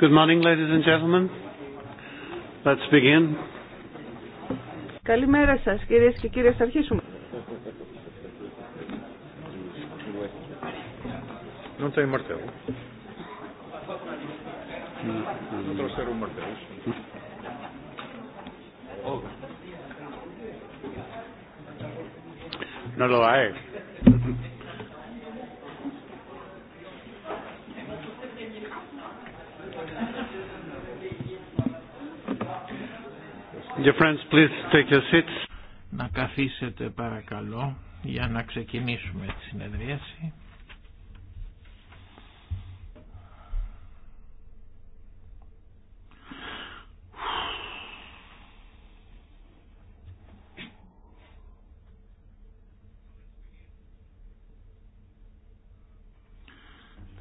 Good morning, ladies and gentlemen. Let's begin. Καλημέρα σας, κυρίες και κύριοι, θα αρχίσουμε. Non c'è il martello. Non troverò martelo. martello. No lo hay. friends, please take your seats. Να καθίσετε παρακαλώ για να ξεκινήσουμε τη συνεδρίαση.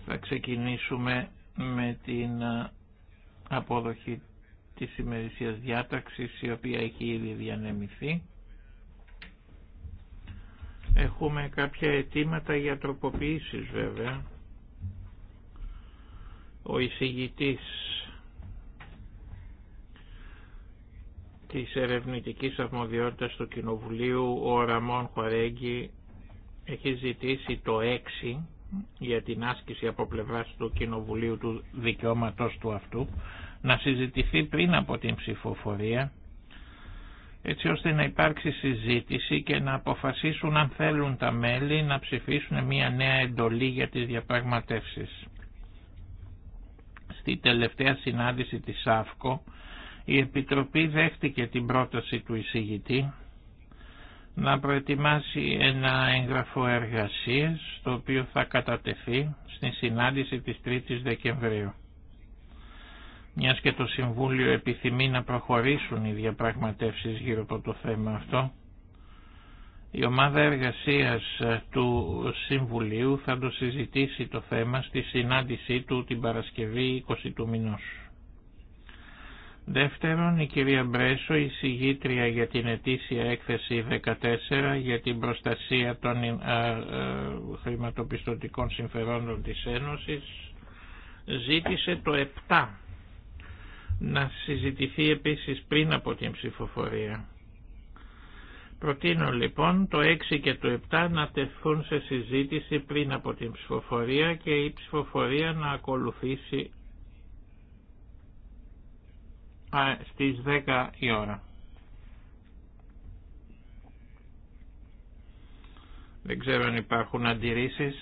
Θα ξεκινήσουμε με την ε, αποδοχή της ημερησίας διάταξης η οποία έχει ήδη διανεμηθεί. Έχουμε κάποια αιτήματα για τροποποιήσεις βέβαια. Ο εισηγητής της ερευνητικής αρμοδιότητας του Κοινοβουλίου, ο Ραμόν Χουαρέγγι, έχει ζητήσει το 6 για την άσκηση από πλευράς του Κοινοβουλίου του δικαιώματος του αυτού να συζητηθεί πριν από την ψηφοφορία έτσι ώστε να υπάρξει συζήτηση και να αποφασίσουν αν θέλουν τα μέλη να ψηφίσουν μια νέα εντολή για τις διαπραγματεύσεις. Στη τελευταία συνάντηση της ΑΦΚΟ η Επιτροπή δέχτηκε την πρόταση του εισηγητή να προετοιμάσει ένα έγγραφο εργασίες το οποίο θα κατατεθεί στη συνάντηση της 3ης Δεκεμβρίου μιας και το Συμβούλιο επιθυμεί να προχωρήσουν οι διαπραγματεύσεις γύρω από το θέμα αυτό, η ομάδα εργασίας του Συμβουλίου θα το συζητήσει το θέμα στη συνάντησή του την Παρασκευή 20 του μηνός. Δεύτερον, η κυρία Μπρέσο, η για την ετήσια έκθεση 14 για την προστασία των ε, ε, χρηματοπιστωτικών συμφερόντων της Ένωσης, ζήτησε το 7 να συζητηθεί επίσης πριν από την ψηφοφορία. Προτείνω λοιπόν το 6 και το 7 να τεθούν σε συζήτηση πριν από την ψηφοφορία και η ψηφοφορία να ακολουθήσει α, στις 10 η ώρα. Δεν ξέρω αν υπάρχουν αντιρρήσεις.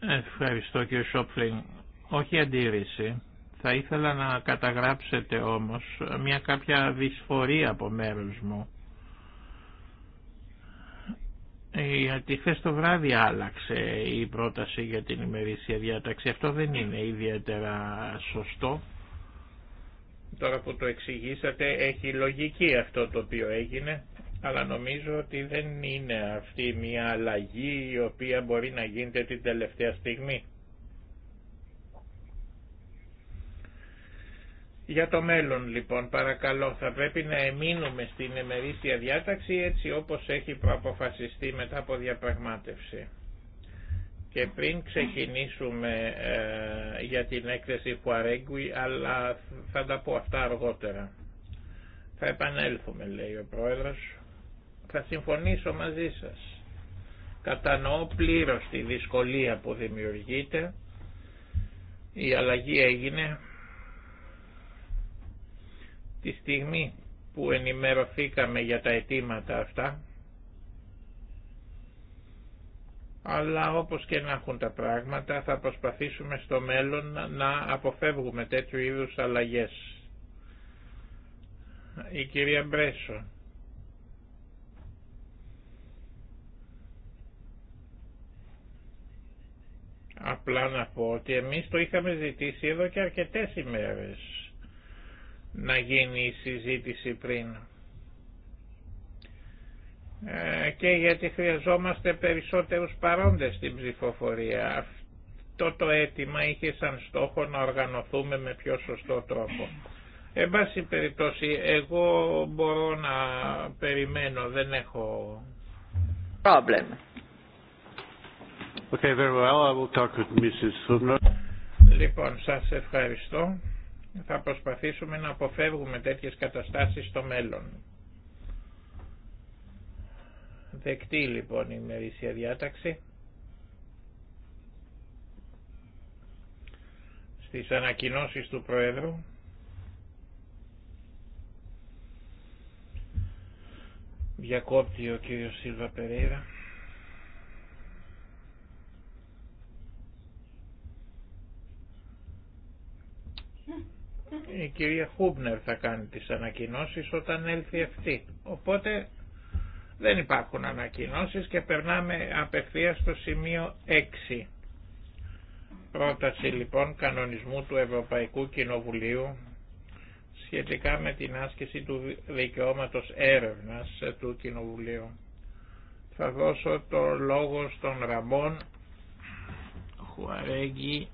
Ευχαριστώ κύριε Σόπφλιν. Όχι αντίρρηση. Θα ήθελα να καταγράψετε όμως μια κάποια δυσφορία από μέρους μου. Γιατί χθε το βράδυ άλλαξε η πρόταση για την ημερήσια διάταξη. Αυτό δεν είναι ιδιαίτερα σωστό. Τώρα που το εξηγήσατε έχει λογική αυτό το οποίο έγινε, αλλά νομίζω ότι δεν είναι αυτή μια αλλαγή η οποία μπορεί να γίνεται την τελευταία στιγμή. Για το μέλλον λοιπόν παρακαλώ θα πρέπει να εμείνουμε στην εμερήσια διάταξη έτσι όπως έχει προαποφασιστεί μετά από διαπραγμάτευση. Και πριν ξεκινήσουμε ε, για την έκθεση Φουαρέγκουι, αλλά θα τα πω αυτά αργότερα. Θα επανέλθουμε λέει ο Πρόεδρος. Θα συμφωνήσω μαζί σας. Κατανοώ πλήρως τη δυσκολία που δημιουργείται. Η αλλαγή έγινε Τη στιγμή που ενημερωθήκαμε για τα αιτήματα αυτά, αλλά όπως και να έχουν τα πράγματα θα προσπαθήσουμε στο μέλλον να αποφεύγουμε τέτοιου είδους αλλαγές. Η κυρία Μπρέσο. Απλά να πω ότι εμείς το είχαμε ζητήσει εδώ και αρκετές ημέρες να γίνει η συζήτηση πριν. Ε, και γιατί χρειαζόμαστε περισσότερους παρόντες στην ψηφοφορία. Αυτό το αίτημα είχε σαν στόχο να οργανωθούμε με πιο σωστό τρόπο. Εν πάση περιπτώσει, εγώ μπορώ να περιμένω, δεν έχω... Problem. Okay, well. Λοιπόν, σας ευχαριστώ θα προσπαθήσουμε να αποφεύγουμε τέτοιες καταστάσεις στο μέλλον. Δεκτή λοιπόν η μερίσια διάταξη. Στις ανακοινώσεις του Προέδρου. Διακόπτει ο κύριος Σίλβα Περέιρα. Η κυρία Χούμπνερ θα κάνει τις ανακοινώσεις όταν έλθει αυτή. Οπότε δεν υπάρχουν ανακοινώσεις και περνάμε απευθείας στο σημείο 6. Πρόταση λοιπόν κανονισμού του Ευρωπαϊκού Κοινοβουλίου σχετικά με την άσκηση του δικαιώματος έρευνας του Κοινοβουλίου. Θα δώσω το λόγο στον Ραμπόν Χουαρέγγι.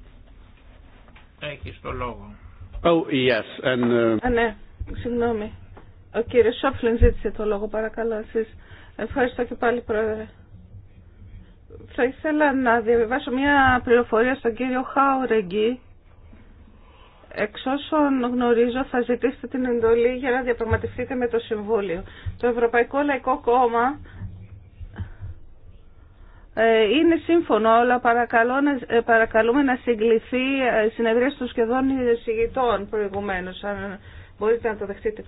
έχει το λόγο. Oh, yes. Uh, ναι, συγγνώμη. Ο κύριος Σόφλιν ζήτησε το λόγο, παρακαλώ εσείς. Ευχαριστώ και πάλι, Πρόεδρε. Θα ήθελα να διαβιβάσω μια πληροφορία στον κύριο Χάουρεγγι. Εξ όσων γνωρίζω θα ζητήσετε την εντολή για να διαπραγματευτείτε με το Συμβούλιο. Το Ευρωπαϊκό Λαϊκό Κόμμα ε, είναι σύμφωνο, αλλά ε, παρακαλούμε να συγκληθεί ε, συνεδρία των σχεδόν εισηγητών προηγουμένως, αν μπορείτε να το δεχτείτε.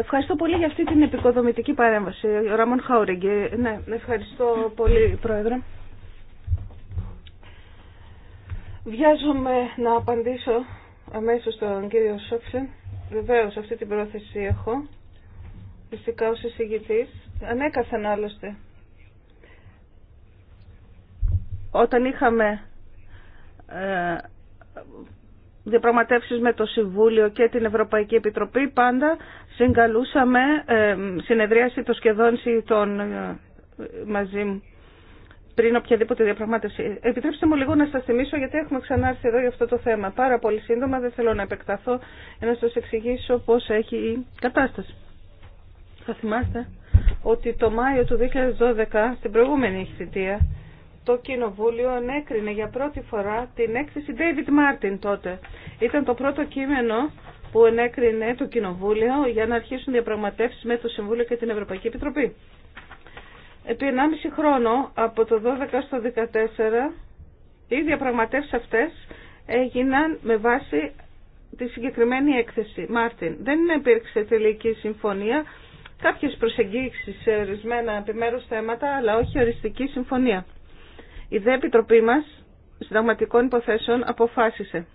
ευχαριστώ πολύ για αυτή την επικοδομητική παρέμβαση. Ο Ραμόν Χαουρίγκε. Ναι, ευχαριστώ πολύ, Πρόεδρε. Βιάζομαι να απαντήσω αμέσως στον κύριο Σόφσεν. Βεβαίως, αυτή την πρόθεση έχω. Φυσικά ως εισηγητής. Ανέκαθεν άλλωστε όταν είχαμε ε, διαπραγματεύσεις με το Συμβούλιο και την Ευρωπαϊκή Επιτροπή πάντα συγκαλούσαμε ε, συνεδρίαση των σχεδόν των μαζί μου πριν οποιαδήποτε διαπραγμάτευση. Επιτρέψτε μου λίγο να σας θυμίσω γιατί έχουμε ξανάρθει εδώ για αυτό το θέμα. Πάρα πολύ σύντομα, δεν θέλω να επεκταθώ για να σας εξηγήσω πώς έχει η κατάσταση. Θα θυμάστε ότι το Μάιο του 2012, στην προηγούμενη θητεία, το Κοινοβούλιο ενέκρινε για πρώτη φορά την έκθεση David Martin τότε. Ήταν το πρώτο κείμενο που ενέκρινε το Κοινοβούλιο για να αρχίσουν διαπραγματεύσεις με το Συμβούλιο και την Ευρωπαϊκή Επιτροπή. Επί 1,5 χρόνο, από το 12 στο 14, οι διαπραγματεύσεις αυτές έγιναν με βάση τη συγκεκριμένη έκθεση. Μάρτιν, δεν υπήρξε τελική συμφωνία, κάποιες προσεγγίξεις σε ορισμένα επιμέρους θέματα, αλλά όχι οριστική συμφωνία. Η ΔΕ Επιτροπή μας συνταγματικών υποθέσεων αποφάσισε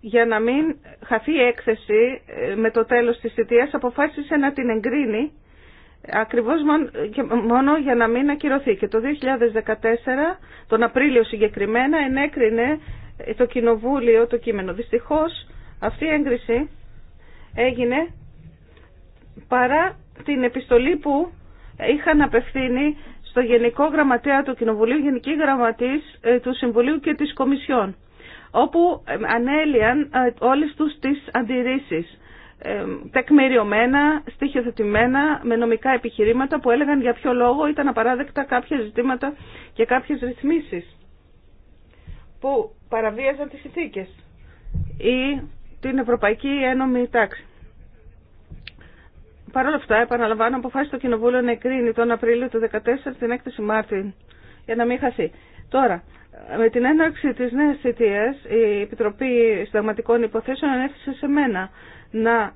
για να μην χαθεί η έκθεση ε, με το τέλος της θητείας αποφάσισε να την εγκρίνει ακριβώς μόνο για να μην ακυρωθεί. Και το 2014, τον Απρίλιο συγκεκριμένα, ενέκρινε το Κοινοβούλιο το κείμενο. Δυστυχώς αυτή η έγκριση έγινε παρά την επιστολή που είχαν απευθύνει στο Γενικό Γραμματέα του Κοινοβουλίου, Γενική Γραμματής ε, του Συμβουλίου και της Κομισιόν, όπου ε, ανέλυαν ε, όλες τους τις αντιρρήσεις τεκμηριωμένα, στοιχειοθετημένα, με νομικά επιχειρήματα που έλεγαν για ποιο λόγο ήταν απαράδεκτα κάποια ζητήματα και κάποιες ρυθμίσεις που παραβίαζαν τις συνθήκες ή την Ευρωπαϊκή Ένωμη Τάξη. Παρ' όλα αυτά, επαναλαμβάνω, αποφάσισε το Κοινοβούλιο να εκρίνει τον Απρίλιο του 2014 την έκθεση Μάρτιν, για να μην χαθεί. Τώρα, με την έναρξη της νέα θητείας, η Επιτροπή Συνταγματικών Υποθέσεων ανέφερε σε μένα να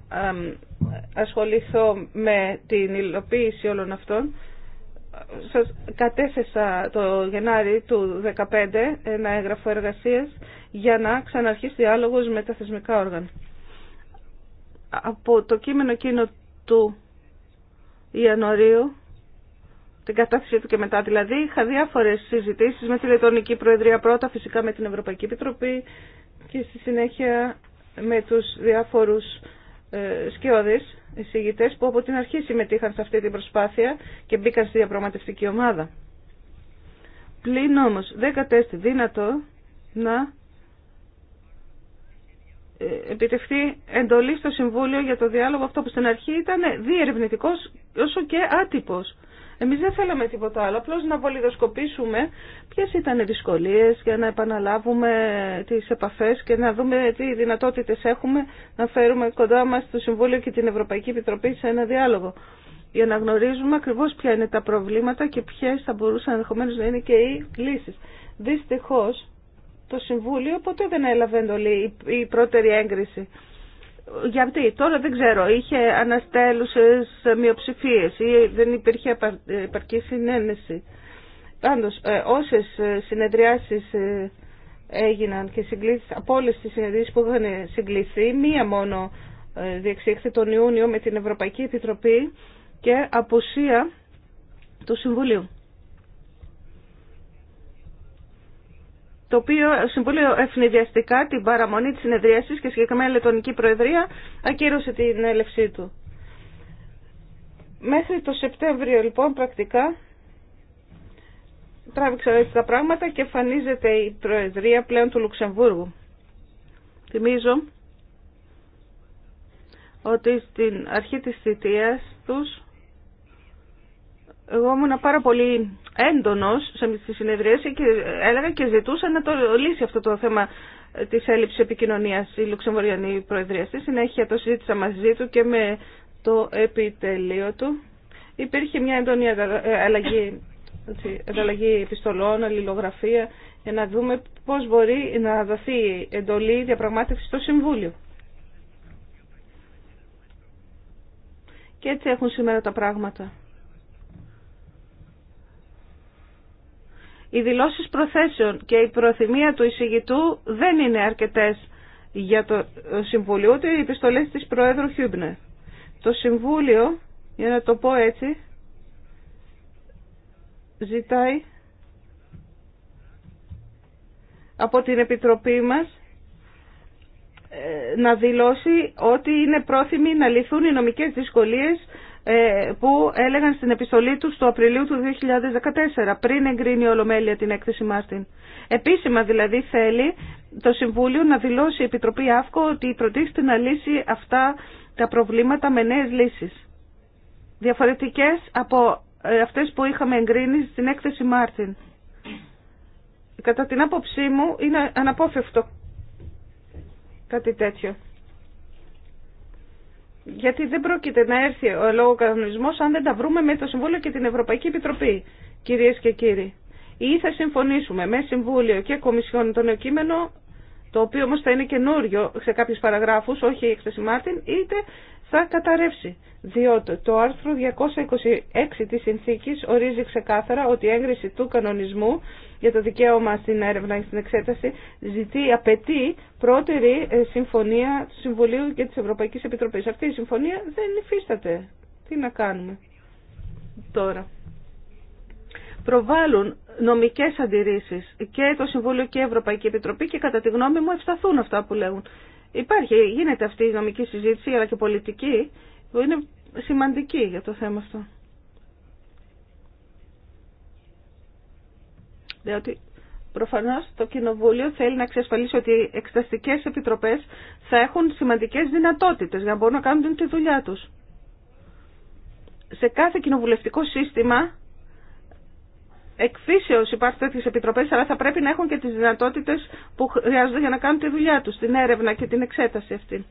ασχοληθώ με την υλοποίηση όλων αυτών. σα κατέθεσα το Γενάρη του 2015 ένα έγγραφο εργασία για να ξαναρχίσει διάλογο με τα θεσμικά όργανα. Από το κείμενο εκείνο του Ιανουαρίου, την κατάθεσή του και μετά δηλαδή, είχα διάφορες συζητήσεις με τη Λετωνική Προεδρία πρώτα, φυσικά με την Ευρωπαϊκή Επιτροπή και στη συνέχεια με τους διάφορους ε, σκιώδεις εισηγητές που από την αρχή συμμετείχαν σε αυτή την προσπάθεια και μπήκαν στη διαπραγματευτική ομάδα. Πλην όμως δεν κατέστη δύνατο να επιτευχθεί εντολή στο Συμβούλιο για το διάλογο αυτό που στην αρχή ήταν διερευνητικός όσο και άτυπος. Εμείς δεν θέλαμε τίποτα άλλο, απλώ να βολιδοσκοπήσουμε ποιες ήταν οι δυσκολίες για να επαναλάβουμε τις επαφές και να δούμε τι δυνατότητες έχουμε να φέρουμε κοντά μας το Συμβούλιο και την Ευρωπαϊκή Επιτροπή σε ένα διάλογο για να γνωρίζουμε ακριβώς ποια είναι τα προβλήματα και ποιες θα μπορούσαν ενδεχομένω να είναι και οι λύσει. Δυστυχώ, το Συμβούλιο ποτέ δεν έλαβε εντολή η πρώτερη έγκριση. Γιατί τώρα δεν ξέρω, είχε αναστέλουσες μειοψηφίες ή δεν υπήρχε επαρκή συνένεση. Πάντως, ε, όσες ε, συνεδριάσεις ε, έγιναν και συγκλήσεις, από όλες τις συνεδρίες που είχαν συγκληθεί, μία μόνο διεξήχθη τον Ιούνιο με την Ευρωπαϊκή Επιτροπή και απουσία του Συμβουλίου. το οποίο Συμβούλιο ευνηδιαστικά την παραμονή της συνεδρίασης και συγκεκριμένα η Λετωνική Προεδρία ακύρωσε την έλευσή του. Μέχρι το Σεπτέμβριο λοιπόν πρακτικά τράβηξαν έτσι τα πράγματα και εμφανίζεται η Προεδρία πλέον του Λουξεμβούργου. Θυμίζω ότι στην αρχή της θητείας τους εγώ ήμουν πάρα πολύ έντονος τη συνεδρίαση και έλεγα και ζητούσα να το λύσει αυτό το θέμα της έλλειψης επικοινωνίας η Λουξεμβουριανή Προεδρία. Στη συνέχεια το συζήτησα μαζί του και με το επιτελείο του. Υπήρχε μια έντονη ε, αλλαγή, ανταλλαγή επιστολών, αλληλογραφία για να δούμε πώς μπορεί να δοθεί εντολή διαπραγμάτευση στο Συμβούλιο. Και έτσι έχουν σήμερα τα πράγματα. Οι δηλώσεις προθέσεων και η προθυμία του εισηγητού δεν είναι αρκετές για το Συμβούλιο, ούτε οι επιστολές της Προέδρου Χιούμπνερ. Το Συμβούλιο, για να το πω έτσι, ζητάει από την Επιτροπή μας ε, να δηλώσει ότι είναι πρόθυμοι να λυθούν οι νομικές δυσκολίες ε, που έλεγαν στην επιστολή τους το Απριλίου του 2014, πριν εγκρίνει η Ολομέλεια την έκθεση Μάρτιν. Επίσημα δηλαδή θέλει το Συμβούλιο να δηλώσει η Επιτροπή ΑΦΚΟ ότι προτίθεται να λύσει αυτά τα προβλήματα με νέες λύσεις. Διαφορετικές από ε, αυτές που είχαμε εγκρίνει στην έκθεση Μάρτιν. Κατά την άποψή μου είναι αναπόφευκτο κάτι τέτοιο. Γιατί δεν πρόκειται να έρθει ο λόγο κανονισμό αν δεν τα βρούμε με το Συμβούλιο και την Ευρωπαϊκή Επιτροπή, κυρίε και κύριοι. Ή θα συμφωνήσουμε με Συμβούλιο και Κομισιόν το νέο κείμενο το οποίο όμως θα είναι καινούριο σε κάποιους παραγράφους, όχι η έκθεση Μάρτιν, είτε θα καταρρεύσει. Διότι το άρθρο 226 της συνθήκης ορίζει ξεκάθαρα ότι η έγκριση του κανονισμού για το δικαίωμα στην έρευνα και στην εξέταση ζητεί, απαιτεί πρώτερη ε, συμφωνία του Συμβουλίου και της Ευρωπαϊκής Επιτροπής. Αυτή η συμφωνία δεν υφίσταται. Τι να κάνουμε τώρα προβάλλουν νομικές αντιρρήσει και το Συμβούλιο και η Ευρωπαϊκή Επιτροπή και κατά τη γνώμη μου ευσταθούν αυτά που λέγουν. Υπάρχει, γίνεται αυτή η νομική συζήτηση αλλά και πολιτική που είναι σημαντική για το θέμα αυτό. Διότι προφανώς το Κοινοβούλιο θέλει να εξασφαλίσει ότι οι εξεταστικέ επιτροπές θα έχουν σημαντικέ δυνατότητε για να μπορούν να κάνουν τη δουλειά του. Σε κάθε κοινοβουλευτικό σύστημα εκφύσεως υπάρχουν τέτοιες επιτροπές, αλλά θα πρέπει να έχουν και τις δυνατότητες που χρειάζονται για να κάνουν τη δουλειά τους, την έρευνα και την εξέταση αυτή,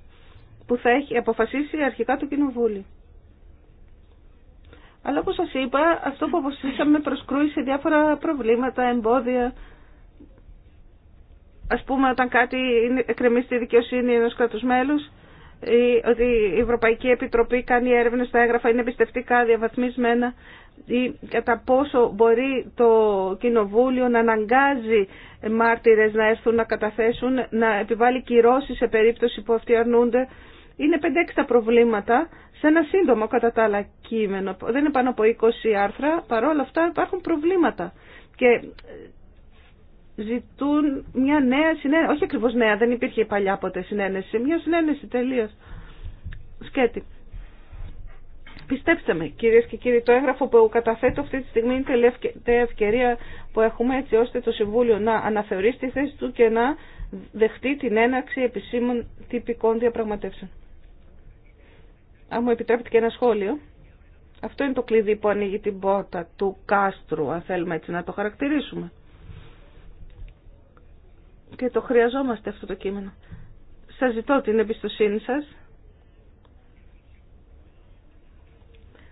που θα έχει αποφασίσει αρχικά το Κοινοβούλιο. Αλλά όπως σας είπα, αυτό που αποφασίσαμε προσκρούει σε διάφορα προβλήματα, εμπόδια. Ας πούμε, όταν κάτι εκκρεμεί στη δικαιοσύνη ενός κράτους μέλους, ότι η Ευρωπαϊκή Επιτροπή κάνει έρευνες στα έγγραφα, είναι πιστευτικά διαβαθμισμένα ή κατά πόσο μπορεί το Κοινοβούλιο να αναγκάζει μάρτυρες να έρθουν να καταθέσουν, να επιβάλλει κυρώσεις σε περίπτωση που αυτοί αρνούνται. Είναι 5-6 τα προβλήματα σε ένα σύντομο κατά τα άλλα κείμενο. Δεν είναι πάνω από 20 άρθρα, παρόλα αυτά υπάρχουν προβλήματα. Και ζητούν μια νέα συνένεση. Όχι ακριβώς νέα, δεν υπήρχε παλιά ποτέ συνένεση. Μια συνένεση τελεία. Σκέτη. Πιστέψτε με κυρίε και κύριοι, το έγγραφο που καταθέτω αυτή τη στιγμή είναι τελευταία ευκαιρία που έχουμε έτσι ώστε το Συμβούλιο να αναθεωρήσει τη θέση του και να δεχτεί την έναρξη επισήμων τυπικών διαπραγματεύσεων. Αν μου επιτρέπετε και ένα σχόλιο. Αυτό είναι το κλειδί που ανοίγει την πόρτα του κάστρου, αν θέλουμε έτσι να το χαρακτηρίσουμε και το χρειαζόμαστε αυτό το κείμενο. Σας ζητώ την εμπιστοσύνη σας.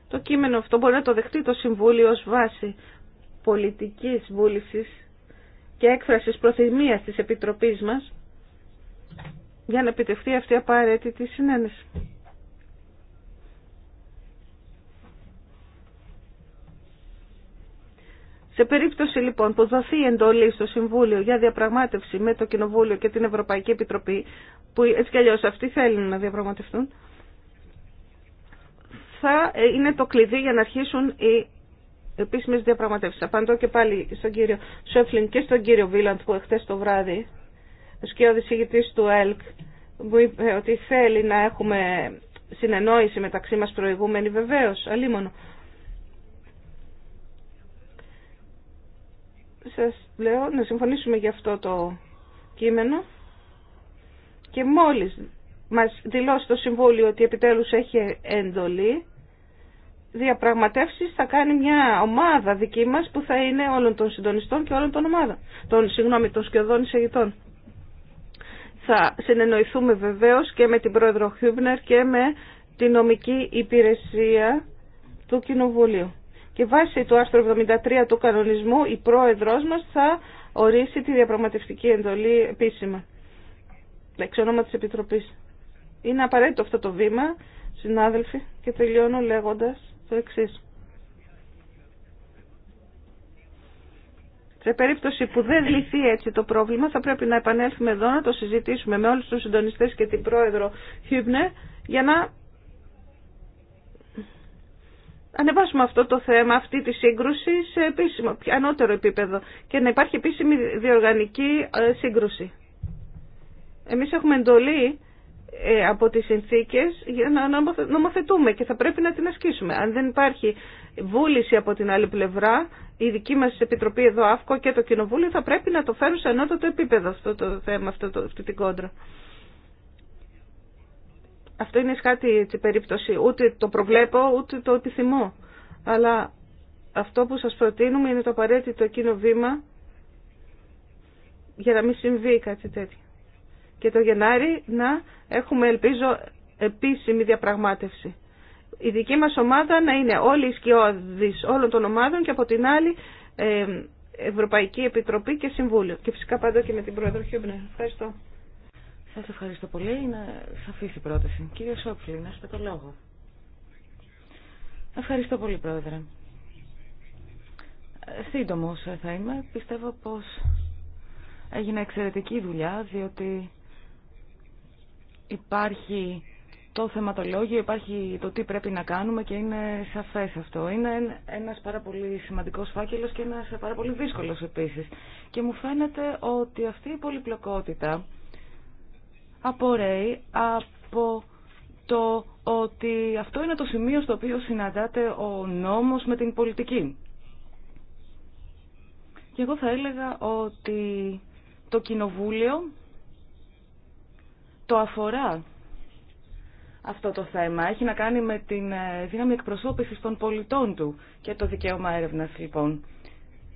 Το κείμενο αυτό μπορεί να το δεχτεί το Συμβούλιο ως βάση πολιτικής βούλησης και έκφρασης προθυμίας της Επιτροπής μας για να επιτευχθεί αυτή η απαραίτητη συνένεση. Σε περίπτωση λοιπόν που δοθεί εντολή στο Συμβούλιο για διαπραγμάτευση με το Κοινοβούλιο και την Ευρωπαϊκή Επιτροπή, που έτσι κι αλλιώς αυτοί θέλουν να διαπραγματευτούν, θα ε, είναι το κλειδί για να αρχίσουν οι επίσημε διαπραγματεύσει. Απαντώ και πάλι στον κύριο Σόφλιν και στον κύριο Βίλαντ που εχθέ το βράδυ, ο σκιώδη ηγητή του ΕΛΚ, που είπε ότι θέλει να έχουμε συνεννόηση μεταξύ μα προηγούμενη βεβαίω, αλίμονο. σας λέω να συμφωνήσουμε για αυτό το κείμενο και μόλις μας δηλώσει το Συμβούλιο ότι επιτέλους έχει εντολή, διαπραγματεύσεις θα κάνει μια ομάδα δική μας που θα είναι όλων των συντονιστών και όλων των ομάδων, των, συγγνώμη, των σκιωδών εισαγητών Θα συνεννοηθούμε βεβαίως και με την πρόεδρο Χιούμπνερ και με την νομική υπηρεσία του Κοινοβουλίου. Και βάσει του άρθρου 73 του κανονισμού η πρόεδρός μας θα ορίσει τη διαπραγματευτική εντολή επίσημα. Εξ ονόμα της Επιτροπής. Είναι απαραίτητο αυτό το βήμα, συνάδελφοι, και τελειώνω λέγοντας το εξής. Σε περίπτωση που δεν λυθεί έτσι το πρόβλημα θα πρέπει να επανέλθουμε εδώ να το συζητήσουμε με όλους τους συντονιστές και την πρόεδρο Χιούμπνε για να ανεβάσουμε αυτό το θέμα, αυτή τη σύγκρουση σε επίσημο, ανώτερο επίπεδο και να υπάρχει επίσημη διοργανική ε, σύγκρουση. Εμείς έχουμε εντολή ε, από τις συνθήκες για να νομοθετούμε και θα πρέπει να την ασκήσουμε. Αν δεν υπάρχει βούληση από την άλλη πλευρά, η δική μας Επιτροπή εδώ, ΑΦΚΟ και το Κοινοβούλιο θα πρέπει να το φέρουν σε ανώτατο επίπεδο αυτό το θέμα, αυτή την κόντρα. Αυτό είναι κάτι την περίπτωση. Ούτε το προβλέπω, ούτε το επιθυμώ. Αλλά αυτό που σας προτείνουμε είναι το απαραίτητο εκείνο βήμα για να μην συμβεί κάτι τέτοιο. Και το Γενάρη να έχουμε, ελπίζω, επίσημη διαπραγμάτευση. Η δική μας ομάδα να είναι όλοι οι σκιώδεις όλων των ομάδων και από την άλλη ε, Ευρωπαϊκή Επιτροπή και Συμβούλιο. Και φυσικά πάντα και με την Πρόεδρο Χιούμπνερ. Ευχαριστώ. Σας ευχαριστώ πολύ. Είναι σαφής η πρόταση. Κύριε Σόπφλη, να είστε το λόγο. Ευχαριστώ πολύ, Πρόεδρε. Ε, σύντομος θα είμαι. Πιστεύω πως έγινε εξαιρετική δουλειά, διότι υπάρχει το θεματολόγιο, υπάρχει το τι πρέπει να κάνουμε και είναι σαφές αυτό. Είναι ένας πάρα πολύ σημαντικός φάκελος και ένας πάρα πολύ δύσκολος επίσης. Και μου φαίνεται ότι αυτή η πολυπλοκότητα απορρέει από το ότι αυτό είναι το σημείο στο οποίο συναντάται ο νόμος με την πολιτική. Και εγώ θα έλεγα ότι το κοινοβούλιο το αφορά αυτό το θέμα. Έχει να κάνει με τη ε, δύναμη εκπροσώπησης των πολιτών του και το δικαίωμα έρευνας λοιπόν.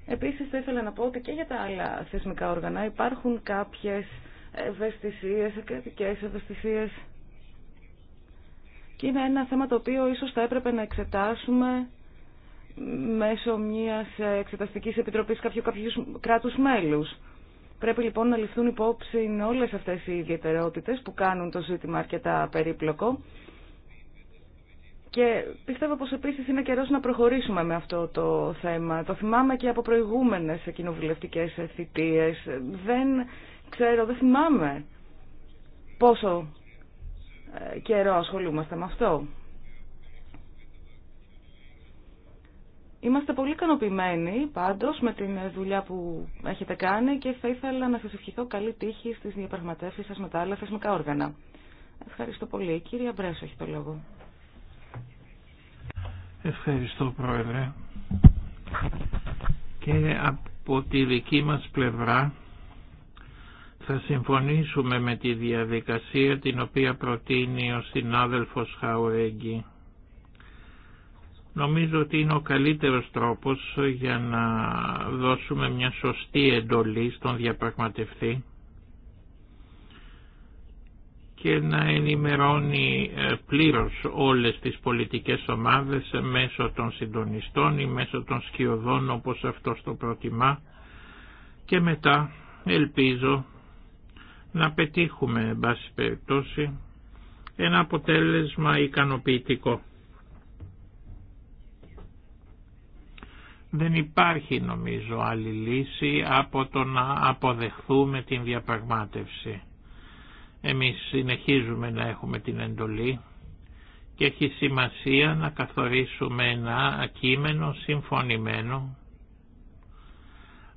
Επίσης θα ήθελα να πω ότι και για τα άλλα θεσμικά όργανα υπάρχουν κάποιες ευαισθησίες, κρατικές ευαισθησίες. Και είναι ένα θέμα το οποίο ίσως θα έπρεπε να εξετάσουμε μέσω μιας εξεταστικής επιτροπής κάποιου, κάποιου κράτους μέλους. Πρέπει λοιπόν να ληφθούν υπόψη όλες αυτές οι ιδιαιτερότητες που κάνουν το ζήτημα αρκετά περίπλοκο. Και πιστεύω πως επίσης είναι καιρός να προχωρήσουμε με αυτό το θέμα. Το θυμάμαι και από προηγούμενες κοινοβουλευτικές θητείες. Δεν ξέρω, δεν θυμάμαι πόσο ε, καιρό ασχολούμαστε με αυτό. Είμαστε πολύ ικανοποιημένοι πάντως με την δουλειά που έχετε κάνει και θα ήθελα να σας ευχηθώ καλή τύχη στις διαπραγματεύσεις σας με τα άλλα θεσμικά όργανα. Ευχαριστώ πολύ. Κύριε Μπρέσο έχει το λόγο. Ευχαριστώ Πρόεδρε. Και από τη δική μας πλευρά θα συμφωνήσουμε με τη διαδικασία την οποία προτείνει ο συνάδελφος Χαουρέγγι. Νομίζω ότι είναι ο καλύτερος τρόπος για να δώσουμε μια σωστή εντολή στον διαπραγματευτή και να ενημερώνει ε, πλήρως όλες τις πολιτικές ομάδες μέσω των συντονιστών ή μέσω των σκιωδών όπως αυτό το προτιμά και μετά ελπίζω να πετύχουμε, εν πάση περιπτώσει, ένα αποτέλεσμα ικανοποιητικό. Δεν υπάρχει νομίζω άλλη λύση από το να αποδεχθούμε την διαπραγμάτευση. Εμείς συνεχίζουμε να έχουμε την εντολή και έχει σημασία να καθορίσουμε ένα ακείμενο συμφωνημένο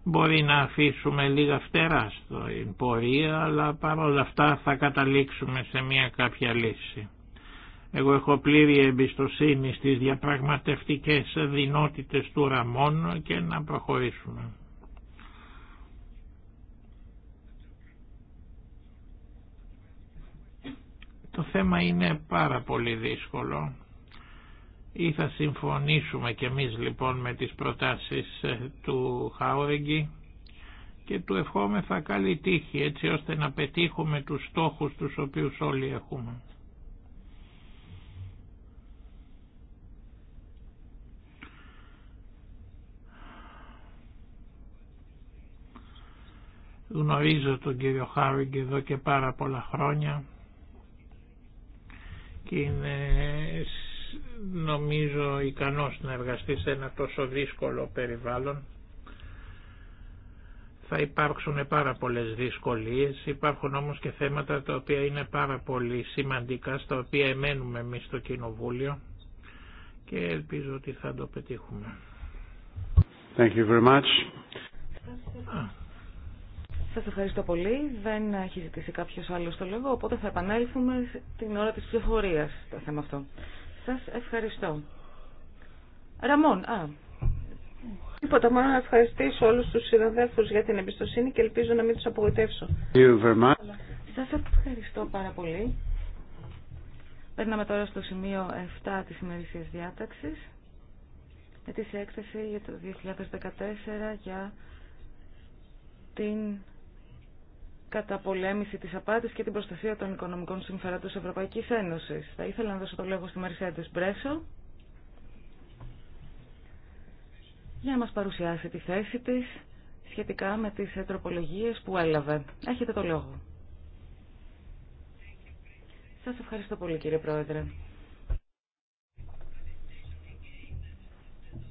Μπορεί να αφήσουμε λίγα φτερά στο πορεία, αλλά παρόλα αυτά θα καταλήξουμε σε μια κάποια λύση. Εγώ έχω πλήρη εμπιστοσύνη στις διαπραγματευτικές δυνότητες του Ραμών και να προχωρήσουμε. Το θέμα είναι πάρα πολύ δύσκολο. Ή θα συμφωνήσουμε και εμείς λοιπόν με τις προτάσεις ε, του Χάουρεγγι και του ευχόμεθα καλή τύχη έτσι ώστε να πετύχουμε τους στόχους τους οποίους όλοι έχουμε. Γνωρίζω τον κύριο Χάριγκ εδώ και πάρα πολλά χρόνια και είναι νομίζω ικανός να εργαστεί σε ένα τόσο δύσκολο περιβάλλον. Θα υπάρξουν πάρα πολλές δυσκολίες, υπάρχουν όμως και θέματα τα οποία είναι πάρα πολύ σημαντικά, στα οποία εμένουμε εμείς στο Κοινοβούλιο και ελπίζω ότι θα το πετύχουμε. Thank you very much. Σας ευχαριστώ πολύ. Δεν έχει ζητήσει κάποιος άλλο το λόγο, οπότε θα επανέλθουμε την ώρα της ψηφορίας στο θέμα αυτό. Σας ευχαριστώ. Ραμόν, α. Τίποτα, μόνο να ευχαριστήσω όλους τους συναδέλφους για την εμπιστοσύνη και ελπίζω να μην τους απογοητεύσω. Σας ευχαριστώ πάρα πολύ. Παίρναμε τώρα στο σημείο 7 της ημερησίας διάταξης με τη έκθεση για το 2014 για την καταπολέμηση της απάτης και την προστασία των οικονομικών συμφερόντων της Ευρωπαϊκής Ένωσης. Θα ήθελα να δώσω το λόγο στη Μαρισέντες Μπρέσο για να μας παρουσιάσει τη θέση της σχετικά με τις τροπολογίες που έλαβε. Έχετε το λόγο. Σας ευχαριστώ πολύ κύριε Πρόεδρε.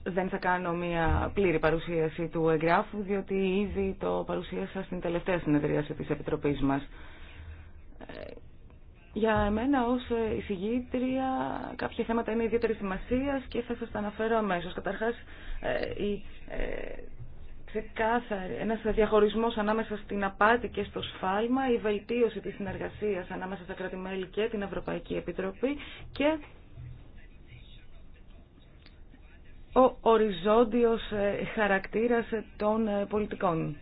Δεν θα κάνω μια πλήρη παρουσίαση του εγγράφου, διότι ήδη το παρουσίασα στην τελευταία συνεδρίαση της Επιτροπής μας. Ε, για εμένα ως εισηγήτρια κάποια θέματα είναι ιδιαίτερη σημασία και θα σας τα αναφέρω αμέσως. Καταρχάς, ε, η, ε, ξεκάθαρη, ένας διαχωρισμός ανάμεσα στην απάτη και στο σφάλμα, η βελτίωση της συνεργασίας ανάμεσα στα κράτη-μέλη και την Ευρωπαϊκή Επιτροπή και ο οριζόντιος ε, χαρακτήρας των ε, πολιτικών.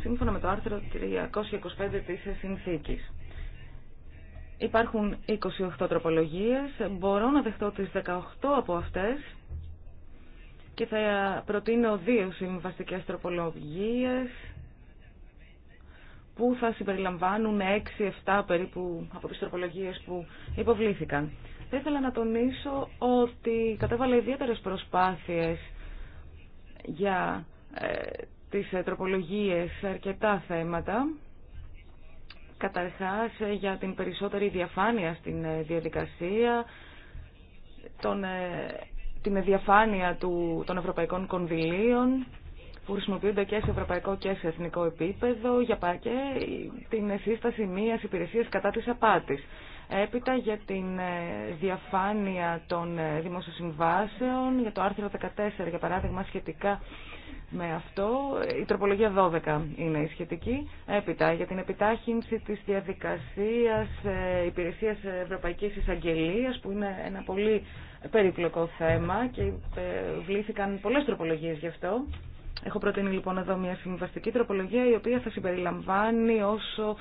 Σύμφωνα με το άρθρο 325 της Συνθήκης. Υπάρχουν 28 τροπολογίες, μπορώ να δεχτώ τις 18 από αυτές και θα προτείνω δύο συμβαστικές τροπολογίες που θα συμπεριλαμβάνουν 6-7 περίπου από τις τροπολογίες που υποβλήθηκαν. Θα ήθελα να τονίσω ότι κατέβαλα ιδιαίτερε προσπάθειες για ε, τις ε, τροπολογίες σε αρκετά θέματα. Καταρχάς ε, για την περισσότερη διαφάνεια στην διαδικασία, τον, την διαφάνεια του, των ευρωπαϊκών κονδυλίων που χρησιμοποιούνται και σε ευρωπαϊκό και σε εθνικό επίπεδο για και την σύσταση μίας υπηρεσίας κατά της απάτης έπειτα για την ε, διαφάνεια των ε, δημοσιοσυμβάσεων, για το άρθρο 14 για παράδειγμα σχετικά με αυτό, η τροπολογία 12 είναι η σχετική, έπειτα για την επιτάχυνση της διαδικασίας ε, υπηρεσίας Ευρωπαϊκής Εισαγγελίας που είναι ένα πολύ περίπλοκο θέμα και βλήθηκαν πολλές τροπολογίες γι' αυτό. Έχω προτείνει λοιπόν εδώ μια συμβαστική τροπολογία η οποία θα συμπεριλαμβάνει όσο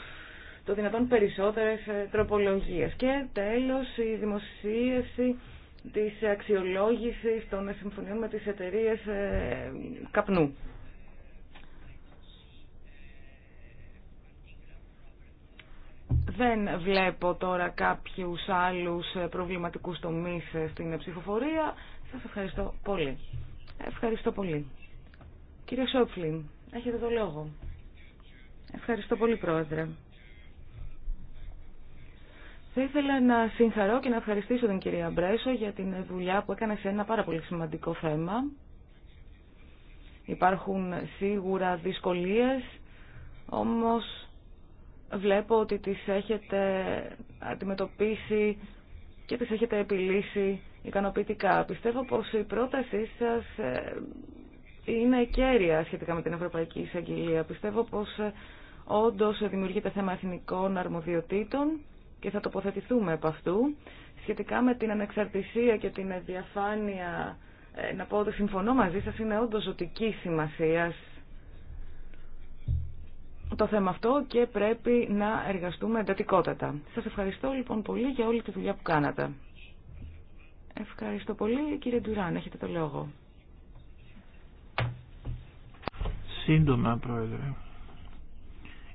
το δυνατόν περισσότερες ε, τροπολογίες. Και τέλος η δημοσίευση της αξιολόγησης των συμφωνιών με τις εταιρείες ε, καπνού. Δεν βλέπω τώρα κάποιους άλλους ε, προβληματικούς τομείς στην ψηφοφορία. Σας ευχαριστώ πολύ. Ευχαριστώ πολύ. Κύριε Σόπφλιν, έχετε το λόγο. Ευχαριστώ πολύ, Πρόεδρε. Θα ήθελα να συγχαρώ και να ευχαριστήσω την κυρία Μπρέσο για την δουλειά που έκανε σε ένα πάρα πολύ σημαντικό θέμα. Υπάρχουν σίγουρα δυσκολίες, όμως βλέπω ότι τις έχετε αντιμετωπίσει και τις έχετε επιλύσει ικανοποιητικά. Πιστεύω πως η πρότασή σας ε, είναι κέρια σχετικά με την Ευρωπαϊκή Εισαγγελία. Πιστεύω πως ε, όντως δημιουργείται θέμα εθνικών αρμοδιοτήτων και θα τοποθετηθούμε από αυτού. Σχετικά με την ανεξαρτησία και την διαφάνεια, ε, να πω ότι συμφωνώ μαζί σας, είναι όντως ζωτική σημασία το θέμα αυτό και πρέπει να εργαστούμε εντατικότατα. Σας ευχαριστώ λοιπόν πολύ για όλη τη δουλειά που κάνατε. Ευχαριστώ πολύ κύριε Ντουράν, έχετε το λόγο. Σύντομα πρόεδρε.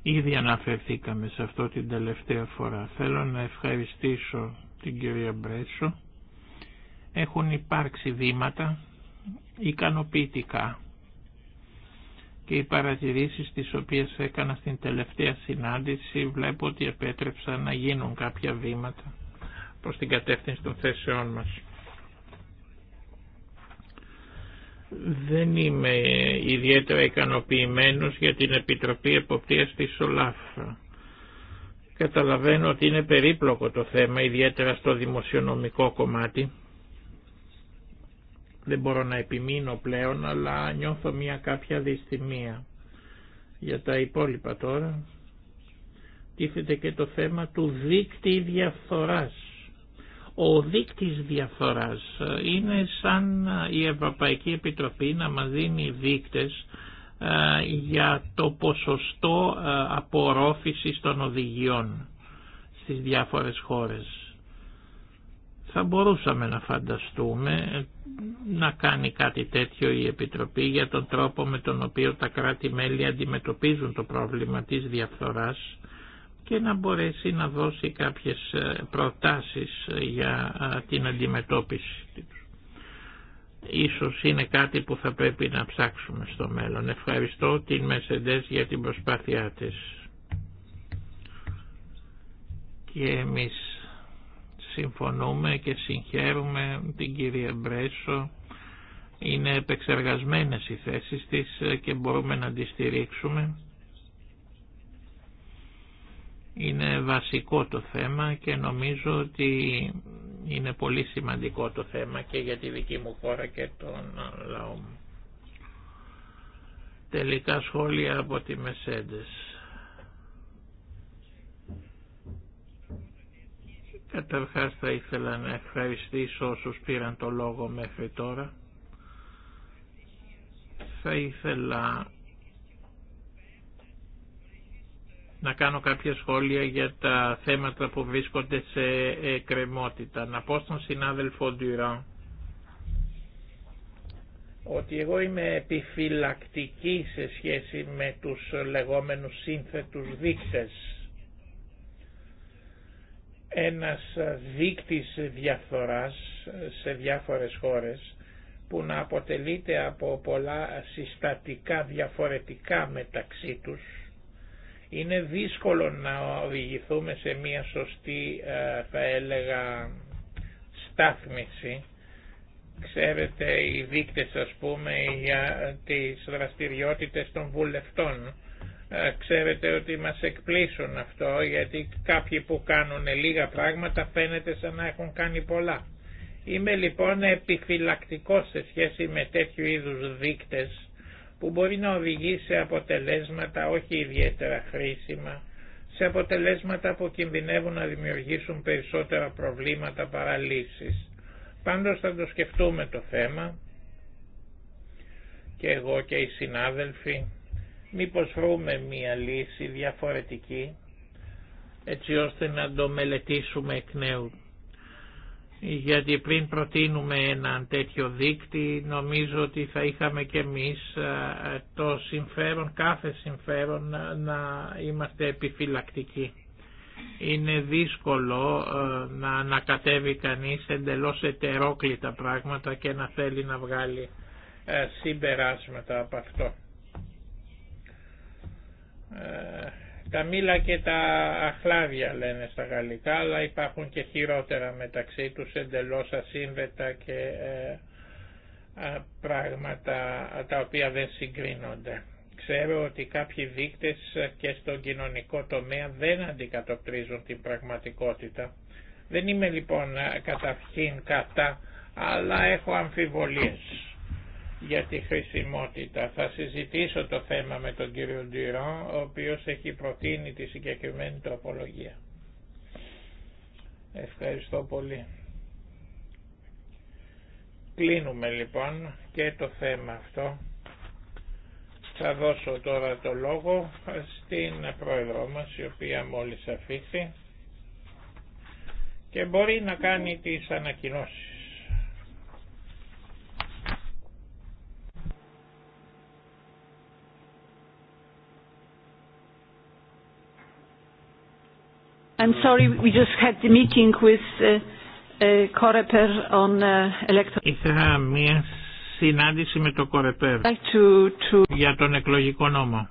Ήδη αναφερθήκαμε σε αυτό την τελευταία φορά. Θέλω να ευχαριστήσω την κυρία Μπρέσο. Έχουν υπάρξει βήματα ικανοποιητικά και οι παρατηρήσεις τις οποίες έκανα στην τελευταία συνάντηση βλέπω ότι επέτρεψαν να γίνουν κάποια βήματα προς την κατεύθυνση των θέσεών μας. Δεν είμαι ιδιαίτερα ικανοποιημένος για την Επιτροπή Εποπτείας της ΣΟΛΑΦ. Καταλαβαίνω ότι είναι περίπλοκο το θέμα, ιδιαίτερα στο δημοσιονομικό κομμάτι. Δεν μπορώ να επιμείνω πλέον, αλλά νιώθω μια κάποια δυστημία. Για τα υπόλοιπα τώρα, τίθεται και το θέμα του δίκτυ διαφθοράς ο δείκτης διαφοράς ε, είναι σαν ε, η Ευρωπαϊκή Επιτροπή να μας δίνει δείκτες ε, για το ποσοστό απορρόφησης των οδηγιών στις διάφορες χώρες. Θα μπορούσαμε να φανταστούμε να κάνει κάτι τέτοιο η Επιτροπή για τον τρόπο με τον οποίο τα κράτη-μέλη αντιμετωπίζουν το πρόβλημα της διαφθοράς και να μπορέσει να δώσει κάποιες ε, προτάσεις για την αντιμετώπιση τους. Ίσως είναι κάτι που θα πρέπει να ψάξουμε στο μέλλον. Ευχαριστώ την Μεσεντές για την προσπάθειά της. Και εμείς συμφωνούμε και συγχαίρουμε την κυρία Μπρέσο. Είναι επεξεργασμένες οι θέσεις της και μπορούμε να τη στηρίξουμε είναι βασικό το θέμα και νομίζω ότι είναι πολύ σημαντικό το θέμα και για τη δική μου χώρα και τον λαό μου. Τελικά σχόλια από τη Μεσέντες. Καταρχάς θα ήθελα να ευχαριστήσω όσους πήραν το λόγο μέχρι τώρα. Θα ήθελα να κάνω κάποια σχόλια για τα θέματα που βρίσκονται σε κρεμότητα. Να πω στον συνάδελφο Ντουράν ότι εγώ είμαι επιφυλακτική σε σχέση με τους λεγόμενους σύνθετους δείκτες. Ένας δείκτης διαφθοράς σε διάφορες χώρες που να αποτελείται από πολλά συστατικά διαφορετικά μεταξύ τους είναι δύσκολο να οδηγηθούμε σε μια σωστή ε, θα έλεγα στάθμιση. Ξέρετε οι δείκτες ας πούμε για τις δραστηριότητες των βουλευτών. Ε, ξέρετε ότι μας εκπλήσουν αυτό γιατί κάποιοι που κάνουν λίγα πράγματα φαίνεται σαν να έχουν κάνει πολλά. Είμαι λοιπόν επιφυλακτικός σε σχέση με τέτοιου είδους δείκτες που μπορεί να οδηγεί σε αποτελέσματα όχι ιδιαίτερα χρήσιμα, σε αποτελέσματα που κινδυνεύουν να δημιουργήσουν περισσότερα προβλήματα παρά λύσεις. Πάντως θα το σκεφτούμε το θέμα και εγώ και οι συνάδελφοι μήπως βρούμε μία λύση διαφορετική έτσι ώστε να το μελετήσουμε εκ νέου γιατί πριν προτείνουμε έναν τέτοιο δίκτυ νομίζω ότι θα είχαμε και εμείς ε, το συμφέρον, κάθε συμφέρον ε, να είμαστε επιφυλακτικοί. Είναι δύσκολο ε, να ανακατεύει κανείς εντελώς ετερόκλητα πράγματα και να θέλει να βγάλει συμπεράσματα από αυτό. Τα μήλα και τα αχλάδια λένε στα γαλλικά, αλλά υπάρχουν και χειρότερα μεταξύ τους εντελώς ασύμβετα και ε, α, πράγματα τα οποία δεν συγκρίνονται. Ξέρω ότι κάποιοι δείκτες και στον κοινωνικό τομέα δεν αντικατοπτρίζουν την πραγματικότητα. Δεν είμαι λοιπόν ε, καταρχήν κατά, αλλά έχω αμφιβολίες για τη χρησιμότητα. Θα συζητήσω το θέμα με τον κύριο Ντυρό ο οποίος έχει προτείνει τη συγκεκριμένη τροπολογία. Ευχαριστώ πολύ. Κλείνουμε λοιπόν και το θέμα αυτό. Θα δώσω τώρα το λόγο στην πρόεδρό μας, η οποία μόλις αφήσει και μπορεί να κάνει τις ανακοινώσεις. I'm sorry, we just Είχα μια συνάντηση με το Κορεπέρ για τον εκλογικό νόμο.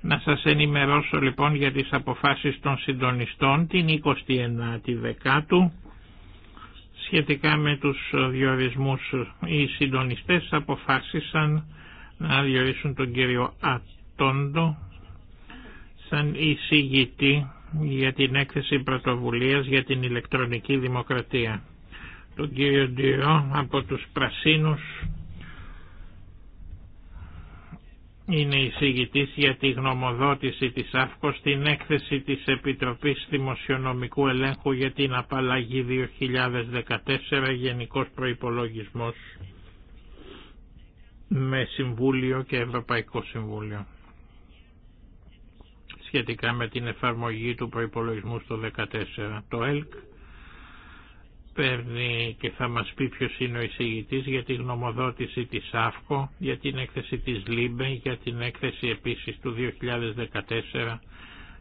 Να σας ενημερώσω λοιπόν για τις αποφάσεις των συντονιστών την 29η Δεκάτου σχετικά με τους διορισμούς. Οι συντονιστές αποφάσισαν να διορίσουν τον κύριο Ατόντο σαν εισηγητή για την έκθεση πρωτοβουλίας για την ηλεκτρονική δημοκρατία. Τον κύριο Ντιό από τους Πρασίνους είναι εισηγητής για τη γνωμοδότηση της ΑΦΚΟ στην έκθεση της Επιτροπής Δημοσιονομικού Ελέγχου για την Απαλλαγή 2014 Γενικός Προϋπολογισμός με Συμβούλιο και Ευρωπαϊκό Συμβούλιο σχετικά με την εφαρμογή του προϋπολογισμού στο 14. Το ΕΛΚ παίρνει και θα μας πει ποιος είναι ο εισηγητής για τη γνωμοδότηση της ΑΦΚΟ, για την έκθεση της ΛΥΜΠΕ, για την έκθεση επίσης του 2014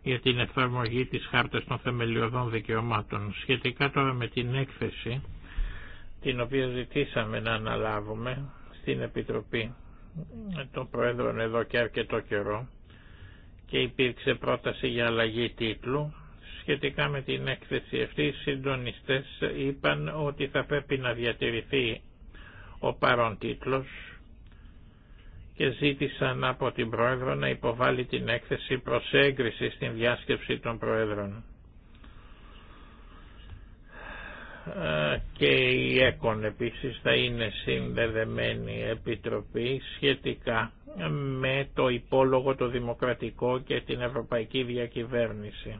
για την εφαρμογή της Χάρτας των Θεμελιωδών Δικαιωμάτων. Σχετικά τώρα με την έκθεση, την οποία ζητήσαμε να αναλάβουμε στην Επιτροπή των Προέδρων εδώ και αρκετό καιρό, και υπήρξε πρόταση για αλλαγή τίτλου. Σχετικά με την έκθεση αυτή, οι συντονιστές είπαν ότι θα πρέπει να διατηρηθεί ο παρόν τίτλος και ζήτησαν από την Πρόεδρο να υποβάλει την έκθεση προς έγκριση στην διάσκεψη των Προέδρων. Ε, και η ΕΚΟΝ επίσης θα είναι συνδεδεμένη επιτροπή σχετικά με το υπόλογο το δημοκρατικό και την ευρωπαϊκή διακυβέρνηση.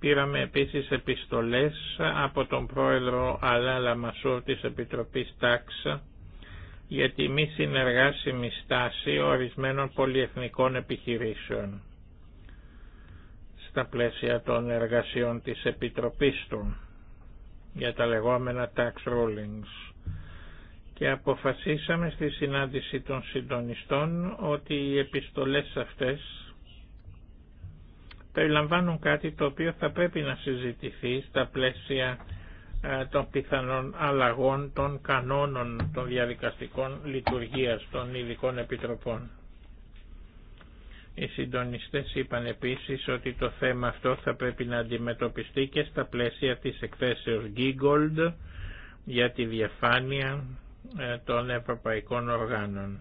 Πήραμε επίσης επιστολές από τον πρόεδρο Αλάλα Μασούρ της Επιτροπής Τάξα για τη μη συνεργάσιμη στάση ορισμένων πολυεθνικών επιχειρήσεων στα πλαίσια των εργασιών της Επιτροπής του για τα λεγόμενα tax rulings. Και αποφασίσαμε στη συνάντηση των συντονιστών ότι οι επιστολές αυτές περιλαμβάνουν κάτι το οποίο θα πρέπει να συζητηθεί στα πλαίσια ε, των πιθανών αλλαγών των κανόνων των διαδικαστικών λειτουργίας των ειδικών επιτροπών. Οι συντονιστές είπαν επίσης ότι το θέμα αυτό θα πρέπει να αντιμετωπιστεί και στα πλαίσια της εκθέσεως Giggold για τη διαφάνεια ε, των ευρωπαϊκών οργάνων.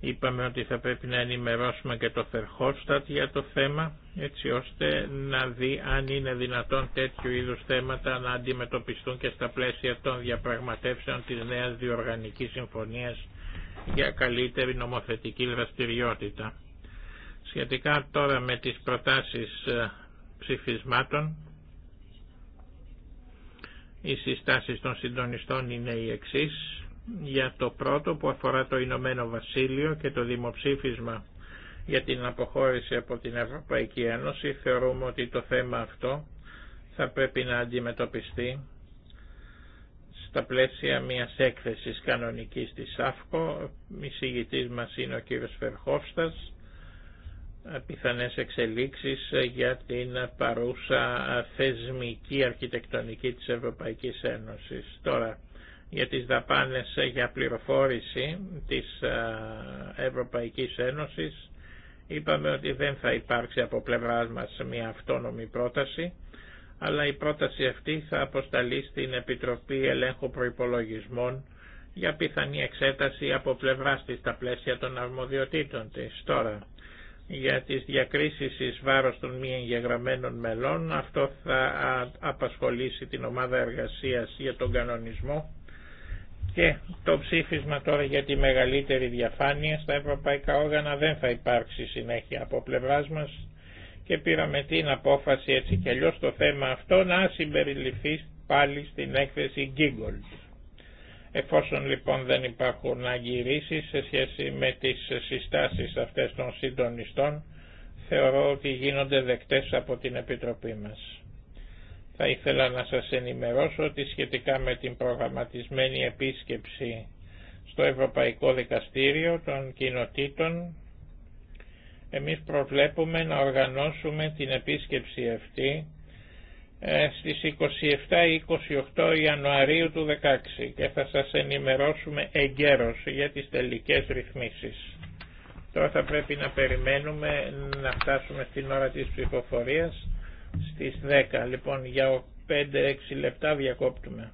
Είπαμε ότι θα πρέπει να ενημερώσουμε και το Φερχόστατ για το θέμα, έτσι ώστε να δει αν είναι δυνατόν τέτοιου είδους θέματα να αντιμετωπιστούν και στα πλαίσια των διαπραγματεύσεων της νέας διοργανικής συμφωνίας για καλύτερη νομοθετική δραστηριότητα. Σχετικά τώρα με τις προτάσεις ε, ψηφισμάτων, οι συστάσεις των συντονιστών είναι οι εξής. Για το πρώτο που αφορά το Ηνωμένο Βασίλειο και το δημοψήφισμα για την αποχώρηση από την Ευρωπαϊκή Ένωση, θεωρούμε ότι το θέμα αυτό θα πρέπει να αντιμετωπιστεί στα πλαίσια μιας έκθεσης κανονικής της ΑΦΚΟ. Η συγητής μας είναι ο κύριος Φερχόφστας πιθανές εξελίξεις για την παρούσα θεσμική αρχιτεκτονική της Ευρωπαϊκής Ένωσης. Τώρα, για τις δαπάνες για πληροφόρηση της Ευρωπαϊκής Ένωσης, είπαμε ότι δεν θα υπάρξει από πλευρά μας μια αυτόνομη πρόταση, αλλά η πρόταση αυτή θα αποσταλεί στην Επιτροπή Ελέγχου Προϋπολογισμών για πιθανή εξέταση από πλευράς της στα πλαίσια των αρμοδιοτήτων της. Τώρα, για τις διακρίσεις εις βάρος των μη εγγεγραμμένων μελών. Αυτό θα απασχολήσει την ομάδα εργασίας για τον κανονισμό και το ψήφισμα τώρα για τη μεγαλύτερη διαφάνεια στα ευρωπαϊκά όργανα δεν θα υπάρξει συνέχεια από πλευρά μας και πήραμε την απόφαση έτσι και αλλιώς το θέμα αυτό να συμπεριληφθεί πάλι στην έκθεση Giggold. Εφόσον λοιπόν δεν υπάρχουν αγκυρίσεις σε σχέση με τις συστάσεις αυτές των συντονιστών, θεωρώ ότι γίνονται δεκτές από την Επιτροπή μας. Θα ήθελα να σας ενημερώσω ότι σχετικά με την προγραμματισμένη επίσκεψη στο Ευρωπαϊκό Δικαστήριο των Κοινοτήτων, εμείς προβλέπουμε να οργανώσουμε την επίσκεψη αυτή ε, στις 27-28 Ιανουαρίου του 2016 και θα σας ενημερώσουμε εγκαίρως για τις τελικές ρυθμίσεις. Τώρα θα πρέπει να περιμένουμε να φτάσουμε στην ώρα της ψηφοφορίας στις 10. Λοιπόν, για 5-6 λεπτά διακόπτουμε.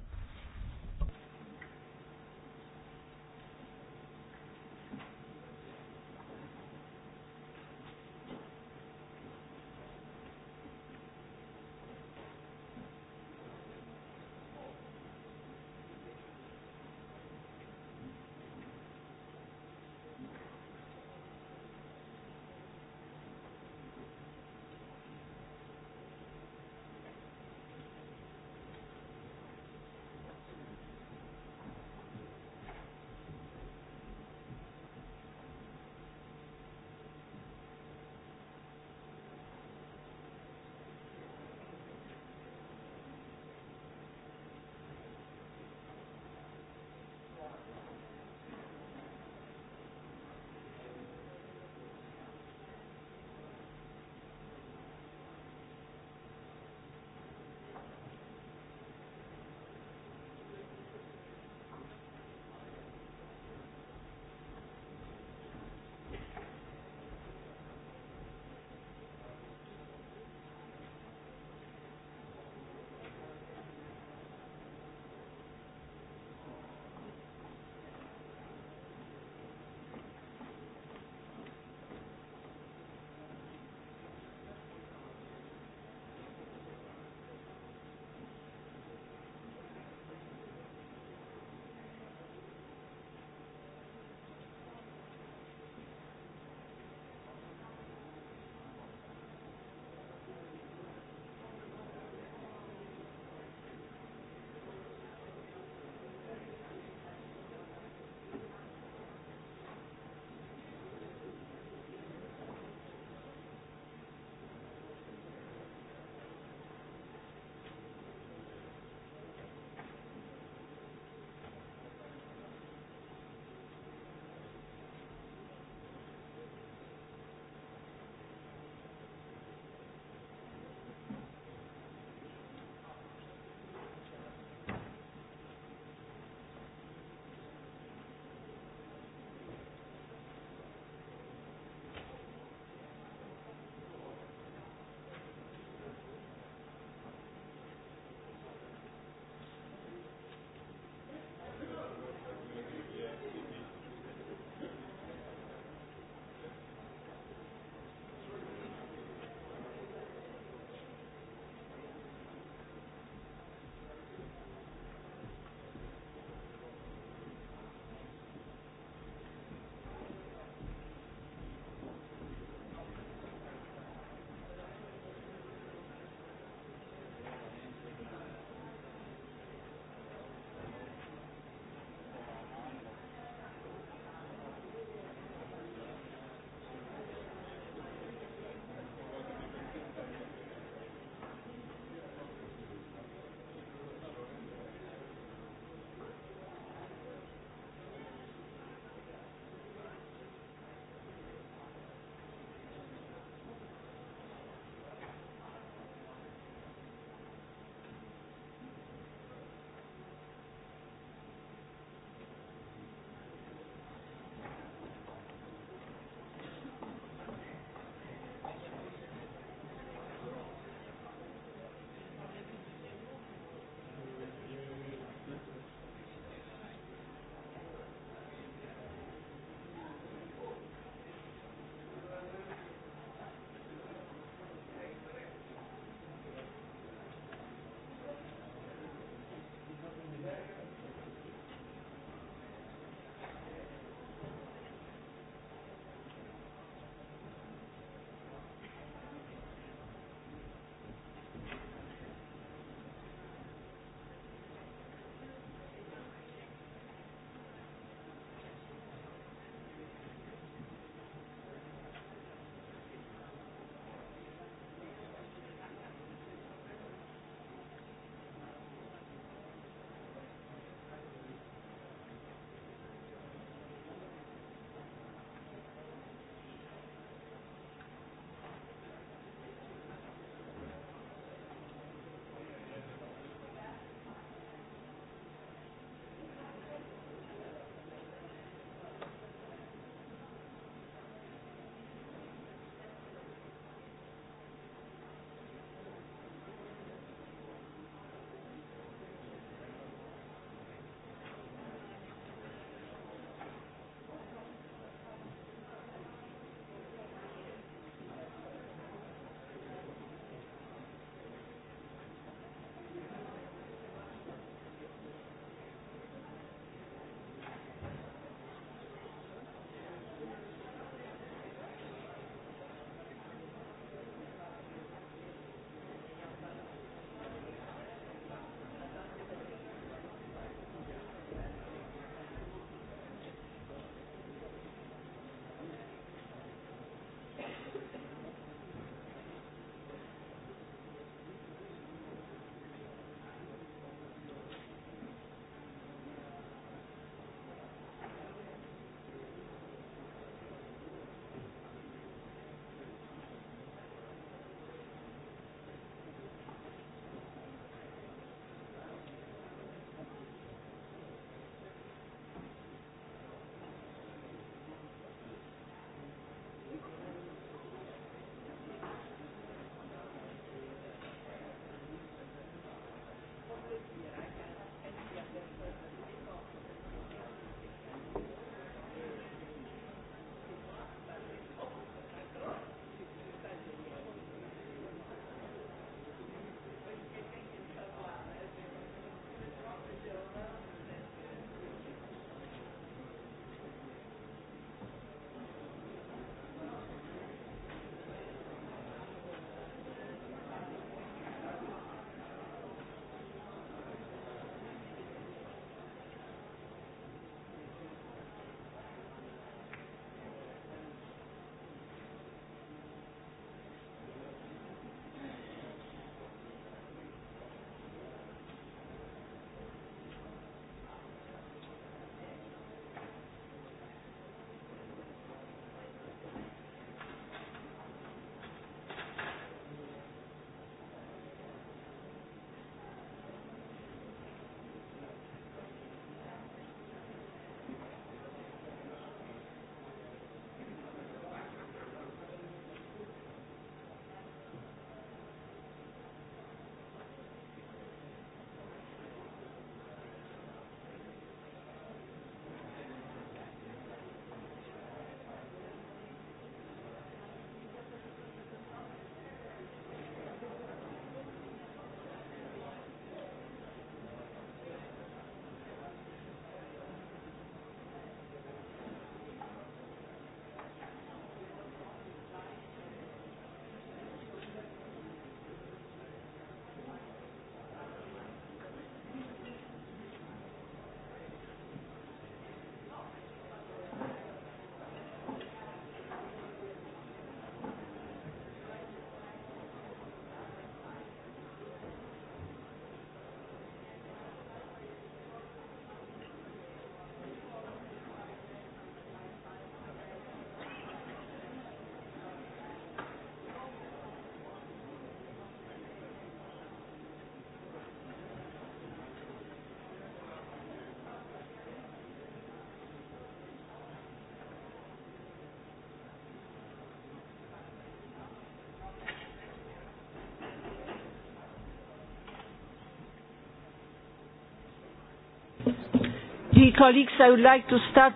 Dear colleagues, I would like to start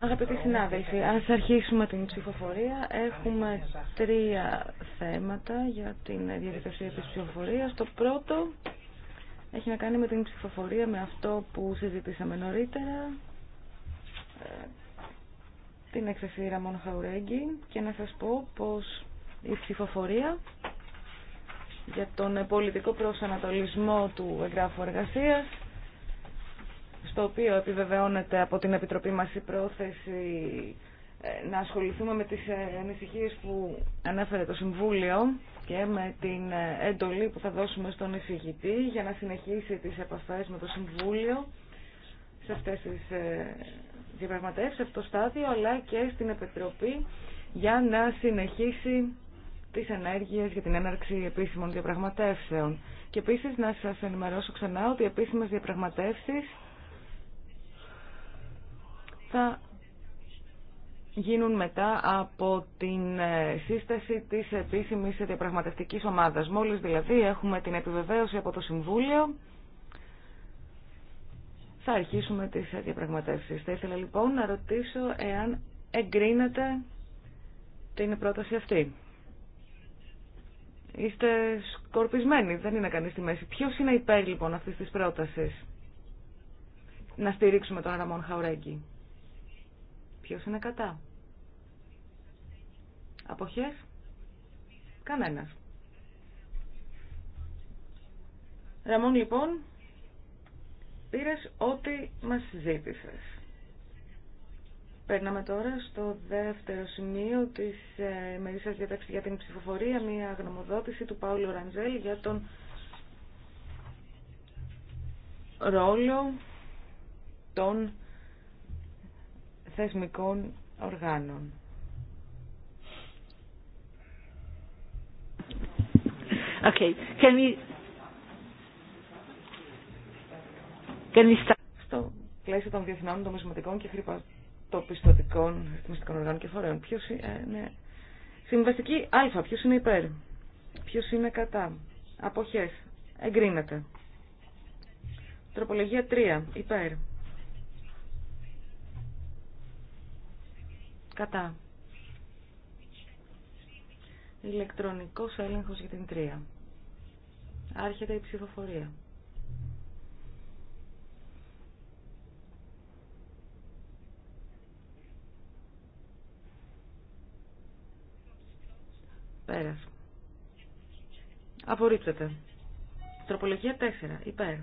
Αγαπητοί συνάδελφοι, ας αρχίσουμε την ψηφοφορία. Έχουμε τρία θέματα για την διαδικασία της ψηφοφορίας. Το πρώτο έχει να κάνει με την ψηφοφορία, με αυτό που συζητήσαμε νωρίτερα, ε, την εξεφύρα Ραμόν Χαουρέγγι και να σας πω πως η ψηφοφορία για τον πολιτικό προσανατολισμό του εγγράφου εργασίας, στο οποίο επιβεβαιώνεται από την Επιτροπή μας η πρόθεση ε, να ασχοληθούμε με τις ε, ανησυχίες που ανέφερε το Συμβούλιο και με την ε, εντολή που θα δώσουμε στον εισηγητή για να συνεχίσει τις επαφές με το Συμβούλιο σε αυτές τις διαπραγματεύσεις, σε αυτό το στάδιο, αλλά και στην Επιτροπή για να συνεχίσει τι ενέργειε για την έναρξη επίσημων διαπραγματεύσεων. Και επίσης να σας ενημερώσω ξανά ότι οι επίσημε διαπραγματεύσεις θα γίνουν μετά από την ε, σύσταση της επίσημης διαπραγματευτικής ομάδας. Μόλις δηλαδή έχουμε την επιβεβαίωση από το Συμβούλιο, θα αρχίσουμε τις διαπραγματεύσεις. Θα ήθελα λοιπόν να ρωτήσω εάν εγκρίνεται την πρόταση αυτή. Είστε σκορπισμένοι, δεν είναι κανείς στη μέση. Ποιος είναι υπέρ λοιπόν αυτής της πρότασης να στηρίξουμε τον Ραμόν Χαουρέγγι. Ποιος είναι κατά. Αποχές. Κανένας. Ραμόν λοιπόν, πήρες ό,τι μας ζήτησες. Περνάμε τώρα στο δεύτερο σημείο της ε, μερίσας διάταξης για την ψηφοφορία, μια γνωμοδότηση του Παύλου Ραντζέλ για τον ρόλο των θεσμικών οργάνων. Okay. Can we... Can we start... Στο πλαίσιο των διεθνών, των και χρηματικών πιστοτικών, ρυθμιστικών οργάνων και φορέων. Ποιος είναι... Συμβαστική Α, ποιο είναι υπέρ. Ποιο είναι κατά. Αποχές. Εγκρίνεται. Τροπολογία 3. Υπέρ. Κατά. Ηλεκτρονικός έλεγχος για την 3. Άρχεται η ψηφοφορία. Πέρας. Απορρίπτεται. Τροπολογία 4. Υπέρ.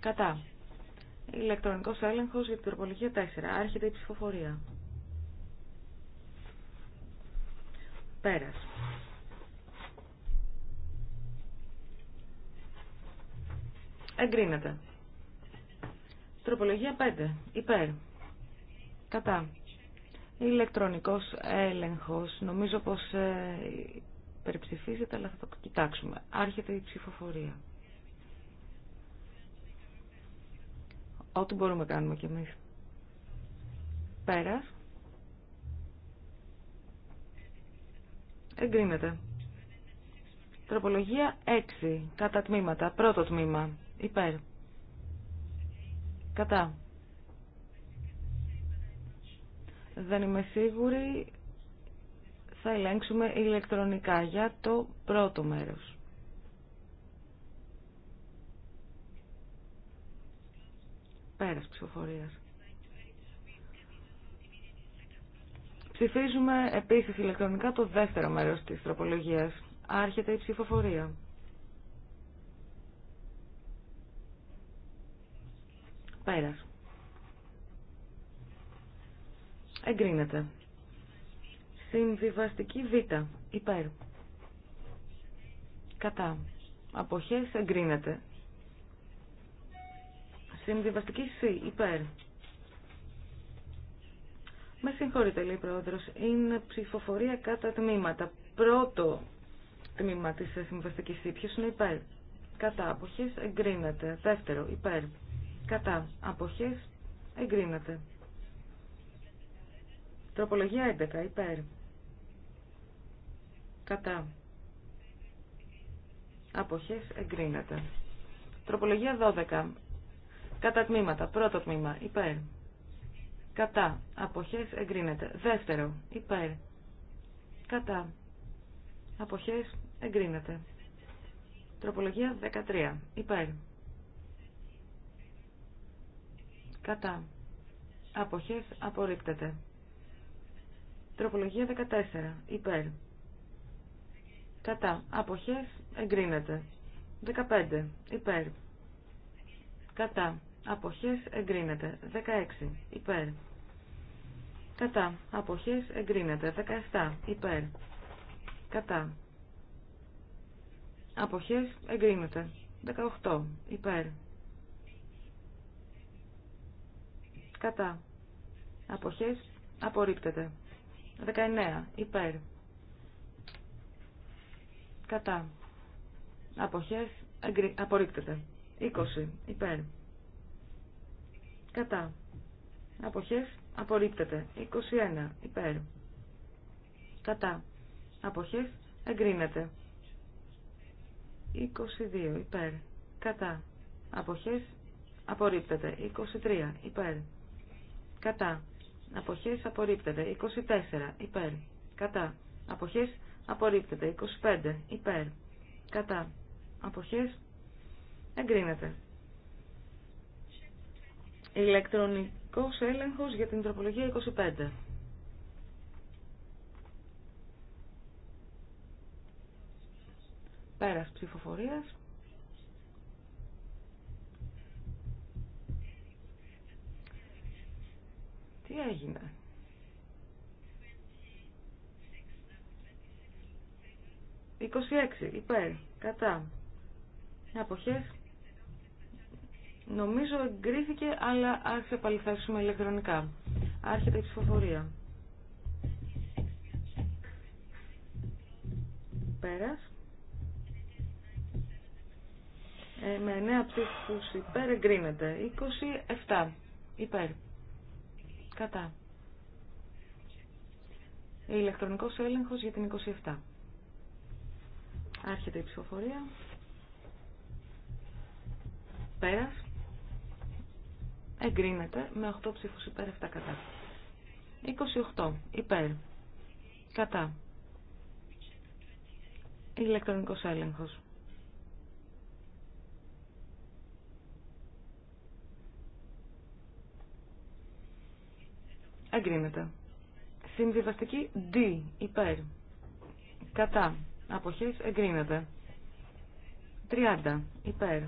Κατά. Ηλεκτρονικός έλεγχος για την τροπολογία 4. Άρχεται η ψηφοφορία. Πέρας. Εγκρίνεται. Τροπολογία 5. Υπέρ. Κατά ηλεκτρονικός έλεγχος. Νομίζω πως ε, αλλά θα το κοιτάξουμε. Άρχεται η ψηφοφορία. Ό,τι μπορούμε κάνουμε κι εμείς. πέρα Εγκρίνεται. Τροπολογία 6. Κατά τμήματα. Πρώτο τμήμα. Υπέρ. Κατά. δεν είμαι σίγουρη, θα ελέγξουμε ηλεκτρονικά για το πρώτο μέρος. Πέρας ψηφοφορίας. Ψηφίζουμε επίσης ηλεκτρονικά το δεύτερο μέρος της τροπολογίας. Άρχεται η ψηφοφορία. Πέρας. Εγκρίνεται. Συμβιβαστική Β. Υπέρ. Κατά. Αποχές εγκρίνεται. Συμβιβαστική Σ. Υπέρ. Με συγχωρείτε, λέει πρόεδρος. Είναι ψηφοφορία κατά τμήματα. Πρώτο τμήμα της συμβιβαστικής Σ. είναι υπέρ. Κατά. Αποχές εγκρίνεται. Δεύτερο. Υπέρ. Κατά. Αποχές εγκρίνεται. Τροπολογία 11. Υπέρ. Κατά. Αποχές εγκρίνεται. Τροπολογία 12. Κατά τμήματα. Πρώτο τμήμα. Υπέρ. Κατά. Αποχές εγκρίνεται. Δεύτερο. Υπέρ. Κατά. Αποχές εγκρίνεται. Τροπολογία 13. Υπέρ. Κατά. Αποχές απορρίπτεται. Τροπολογία 14. Υπέρ. Κατά. Αποχές. Εγκρίνεται. 15. Υπέρ. Κατά. Αποχές. Εγκρίνεται. 16. Υπέρ. Κατά. Αποχές. Εγκρίνεται. 17. Υπέρ. Κατά. Αποχές. Εγκρίνεται. 18. Υπέρ. Κατά. Αποχές. Απορρίπτεται. 19. Υπέρ. Κατά. Αποχές. Εγκρι... Απορρίπτεται. 20. Υπέρ. Κατά. Αποχές. Απορρίπτεται. 21. Υπέρ. Κατά. Αποχές. Εγκρίνεται. 22. Υπέρ. Κατά. Αποχές. Απορρίπτεται. 23. Υπέρ. Κατά. Αποχές απορρίπτεται. 24. Υπέρ. Κατά. Αποχές απορρίπτεται. 25. Υπέρ. Κατά. Αποχές εγκρίνεται. Ηλεκτρονικός έλεγχος για την τροπολογία 25. Πέρας ψηφοφορίας. Τι έγινε. 26 υπέρ. Κατά. Αποχές. Νομίζω εγκρίθηκε, αλλά ας επαληθεύσουμε ηλεκτρονικά. Άρχεται η ψηφοφορία. Πέρας. Ε, με 9 ψήφους υπέρ εγκρίνεται. 27 υπέρ. Κατά. Ηλεκτρονικός έλεγχος για την 27. Άρχεται η ψηφοφορία. Πέρας. Εγκρίνεται με 8 ψήφους υπέρ 7 κατά. 28. Υπέρ. Κατά. Ηλεκτρονικός έλεγχος. Εγκρίνεται. Συμβιβαστική D. Υπέρ. Κατά. Αποχές. Εγκρίνεται. 30. Υπέρ.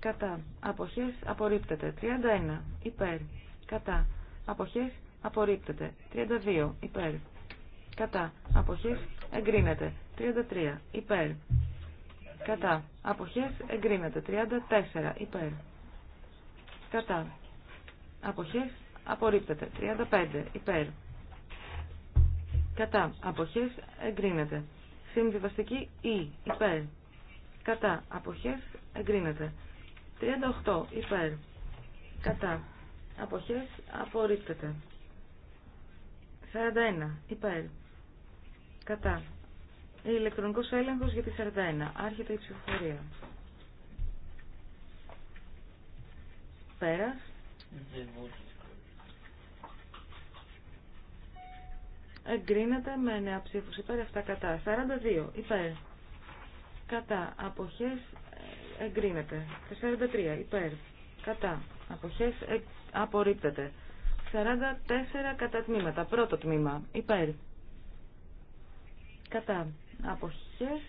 Κατά. Αποχές. Απορρίπτεται. 31. Υπέρ. Κατά. Αποχές. Απορρίπτεται. 32. Υπέρ. Κατά. Αποχές. Εγκρίνεται. 33. Υπέρ. Κατά. Αποχές. Εγκρίνεται. 34. Υπέρ. Κατά. Αποχές απορρίπτεται. 35 υπέρ. Κατά αποχές εγκρίνεται. Συμβιβαστική Ι e. υπέρ. Κατά αποχές εγκρίνεται. 38 υπέρ. Κατά αποχές απορρίπτεται. 41 υπέρ. Κατά. Ηλεκτρονικός έλεγχος για τη 41. Άρχεται η ψηφοφορία. Πέρας. εγκρίνεται με νέα ψήφους υπέρ 7 κατά. 42 υπέρ κατά αποχές ε, εγκρίνεται. 43 υπέρ κατά αποχές ε, απορρίπτεται. 44 κατά τμήματα. Πρώτο τμήμα υπέρ κατά αποχές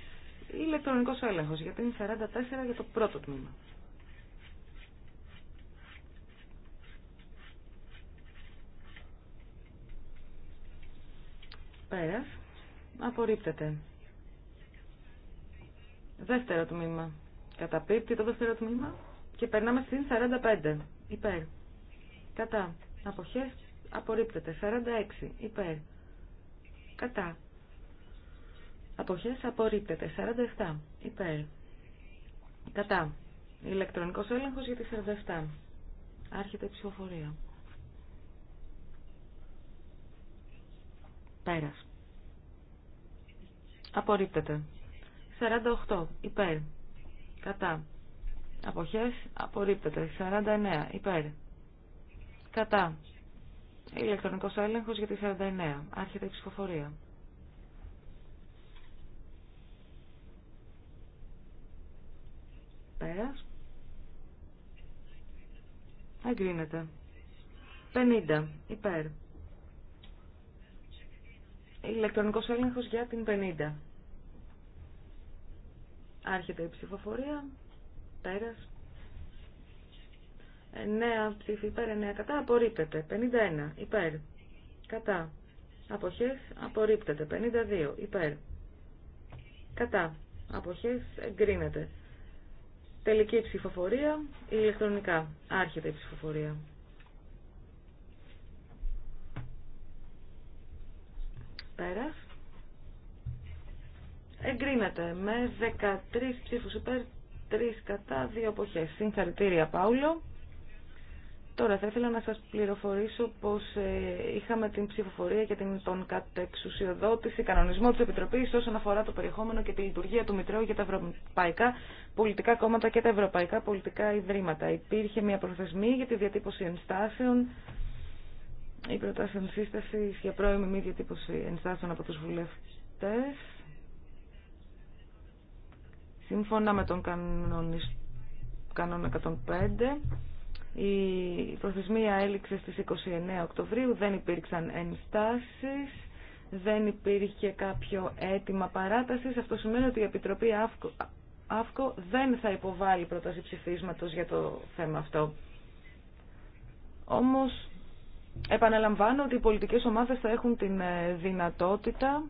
ηλεκτρονικός έλεγχος γιατί είναι 44 για το πρώτο τμήμα. Πέρας. Απορρίπτεται. Δεύτερο τμήμα. Καταπίπτει το δεύτερο τμήμα. Και περνάμε στην 45. Υπέρ. Κατά. Αποχές. Απορρίπτεται. 46. Υπέρ. Κατά. Αποχές. Απορρίπτεται. 47. Υπέρ. Κατά. Ηλεκτρονικός έλεγχος για τη 47. Άρχεται η ψηφοφορία. Πέρας. Απορρίπτεται. 48. Υπέρ. Κατά. Αποχές. Απορρίπτεται. 49. Υπέρ. Κατά. Ηλεκτρονικός έλεγχος για τη 49. Άρχεται η ψηφοφορία. Πέρας. Εγκρίνεται. 50. Υπέρ. Ηλεκτρονικός έλεγχος για την 50. Άρχεται η ψηφοφορία. Πέρας. 9 ψήφι υπέρ, 9 κατά. Απορρίπτεται. 51 υπέρ. Κατά. Αποχές. Απορρίπτεται. 52 υπέρ. Κατά. Αποχές. Εγκρίνεται. Τελική ψηφοφορία ηλεκτρονικά. Άρχεται η ψηφοφορία. Πέρας. Εγκρίνεται με 13 ψήφους υπέρ, 3 κατά, 2 αποχές. Συγχαρητήρια Πάουλο. Τώρα θα ήθελα να σας πληροφορήσω πως ε, είχαμε την ψηφοφορία και την, τον κατεξουσιοδότηση κανονισμό της Επιτροπής όσον αφορά το περιεχόμενο και τη λειτουργία του Μητρώου για τα ευρωπαϊκά πολιτικά κόμματα και τα ευρωπαϊκά πολιτικά ιδρύματα. Υπήρχε μια προθεσμή για τη διατύπωση ενστάσεων η πρόταση ενσύσταση για πρώιμη μη διατύπωση ενστάσεων από τους βουλευτές. Σύμφωνα με τον κανόνα 105, η προθεσμία έληξε στις 29 Οκτωβρίου, δεν υπήρξαν ενστάσεις, δεν υπήρχε κάποιο αίτημα παράτασης. Αυτό σημαίνει ότι η Επιτροπή Αύκο Αύκο δεν θα υποβάλει πρόταση ψηφίσματος για το θέμα αυτό. Όμως Επαναλαμβάνω ότι οι πολιτικές ομάδες θα έχουν την ε, δυνατότητα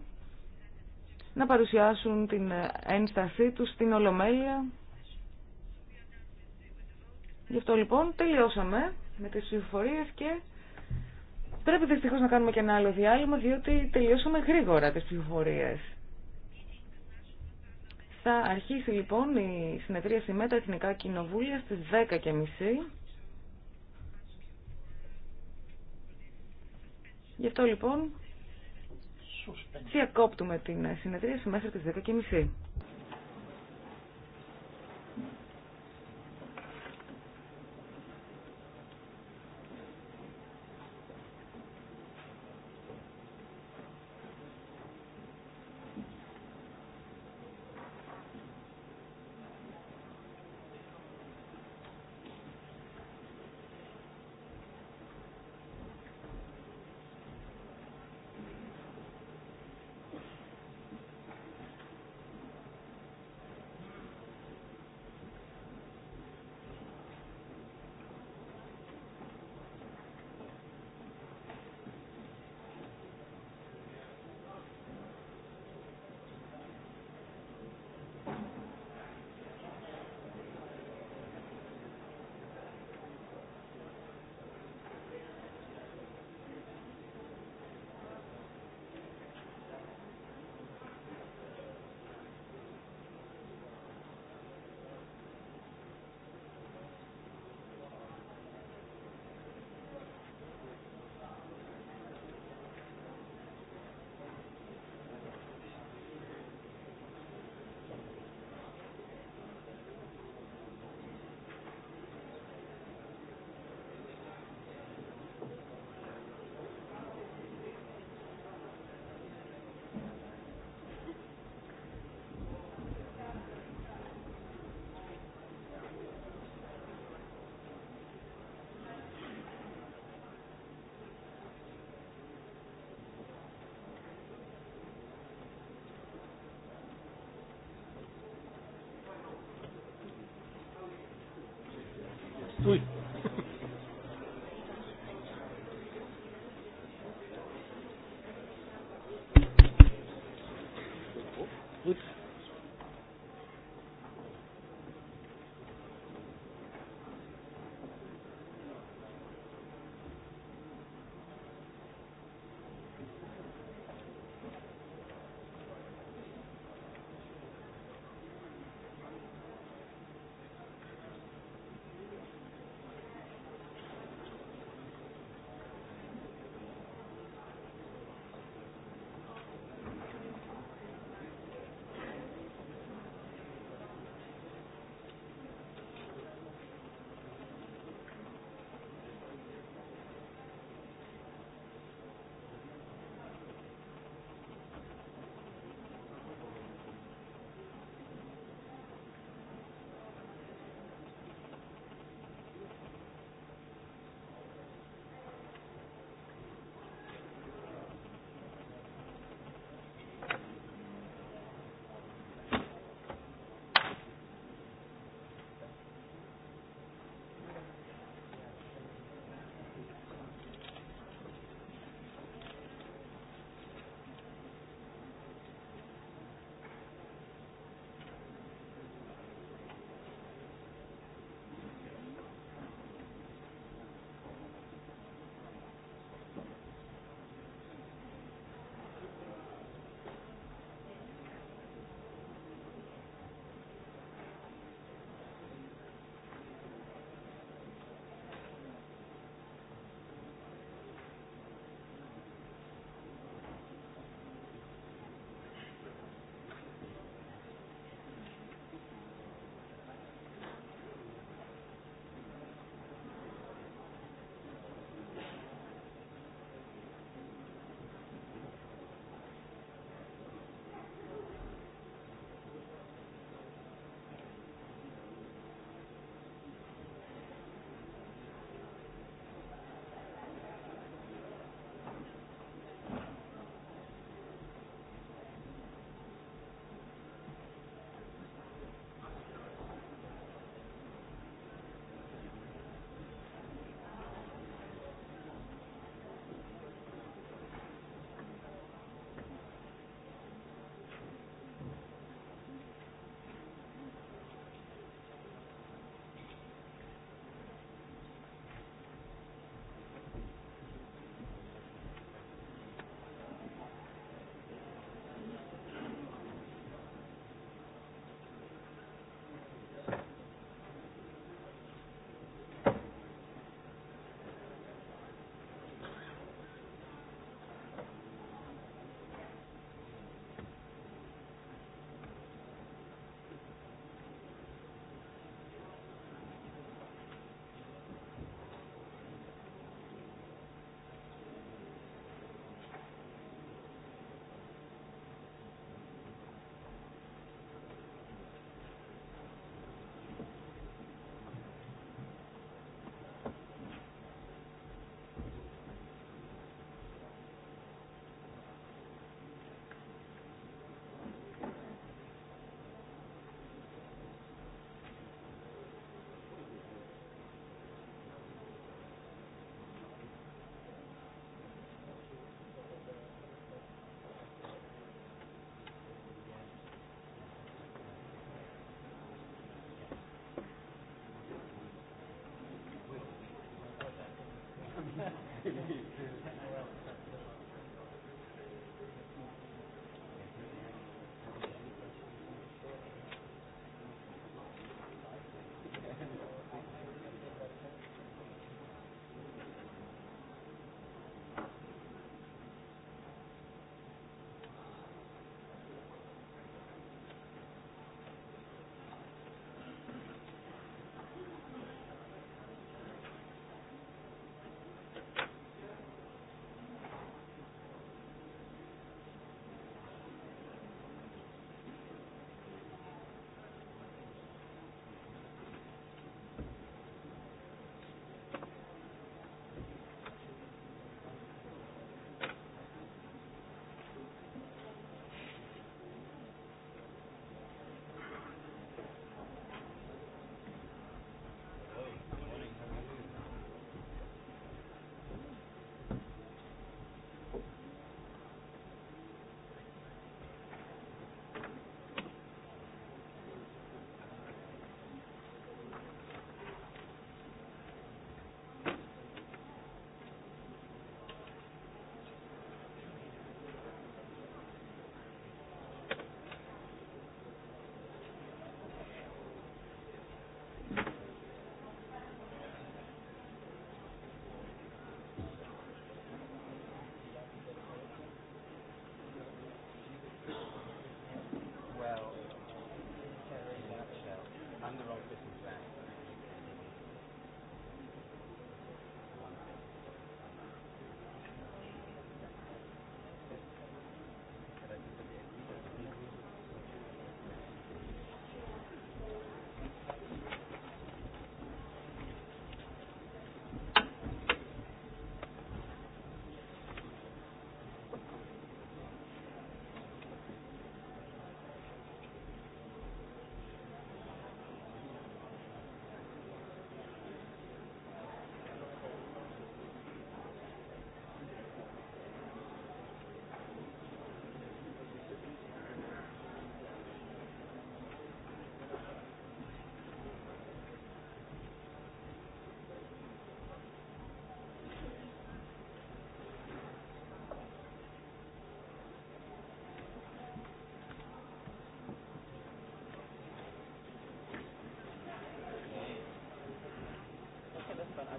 να παρουσιάσουν την ε, ένστασή τους στην Ολομέλεια. Γι' αυτό λοιπόν τελειώσαμε με τις ψηφοφορίες και πρέπει δυστυχώς να κάνουμε και ένα άλλο διάλειμμα διότι τελειώσαμε γρήγορα τις ψηφοφορίες. Θα αρχίσει λοιπόν η συνεδρίαση με τα Εθνικά Κοινοβούλια στις 10.30 Γι' αυτό λοιπόν διακόπτουμε την συνεδρίαση μέχρι τις 10.30. Εσύ,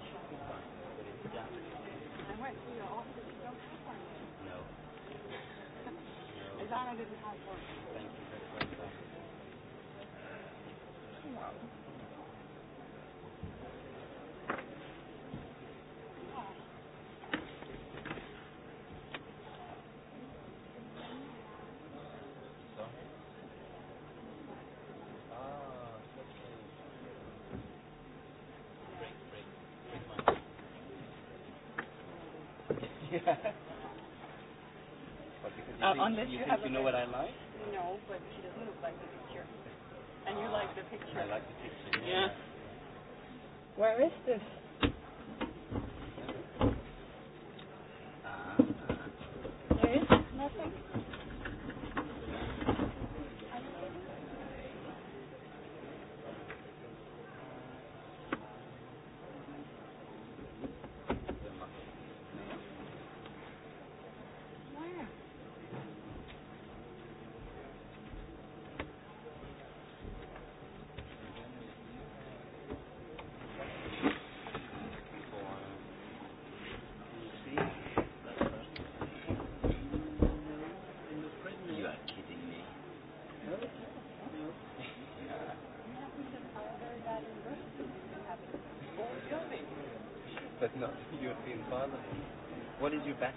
No. No. Unless you, have you know what I like? No, but she doesn't look like the picture. And you like the picture. I like the picture. Yeah. Where is this? What is your best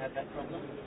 have that problem?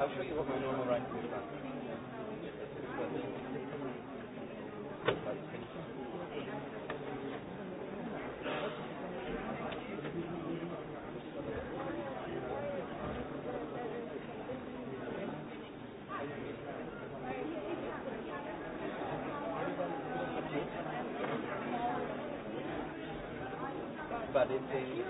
I'll show you what my normal writing is about. But it's a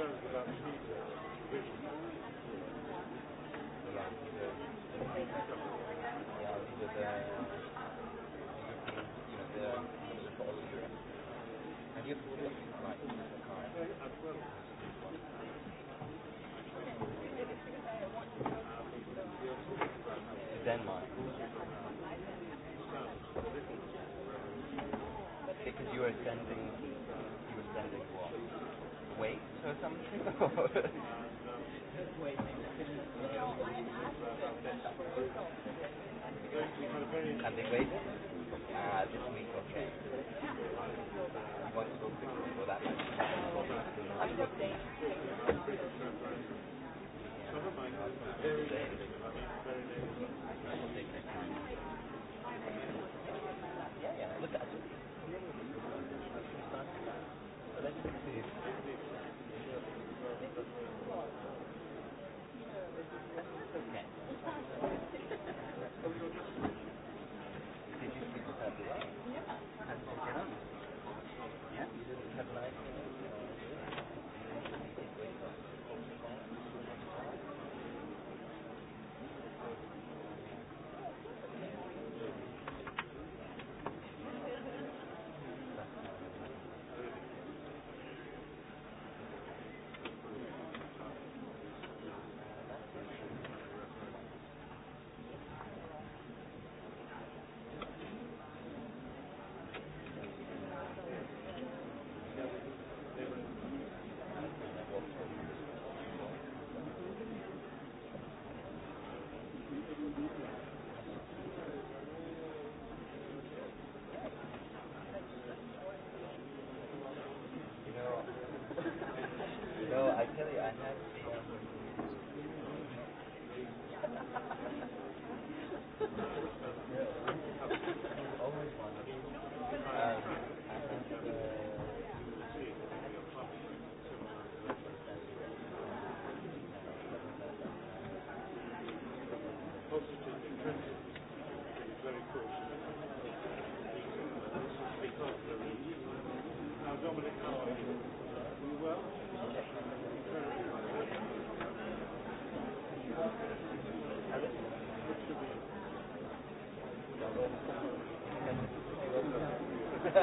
Thank you. Can they wait? Uh, this week, okay. that? really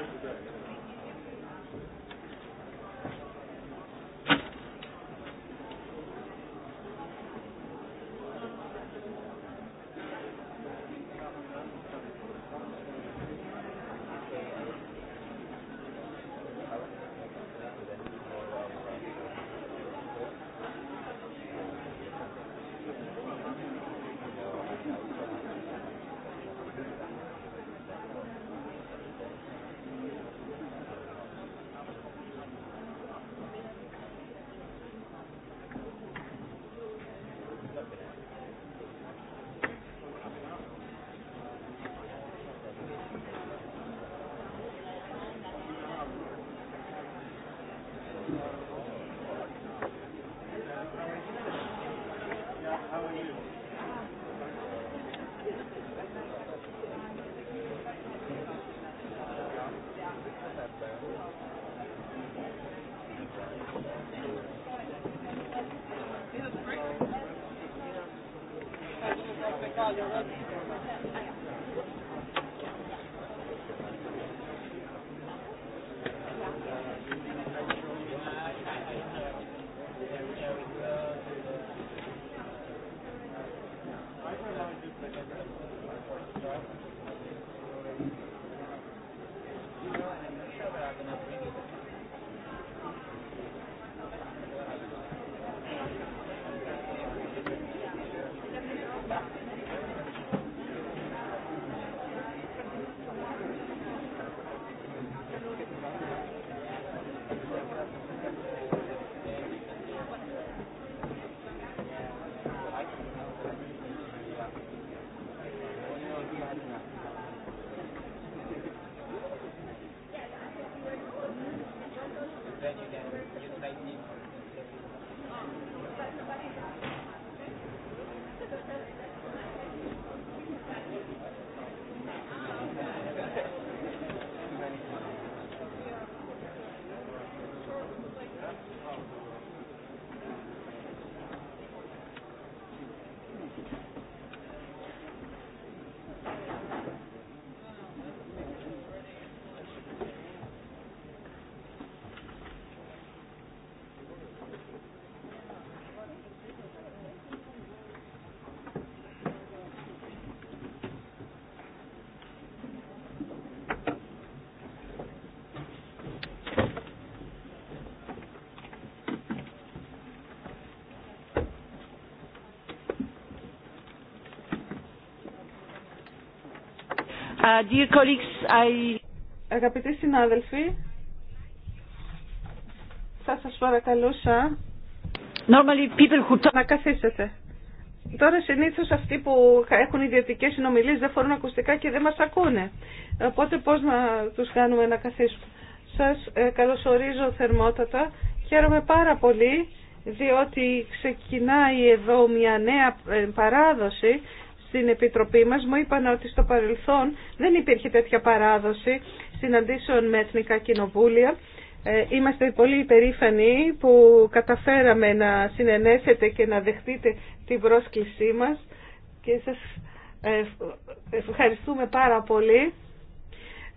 Thank you. Πάλι, dear Αγαπητοί συνάδελφοι, θα σας παρακαλούσα Normally people who... να καθίσετε. Τώρα συνήθω αυτοί που έχουν ιδιωτικές συνομιλίες δεν φορούν ακουστικά και δεν μας ακούνε. Οπότε πώς να τους κάνουμε να καθίσουμε. Σας ε, καλωσορίζω θερμότατα. Χαίρομαι πάρα πολύ διότι ξεκινάει εδώ μια νέα ε, παράδοση στην Επιτροπή μας μου είπαν ότι στο παρελθόν δεν υπήρχε τέτοια παράδοση συναντήσεων με εθνικά κοινοβούλια. Ε, είμαστε πολύ υπερήφανοι που καταφέραμε να συνενέσετε και να δεχτείτε την πρόσκλησή μας και σας ευχαριστούμε πάρα πολύ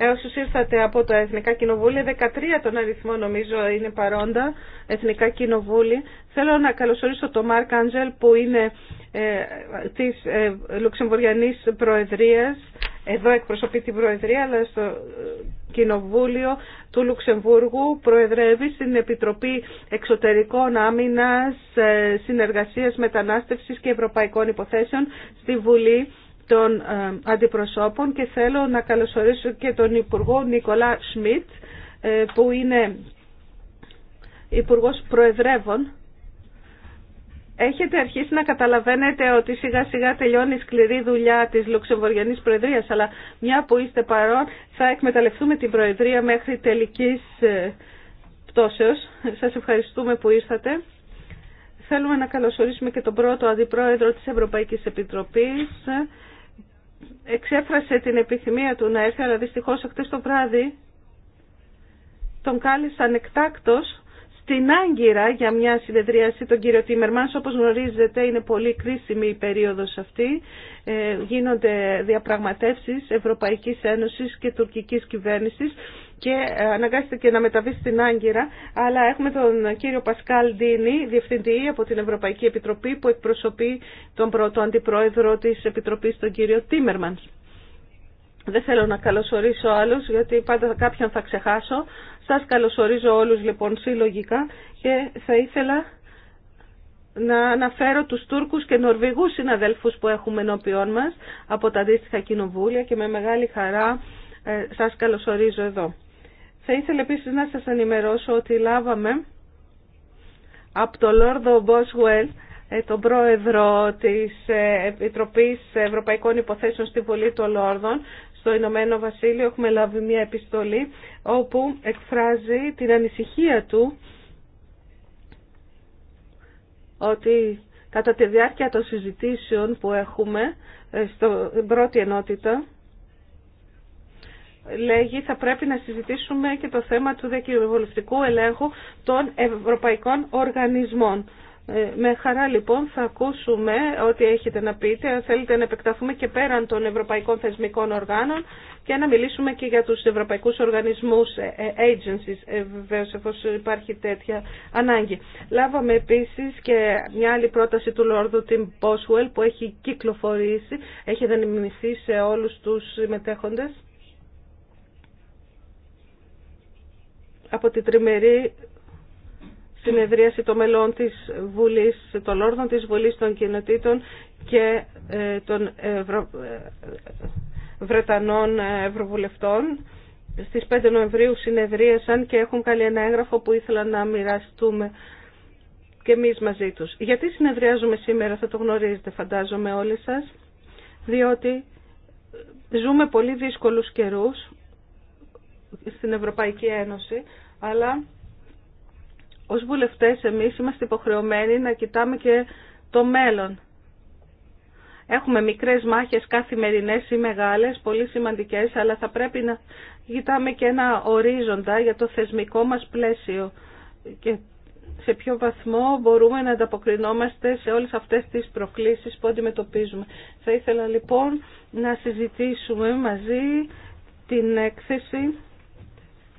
έως ήρθατε από τα Εθνικά Κοινοβούλια, 13 τον αριθμό νομίζω είναι παρόντα, Εθνικά Κοινοβούλια. Θέλω να καλωσορίσω τον Μάρκ Άντζελ που είναι ε, της ε, Προεδρίας, εδώ εκπροσωπεί την Προεδρία, αλλά στο ε, Κοινοβούλιο του Λουξεμβούργου προεδρεύει στην Επιτροπή Εξωτερικών Άμυνας, ε, Συνεργασίας Μετανάστευσης και Ευρωπαϊκών Υποθέσεων στη Βουλή των ε, αντιπροσώπων και θέλω να καλωσορίσω και τον Υπουργό Νικολά Σμιτ ε, που είναι Υπουργός Προεδρεύων. Έχετε αρχίσει να καταλαβαίνετε ότι σιγά σιγά τελειώνει η σκληρή δουλειά της Λουξεμβουργιανής Προεδρίας, αλλά μια που είστε παρόν θα εκμεταλλευτούμε την Προεδρία μέχρι τελικής ε, πτώσεως. Σας ευχαριστούμε που ήρθατε. Θέλουμε να καλωσορίσουμε και τον πρώτο Αντιπρόεδρο της Ευρωπαϊκής Επιτροπής, εξέφρασε την επιθυμία του να έρθει, αλλά δυστυχώ χτες το βράδυ τον κάλεσαν εκτάκτος στην Άγκυρα για μια συνεδρίαση τον κύριο Τίμερμανς. Όπως γνωρίζετε είναι πολύ κρίσιμη η περίοδος αυτή. Ε, γίνονται διαπραγματεύσεις Ευρωπαϊκής Ένωσης και τουρκικής κυβέρνησης και ε, αναγκάστηκε να μεταβεί στην Άγκυρα, αλλά έχουμε τον κύριο Πασκάλ Ντίνη, Διευθυντή από την Ευρωπαϊκή Επιτροπή, που εκπροσωπεί τον πρώτο αντιπρόεδρο της Επιτροπής, τον κύριο Τίμερμαν. Δεν θέλω να καλωσορίσω άλλους, γιατί πάντα κάποιον θα ξεχάσω. Σας καλωσορίζω όλους λοιπόν συλλογικά και θα ήθελα να αναφέρω τους Τούρκους και Νορβηγούς συναδέλφους που έχουμε ενώπιόν μας από τα αντίστοιχα κοινοβούλια και με μεγάλη χαρά ε, σας καλωσορίζω εδώ. Θα ήθελα επίσης να σας ενημερώσω ότι λάβαμε από τον Λόρδο Μπόσουελ, ε, τον πρόεδρο της ε, Επιτροπής Ευρωπαϊκών Υποθέσεων στη Βουλή των Λόρδων, στο Ηνωμένο Βασίλειο έχουμε λάβει μια επιστολή όπου εκφράζει την ανησυχία του ότι κατά τη διάρκεια των συζητήσεων που έχουμε ε, στην πρώτη ενότητα λέγει θα πρέπει να συζητήσουμε και το θέμα του διακυβολιστικού ελέγχου των ευρωπαϊκών οργανισμών. Ε, με χαρά λοιπόν θα ακούσουμε ό,τι έχετε να πείτε, αν θέλετε να επεκταθούμε και πέραν των ευρωπαϊκών θεσμικών οργάνων και να μιλήσουμε και για τους ευρωπαϊκούς οργανισμούς ε, ε, agencies, βεβαίω εφόσον υπάρχει τέτοια ανάγκη. Λάβαμε επίσης και μια άλλη πρόταση του Λόρδου Τιμ Πόσουελ που έχει κυκλοφορήσει, έχει δανειμηθεί σε όλους τους συμμετέχοντες. από την τριμερή συνεδρίαση των μελών της Βουλής, των Λόρδων της Βουλής των Κοινοτήτων και ε, των ε, ε, Βρετανών Ευρωβουλευτών. Στις 5 Νοεμβρίου συνεδρίασαν και έχουν κάνει ένα έγγραφο που ήθελα να μοιραστούμε και εμείς μαζί τους. Γιατί συνεδριάζουμε σήμερα, θα το γνωρίζετε φαντάζομαι όλοι σας, διότι ζούμε πολύ δύσκολους καιρούς στην Ευρωπαϊκή Ένωση αλλά ως βουλευτές εμείς είμαστε υποχρεωμένοι να κοιτάμε και το μέλλον. Έχουμε μικρές μάχες καθημερινές ή μεγάλες, πολύ σημαντικές, αλλά θα πρέπει να κοιτάμε και ένα ορίζοντα για το θεσμικό μας πλαίσιο και σε ποιο βαθμό μπορούμε να ανταποκρινόμαστε σε όλες αυτές τις προκλήσεις που αντιμετωπίζουμε. Θα ήθελα λοιπόν να συζητήσουμε μαζί την έκθεση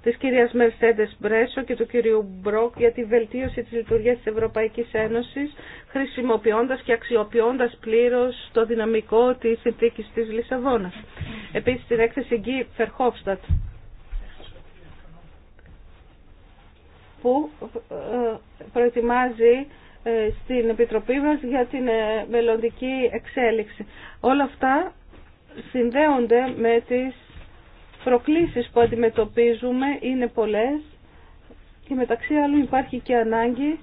της κυρίας Μερσέντες Μπρέσο και του κυρίου Μπροκ για τη βελτίωση της λειτουργίας της Ευρωπαϊκής Ένωσης χρησιμοποιώντας και αξιοποιώντας πλήρως το δυναμικό της συνθήκης της Λισαβόνας. Επίσης την έκθεση Γκί Φερχόφστατ που ε, προετοιμάζει ε, στην Επιτροπή μας για την ε, μελλοντική εξέλιξη. Όλα αυτά συνδέονται με τις προκλήσεις που αντιμετωπίζουμε είναι πολλές και μεταξύ άλλων υπάρχει και ανάγκη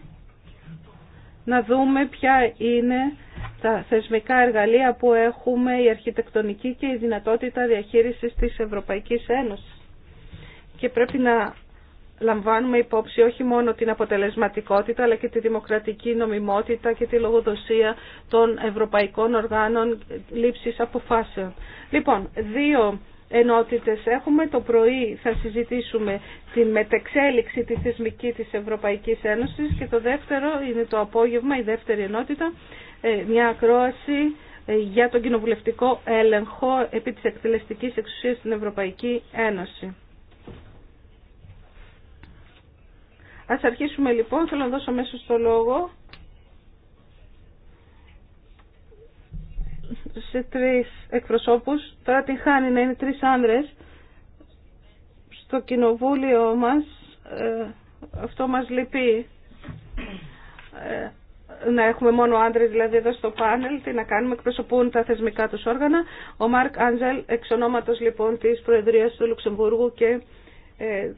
να δούμε ποια είναι τα θεσμικά εργαλεία που έχουμε, η αρχιτεκτονική και η δυνατότητα διαχείρισης της Ευρωπαϊκής Ένωσης. Και πρέπει να λαμβάνουμε υπόψη όχι μόνο την αποτελεσματικότητα αλλά και τη δημοκρατική νομιμότητα και τη λογοδοσία των ευρωπαϊκών οργάνων λήψης αποφάσεων. Λοιπόν, δύο ενότητες έχουμε. Το πρωί θα συζητήσουμε τη μετεξέλιξη της θεσμική της Ευρωπαϊκής Ένωσης και το δεύτερο είναι το απόγευμα, η δεύτερη ενότητα, ε, μια ακρόαση ε, για τον κοινοβουλευτικό έλεγχο επί της εκτελεστικής εξουσίας στην Ευρωπαϊκή Ένωση. Ας αρχίσουμε λοιπόν, θέλω να δώσω μέσα στο λόγο σε τρεις εκπροσώπους. Τώρα την χάνει να είναι τρεις άνδρες. Στο κοινοβούλιο μας ε, αυτό μας λυπεί. Ε, να έχουμε μόνο άνδρες δηλαδή εδώ στο πάνελ, τι να κάνουμε, εκπροσωπούν τα θεσμικά του όργανα. Ο Μάρκ Άντζελ, εξ ονόματο λοιπόν τη Προεδρία του Λουξεμβούργου και ε,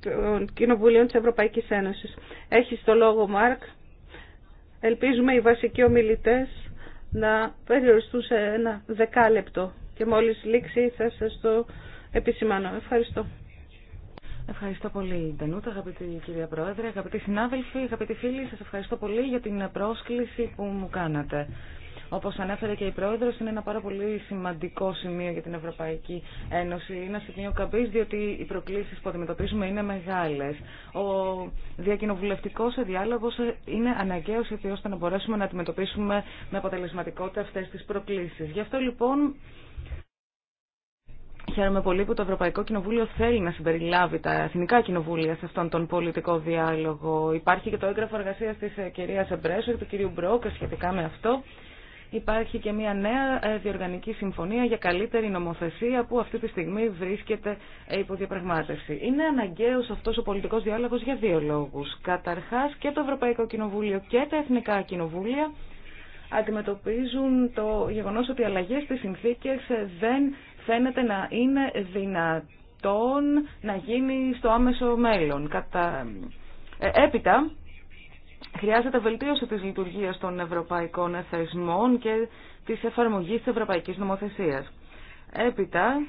των Κοινοβουλίων τη Ευρωπαϊκή Ένωση. Έχει το λόγο, Μάρκ. Ελπίζουμε οι βασικοί ομιλητέ να περιοριστούν σε ένα δεκάλεπτο και μόλις λήξει θα σας το επισημάνω. Ευχαριστώ. Ευχαριστώ πολύ, Ντανούτα, αγαπητή κυρία Πρόεδρε, αγαπητοί συνάδελφοι, αγαπητοί φίλοι. Σας ευχαριστώ πολύ για την πρόσκληση που μου κάνατε. Όπως ανέφερε και η Πρόεδρος, είναι ένα πάρα πολύ σημαντικό σημείο για την Ευρωπαϊκή Ένωση. Είναι ένα σημείο καμπής, διότι οι προκλήσεις που αντιμετωπίζουμε είναι μεγάλες. Ο διακοινοβουλευτικός διάλογος είναι αναγκαίος έτσι ώστε να μπορέσουμε να αντιμετωπίσουμε με αποτελεσματικότητα αυτές τις προκλήσεις. Γι' αυτό λοιπόν Χαίρομαι πολύ που το Ευρωπαϊκό Κοινοβούλιο θέλει να συμπεριλάβει τα εθνικά κοινοβούλια σε αυτόν τον πολιτικό διάλογο. Υπάρχει και το έγγραφο εργασία τη ε, κυρία Εμπρέσου και του κυρίου Μπρόκ σχετικά με αυτό υπάρχει και μια νέα ε, διοργανική συμφωνία για καλύτερη νομοθεσία που αυτή τη στιγμή βρίσκεται υπό διαπραγμάτευση. Είναι αναγκαίος αυτός ο πολιτικός διάλογος για δύο λόγους. Καταρχάς και το Ευρωπαϊκό Κοινοβούλιο και τα Εθνικά Κοινοβούλια αντιμετωπίζουν το γεγονός ότι οι αλλαγές στι συνθήκε δεν φαίνεται να είναι δυνατόν να γίνει στο άμεσο μέλλον. Κατα... Ε, έπειτα, Χρειάζεται βελτίωση της λειτουργίας των ευρωπαϊκών θεσμών και της εφαρμογής της ευρωπαϊκής νομοθεσίας. Έπειτα,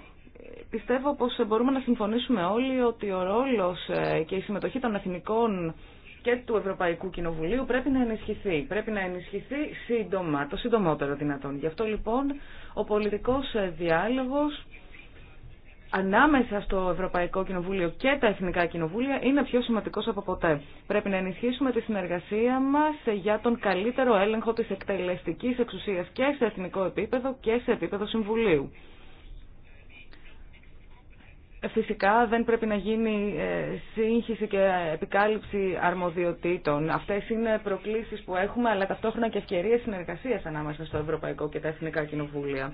πιστεύω πως μπορούμε να συμφωνήσουμε όλοι ότι ο ρόλος ε, και η συμμετοχή των εθνικών και του Ευρωπαϊκού Κοινοβουλίου πρέπει να ενισχυθεί. Πρέπει να ενισχυθεί σύντομα, το συντομότερο δυνατόν. Γι' αυτό λοιπόν ο πολιτικός ε, διάλογος ανάμεσα στο Ευρωπαϊκό Κοινοβούλιο και τα Εθνικά Κοινοβούλια είναι πιο σημαντικός από ποτέ. Πρέπει να ενισχύσουμε τη συνεργασία μας για τον καλύτερο έλεγχο της εκτελεστικής εξουσίας και σε εθνικό επίπεδο και σε επίπεδο Συμβουλίου. Ε, φυσικά δεν πρέπει να γίνει ε, σύγχυση και επικάλυψη αρμοδιοτήτων. Αυτές είναι προκλήσεις που έχουμε, αλλά ταυτόχρονα και ευκαιρίες συνεργασίας ανάμεσα στο Ευρωπαϊκό και τα Εθνικά Κοινοβούλια.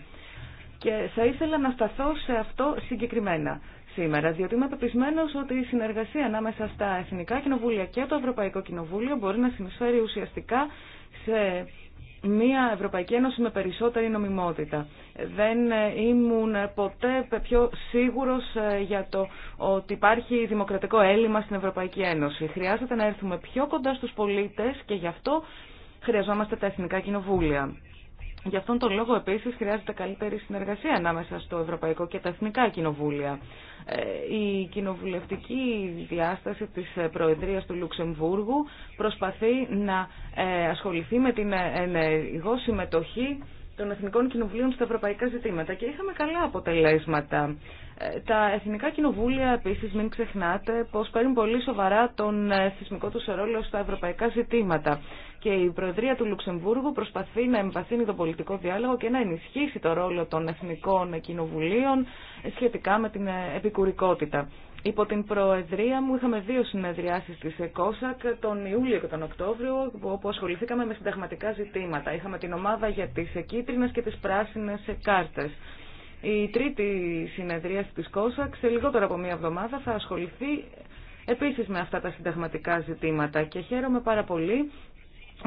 Και θα ήθελα να σταθώ σε αυτό συγκεκριμένα σήμερα, διότι είμαι πεπισμένο ότι η συνεργασία ανάμεσα στα Εθνικά Κοινοβούλια και το Ευρωπαϊκό Κοινοβούλιο μπορεί να συνεισφέρει ουσιαστικά σε μια Ευρωπαϊκή Ένωση με περισσότερη νομιμότητα. Δεν ήμουν ποτέ πιο σίγουρος ε, για το ότι υπάρχει δημοκρατικό έλλειμμα στην Ευρωπαϊκή Ένωση. Χρειάζεται να έρθουμε πιο κοντά στους πολίτες και γι' αυτό χρειαζόμαστε τα Εθνικά Κοινοβούλια. Γι' αυτόν τον λόγο επίσης χρειάζεται καλύτερη συνεργασία ανάμεσα στο Ευρωπαϊκό και τα Εθνικά Κοινοβούλια. Ε, η κοινοβουλευτική διάσταση της Προεδρίας του Λουξεμβούργου προσπαθεί να ε, ασχοληθεί με την ενεργό συμμετοχή των Εθνικών Κοινοβουλίων στα ευρωπαϊκά ζητήματα και είχαμε καλά αποτελέσματα. Ε, τα Εθνικά Κοινοβούλια, επίσης, μην ξεχνάτε, πως παίρνουν πολύ σοβαρά τον θεσμικό του ρόλο στα ευρωπαϊκά ζητήματα και η Προεδρία του Λουξεμβούργου προσπαθεί να εμβαθύνει το πολιτικό διάλογο και να ενισχύσει το ρόλο των εθνικών κοινοβουλίων σχετικά με την επικουρικότητα. Υπό την Προεδρία μου είχαμε δύο συνεδριάσεις της ΕΚΟΣΑΚ τον Ιούλιο και τον Οκτώβριο όπου ασχοληθήκαμε με συνταγματικά ζητήματα. Είχαμε την ομάδα για τις κίτρινες και τις πράσινες κάρτες. Η τρίτη συνεδρίαση της ΚΟΣΑΚ σε λιγότερο από μία εβδομάδα θα ασχοληθεί επίσης με αυτά τα συνταγματικά ζητήματα και χαίρομαι πάρα πολύ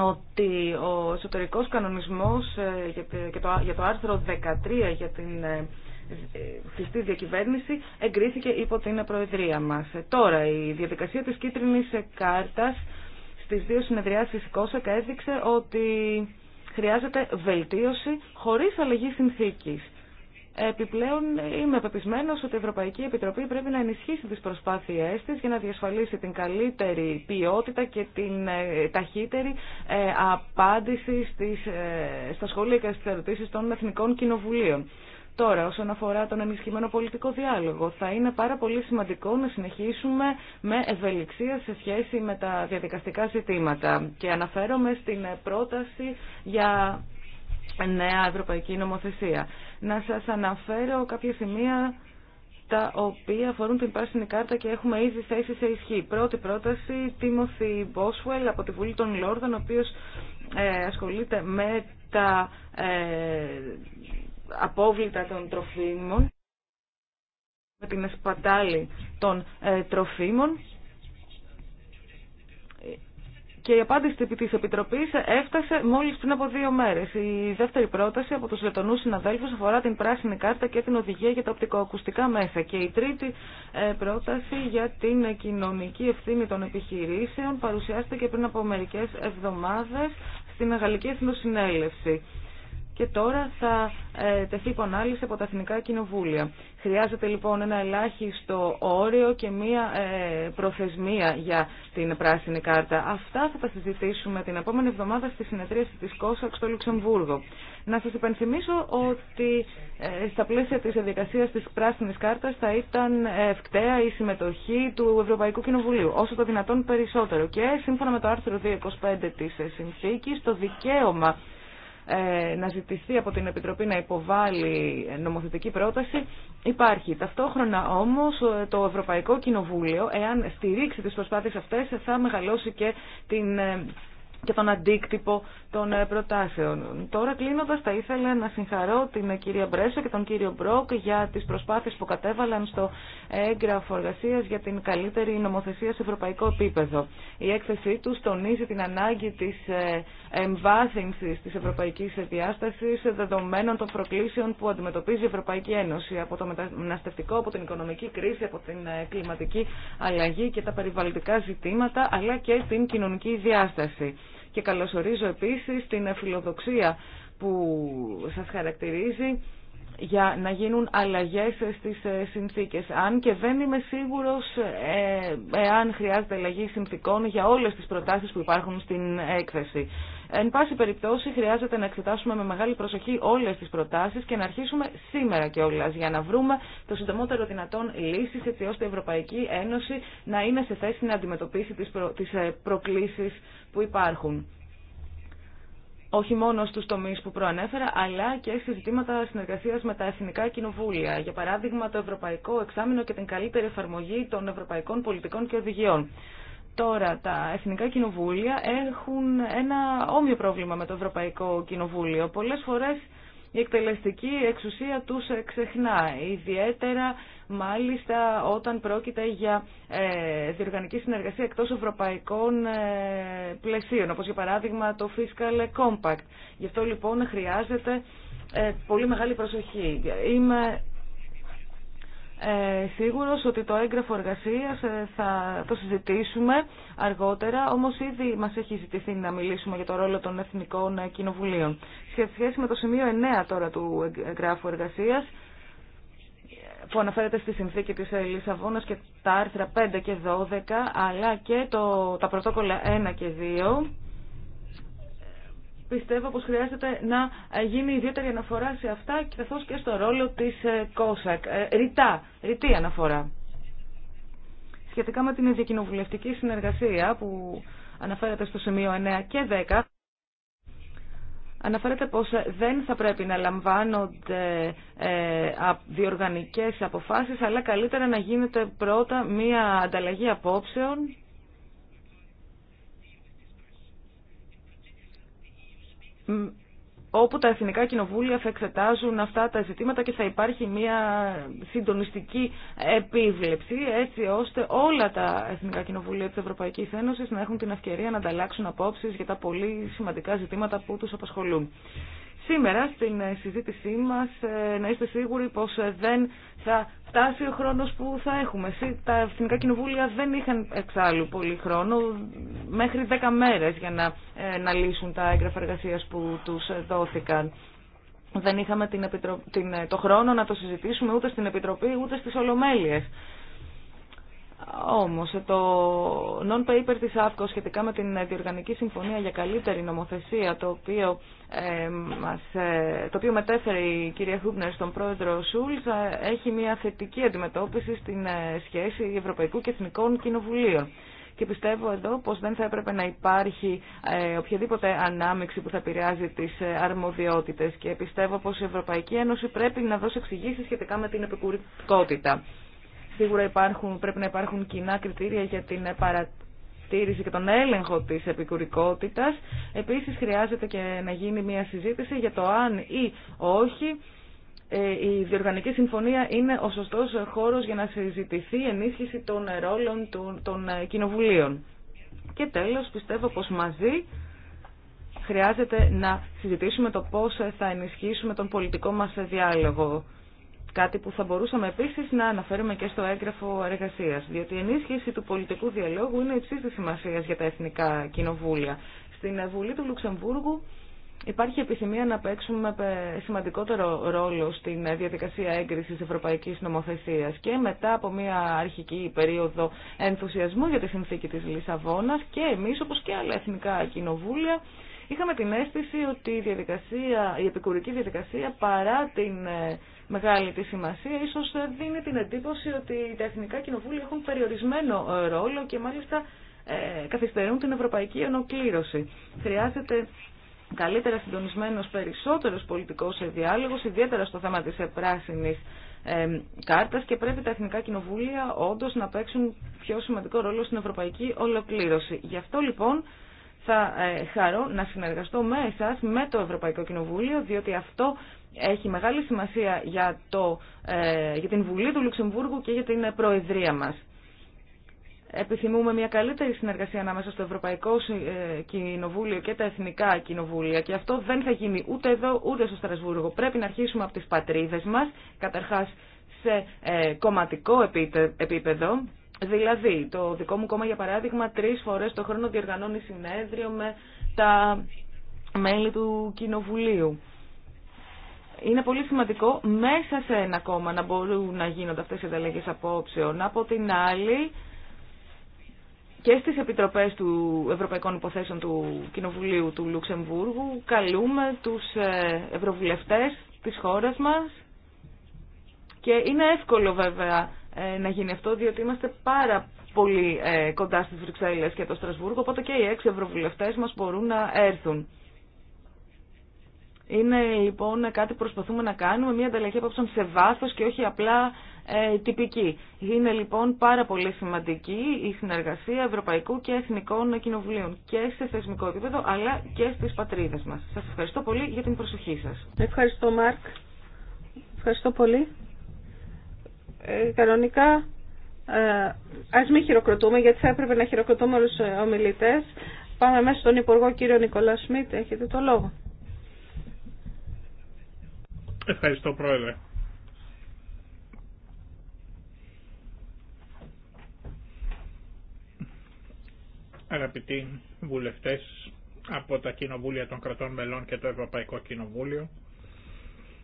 ότι ο εσωτερικός κανονισμός ε, για το άρθρο 13 για την χρηστή ε, ε, διακυβέρνηση εγκρίθηκε υπό την Προεδρία μας. Τώρα, η διαδικασία της κίτρινης κάρτας στις δύο συνεδριάσεις ΚΟΣΑΚΑ έδειξε ότι χρειάζεται βελτίωση χωρίς αλλαγή συνθήκης. Επιπλέον, είμαι πεπισμένο ότι η Ευρωπαϊκή Επιτροπή πρέπει να ενισχύσει τι προσπάθειέ τη για να διασφαλίσει την καλύτερη ποιότητα και την ε, ταχύτερη ε, απάντηση στις, ε, στα σχόλια και στι ερωτήσει των Εθνικών Κοινοβουλίων. Τώρα, όσον αφορά τον ενισχυμένο πολιτικό διάλογο, θα είναι πάρα πολύ σημαντικό να συνεχίσουμε με ευελιξία σε σχέση με τα διαδικαστικά ζητήματα. Και αναφέρομαι στην πρόταση για νέα ευρωπαϊκή νομοθεσία να σας αναφέρω κάποια σημεία τα οποία αφορούν την πράσινη κάρτα και έχουμε ήδη θέσει σε ισχύ. Πρώτη πρόταση, Τίμωθη Μπόσουελ από τη Βουλή των Λόρδων, ο οποίος ε, ασχολείται με τα ε, απόβλητα των τροφίμων, με την εσπατάλη των ε, τροφίμων και η απάντηση τη Επιτροπής έφτασε μόλις πριν από δύο μέρες. Η δεύτερη πρόταση από τους Λετωνού συναδέλφους αφορά την πράσινη κάρτα και την οδηγία για τα οπτικοακουστικά μέσα. Και η τρίτη ε, πρόταση για την κοινωνική ευθύνη των επιχειρήσεων παρουσιάστηκε πριν από μερικέ εβδομάδες στην Γαλλική Εθνοσυνέλευση και τώρα θα ε, τεθεί πονάλης από τα εθνικά κοινοβούλια. Χρειάζεται λοιπόν ένα ελάχιστο όριο και μία ε, προθεσμία για την πράσινη κάρτα. Αυτά θα τα συζητήσουμε την επόμενη εβδομάδα στη συνεδρίαση της ΚΟΣΑΚ στο Λουξεμβούργο. Να σας υπενθυμίσω ότι ε, στα πλαίσια της διαδικασία της πράσινης κάρτας θα ήταν ευκταία η συμμετοχή του Ευρωπαϊκού Κοινοβουλίου, όσο το δυνατόν περισσότερο. Και σύμφωνα με το άρθρο 225 της συνθήκης, το δικαίωμα ε, να ζητηθεί από την Επιτροπή να υποβάλει νομοθετική πρόταση υπάρχει. Ταυτόχρονα όμως ε, το Ευρωπαϊκό Κοινοβούλιο, εάν στηρίξει τις προσπάθειες αυτές, θα μεγαλώσει και την ε, και τον αντίκτυπο των ε, προτάσεων. Τώρα κλείνοντα, θα ήθελα να συγχαρώ την ε, κυρία Μπρέσο και τον κύριο Μπρόκ για τι προσπάθειε που κατέβαλαν στο έγγραφο εργασία για την καλύτερη νομοθεσία σε ευρωπαϊκό επίπεδο. Η έκθεσή του τονίζει την ανάγκη τη ε, εμβάθυνση τη ευρωπαϊκή διάσταση δεδομένων των προκλήσεων που αντιμετωπίζει η Ευρωπαϊκή Ένωση από το μεταναστευτικό, από την οικονομική κρίση, από την κλιματική αλλαγή και τα περιβαλλοντικά ζητήματα, αλλά και την κοινωνική διάσταση και καλωσορίζω επίσης την φιλοδοξία που σας χαρακτηρίζει για να γίνουν αλλαγές στις ε, συνθήκες. Αν και δεν είμαι σίγουρος ε, εάν χρειάζεται αλλαγή συνθήκων για όλες τις προτάσεις που υπάρχουν στην έκθεση. Εν πάση περιπτώσει, χρειάζεται να εξετάσουμε με μεγάλη προσοχή όλε τι προτάσει και να αρχίσουμε σήμερα κιόλα για να βρούμε το συντομότερο δυνατόν λύσει έτσι ώστε η Ευρωπαϊκή Ένωση να είναι σε θέση να αντιμετωπίσει τι προ... Ε, προκλήσει που υπάρχουν. Όχι μόνο στου τομεί που προανέφερα, αλλά και σε ζητήματα συνεργασία με τα εθνικά κοινοβούλια. Για παράδειγμα, το Ευρωπαϊκό Εξάμεινο και την καλύτερη εφαρμογή των ευρωπαϊκών πολιτικών και οδηγιών. Τώρα, τα εθνικά κοινοβούλια έχουν ένα όμοιο πρόβλημα με το Ευρωπαϊκό Κοινοβούλιο. Πολλές φορές η εκτελεστική εξουσία τους ξεχνά, ιδιαίτερα μάλιστα όταν πρόκειται για ε, διοργανική συνεργασία εκτός ευρωπαϊκών ε, πλαισίων, όπως για παράδειγμα το Fiscal Compact. Γι' αυτό λοιπόν χρειάζεται ε, πολύ μεγάλη προσοχή ε, σίγουρος ότι το έγγραφο εργασίας ε, θα το συζητήσουμε αργότερα, όμως ήδη μας έχει ζητηθεί να μιλήσουμε για το ρόλο των Εθνικών Κοινοβουλίων. Σε σχέση με το σημείο 9 τώρα του εγγράφου εργασίας, που αναφέρεται στη συνθήκη της Λισαβόνας και τα άρθρα 5 και 12, αλλά και το, τα πρωτόκολλα 1 και 2, πιστεύω πως χρειάζεται να γίνει ιδιαίτερη αναφορά σε αυτά καθώς και στο ρόλο της ε, ΚΟΣΑΚ. Ε, ρητά, ρητή αναφορά. Σχετικά με την διακοινοβουλευτική συνεργασία που αναφέρεται στο σημείο 9 και 10, Αναφέρεται πως δεν θα πρέπει να λαμβάνονται ε, διοργανικές αποφάσεις, αλλά καλύτερα να γίνεται πρώτα μία ανταλλαγή απόψεων όπου τα εθνικά κοινοβούλια θα εξετάζουν αυτά τα ζητήματα και θα υπάρχει μια συντονιστική επίβλεψη έτσι ώστε όλα τα εθνικά κοινοβούλια της Ευρωπαϊκής Ένωσης να έχουν την ευκαιρία να ανταλλάξουν απόψεις για τα πολύ σημαντικά ζητήματα που τους απασχολούν σήμερα στην ε, συζήτησή μας ε, να είστε σίγουροι πως ε, δεν θα φτάσει ο χρόνος που θα έχουμε. Τα εθνικά κοινοβούλια δεν είχαν εξάλλου πολύ χρόνο, μέχρι 10 μέρες για να, να λύσουν τα έγγραφα εργασίας που τους δόθηκαν. Δεν είχαμε την, την, το χρόνο να το συζητήσουμε ούτε στην Επιτροπή ούτε στις Ολομέλειες. Όμως το non-paper της ΑΦΚΟ σχετικά με την Διοργανική ε, Συμφωνία για καλύτερη νομοθεσία το οποίο, ε, μας, ε, το οποίο μετέφερε η κυρία Χούμπνερ στον πρόεδρο Σούλς έχει μια θετική αντιμετώπιση στην σχέση Ευρωπαϊκού και Εθνικών Κοινοβουλίων. Και πιστεύω εδώ πως δεν θα έπρεπε να υπάρχει οποιαδήποτε ανάμειξη που θα επηρεάζει τις αρμοδιότητες και πιστεύω πως η Ευρωπαϊκή Ένωση πρέπει να δώσει εξηγήσει σχετικά με την επικουρικότητα. Σίγουρα υπάρχουν, πρέπει να υπάρχουν κοινά κριτήρια για την παρατήρηση και τον έλεγχο της επικουρικότητας. Επίσης χρειάζεται και να γίνει μια συζήτηση για το αν ή όχι ε, η διοργανική συμφωνία είναι ο σωστός χώρος για να συζητηθεί η ενίσχυση των ρόλων των ε, κοινοβουλίων. Και τέλος πιστεύω πως μαζί χρειάζεται να συζητήσουμε το πώς θα ενισχύσουμε τον πολιτικό μα διάλογο. Κάτι που θα μπορούσαμε επίση να αναφέρουμε και στο έγγραφο εργασία, διότι η ενίσχυση του πολιτικού διαλόγου είναι υψή της σημασία για τα εθνικά κοινοβούλια. Στην Βουλή του Λουξεμβούργου Υπάρχει επιθυμία να παίξουμε σημαντικότερο ρόλο στην διαδικασία έγκριση Ευρωπαϊκή Νομοθεσία και μετά από μια αρχική περίοδο ενθουσιασμού για τη συνθήκη τη Λισαβόνα και εμεί, όπω και άλλα εθνικά κοινοβούλια είχαμε την αίσθηση ότι η, διαδικασία, η επικουρική διαδικασία παρά την ε, μεγάλη τη σημασία. Ίσως ε, δίνει την εντύπωση ότι τα εθνικά κοινοβούλια έχουν περιορισμένο ε, ρόλο και μάλιστα ε, καθυστερούν την ευρωπαϊκή ενοκλήρωση. Χρειάζεται καλύτερα συντονισμένο, περισσότερο πολιτικό διάλογο, ιδιαίτερα στο θέμα της πράσινης κάρτα και πρέπει τα εθνικά κοινοβούλια όντω να παίξουν πιο σημαντικό ρόλο στην ευρωπαϊκή ολοκλήρωση. Γι' αυτό λοιπόν θα ε, χαρώ να συνεργαστώ με εσάς, με το Ευρωπαϊκό Κοινοβούλιο, διότι αυτό έχει μεγάλη σημασία για, το, ε, για την Βουλή του Λουξεμβούργου και για την Προεδρία μας. Επιθυμούμε μια καλύτερη συνεργασία ανάμεσα στο Ευρωπαϊκό ε, Κοινοβούλιο και τα Εθνικά Κοινοβούλια και αυτό δεν θα γίνει ούτε εδώ ούτε στο Στρασβούργο. Πρέπει να αρχίσουμε από τις πατρίδες μας, καταρχάς σε κομματικό επίπεδο, Δηλαδή, το δικό μου κόμμα, για παράδειγμα, τρεις φορές το χρόνο διοργανώνει συνέδριο με τα μέλη του Κοινοβουλίου. Είναι πολύ σημαντικό μέσα σε ένα κόμμα να μπορούν να γίνονται αυτές οι ανταλλαγές απόψεων. Από την άλλη, και στις επιτροπές του Ευρωπαϊκών Υποθέσεων του Κοινοβουλίου του Λουξεμβούργου καλούμε τους ε, ευρωβουλευτές της χώρας μας και είναι εύκολο βέβαια ε, να γίνει αυτό, διότι είμαστε πάρα πολύ ε, κοντά στις Βρυξέλλες και το Στρασβούργο, οπότε και οι έξι ευρωβουλευτές μας μπορούν να έρθουν. Είναι λοιπόν κάτι που προσπαθούμε να κάνουμε, μια ανταλλαγή απόψεων σε βάθος και όχι απλά ε, τυπική. Είναι λοιπόν πάρα πολύ σημαντική η συνεργασία Ευρωπαϊκού και Εθνικών Κοινοβουλίων και σε θεσμικό επίπεδο αλλά και στις πατρίδες μας. Σας ευχαριστώ πολύ για την προσοχή σας. Ευχαριστώ Μάρκ. Ευχαριστώ πολύ. Ε, κανονικά ε, ας μην χειροκροτούμε γιατί θα έπρεπε να χειροκροτούμε όλους ε, ομιλητές. Πάμε μέσα στον Υπουργό κύριο Νικολά Σμίτ. Έχετε το λόγο. Ευχαριστώ Πρόεδρε. Αγαπητοί βουλευτές από τα Κοινοβούλια των Κρατών Μελών και το Ευρωπαϊκό Κοινοβούλιο,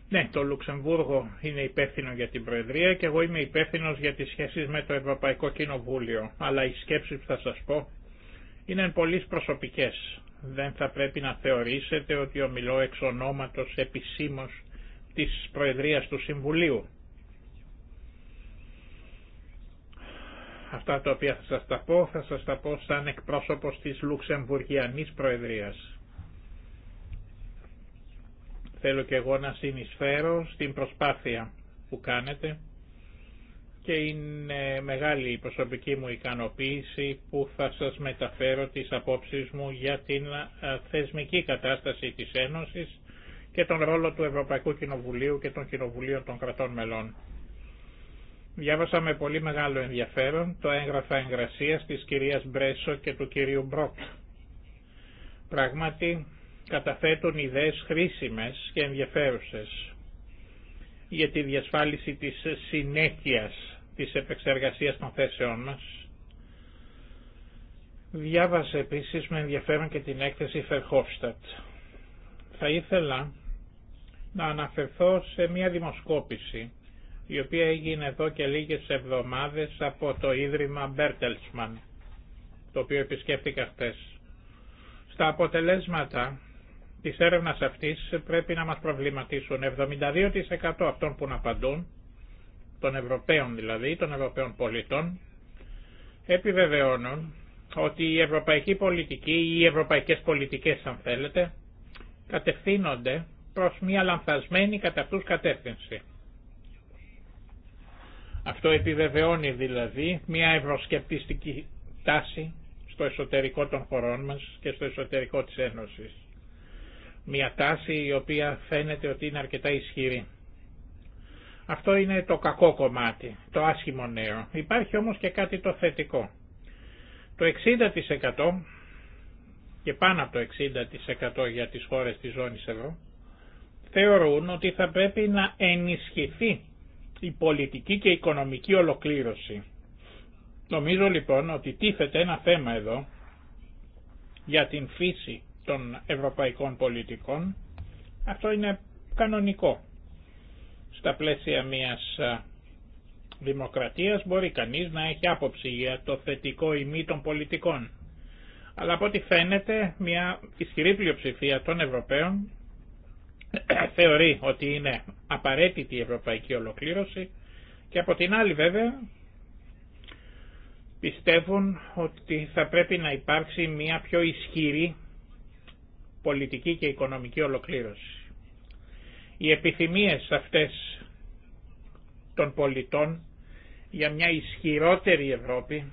ναι, το Λουξεμβούργο είναι υπεύθυνο για την Προεδρία και εγώ είμαι υπεύθυνο για τις σχέσεις με το Ευρωπαϊκό Κοινοβούλιο. Αλλά οι σκέψεις που θα σας πω είναι πολύ προσωπικές. Δεν θα πρέπει να θεωρήσετε ότι ομιλώ εξ ονόματος επισήμως της Προεδρίας του Συμβουλίου. Αυτά τα οποία θα σας τα πω, θα σας τα πω σαν εκπρόσωπος της Λουξεμβουργιανής Προεδρίας θέλω και εγώ να συνεισφέρω στην προσπάθεια που κάνετε και είναι μεγάλη η προσωπική μου ικανοποίηση που θα σας μεταφέρω τις απόψεις μου για την θεσμική κατάσταση της Ένωσης και τον ρόλο του Ευρωπαϊκού Κοινοβουλίου και των Κοινοβουλίων των Κρατών Μελών. Διάβασα με πολύ μεγάλο ενδιαφέρον το έγγραφα εγγρασίας της κυρίας Μπρέσο και του κυρίου Μπρόκ. Πράγματι, καταθέτουν ιδέες χρήσιμες και ενδιαφέρουσες για τη διασφάλιση της συνέχειας της επεξεργασίας των θέσεών μας. Διάβασε επίσης με ενδιαφέρον και την έκθεση Verhofstadt. Θα ήθελα να αναφερθώ σε μια δημοσκόπηση η οποία έγινε εδώ και λίγες εβδομάδες από το Ίδρυμα Μπέρτελσμαν, το οποίο επισκέφθηκα χτες. Στα αποτελέσματα Τη έρευνα αυτή πρέπει να μας προβληματίσουν. 72% αυτών που να απαντούν, των Ευρωπαίων δηλαδή, των Ευρωπαίων πολιτών, επιβεβαιώνουν ότι η ευρωπαϊκή πολιτική ή οι ευρωπαϊκές πολιτικές αν θέλετε κατευθύνονται προς μια λανθασμένη κατά αυτούς κατεύθυνση. Αυτό επιβεβαιώνει δηλαδή μια ευρωσκεπτιστική τάση στο εσωτερικό των χωρών μας και στο εσωτερικό της Ένωσης μια τάση η οποία φαίνεται ότι είναι αρκετά ισχυρή. Αυτό είναι το κακό κομμάτι, το άσχημο νέο. Υπάρχει όμως και κάτι το θετικό. Το 60% και πάνω από το 60% για τις χώρες της ζώνης ευρώ θεωρούν ότι θα πρέπει να ενισχυθεί η πολιτική και οικονομική ολοκλήρωση. Νομίζω λοιπόν ότι τίθεται ένα θέμα εδώ για την φύση των ευρωπαϊκών πολιτικών. Αυτό είναι κανονικό. Στα πλαίσια μιας δημοκρατίας μπορεί κανείς να έχει άποψη για το θετικό ημί των πολιτικών. Αλλά από ό,τι φαίνεται μια ισχυρή πλειοψηφία των Ευρωπαίων θεωρεί ότι είναι απαραίτητη η ευρωπαϊκή ολοκλήρωση και από την άλλη βέβαια πιστεύουν ότι θα πρέπει να υπάρξει μια πιο ισχυρή πολιτική και οικονομική ολοκλήρωση. Οι επιθυμίες αυτές των πολιτών για μια ισχυρότερη Ευρώπη,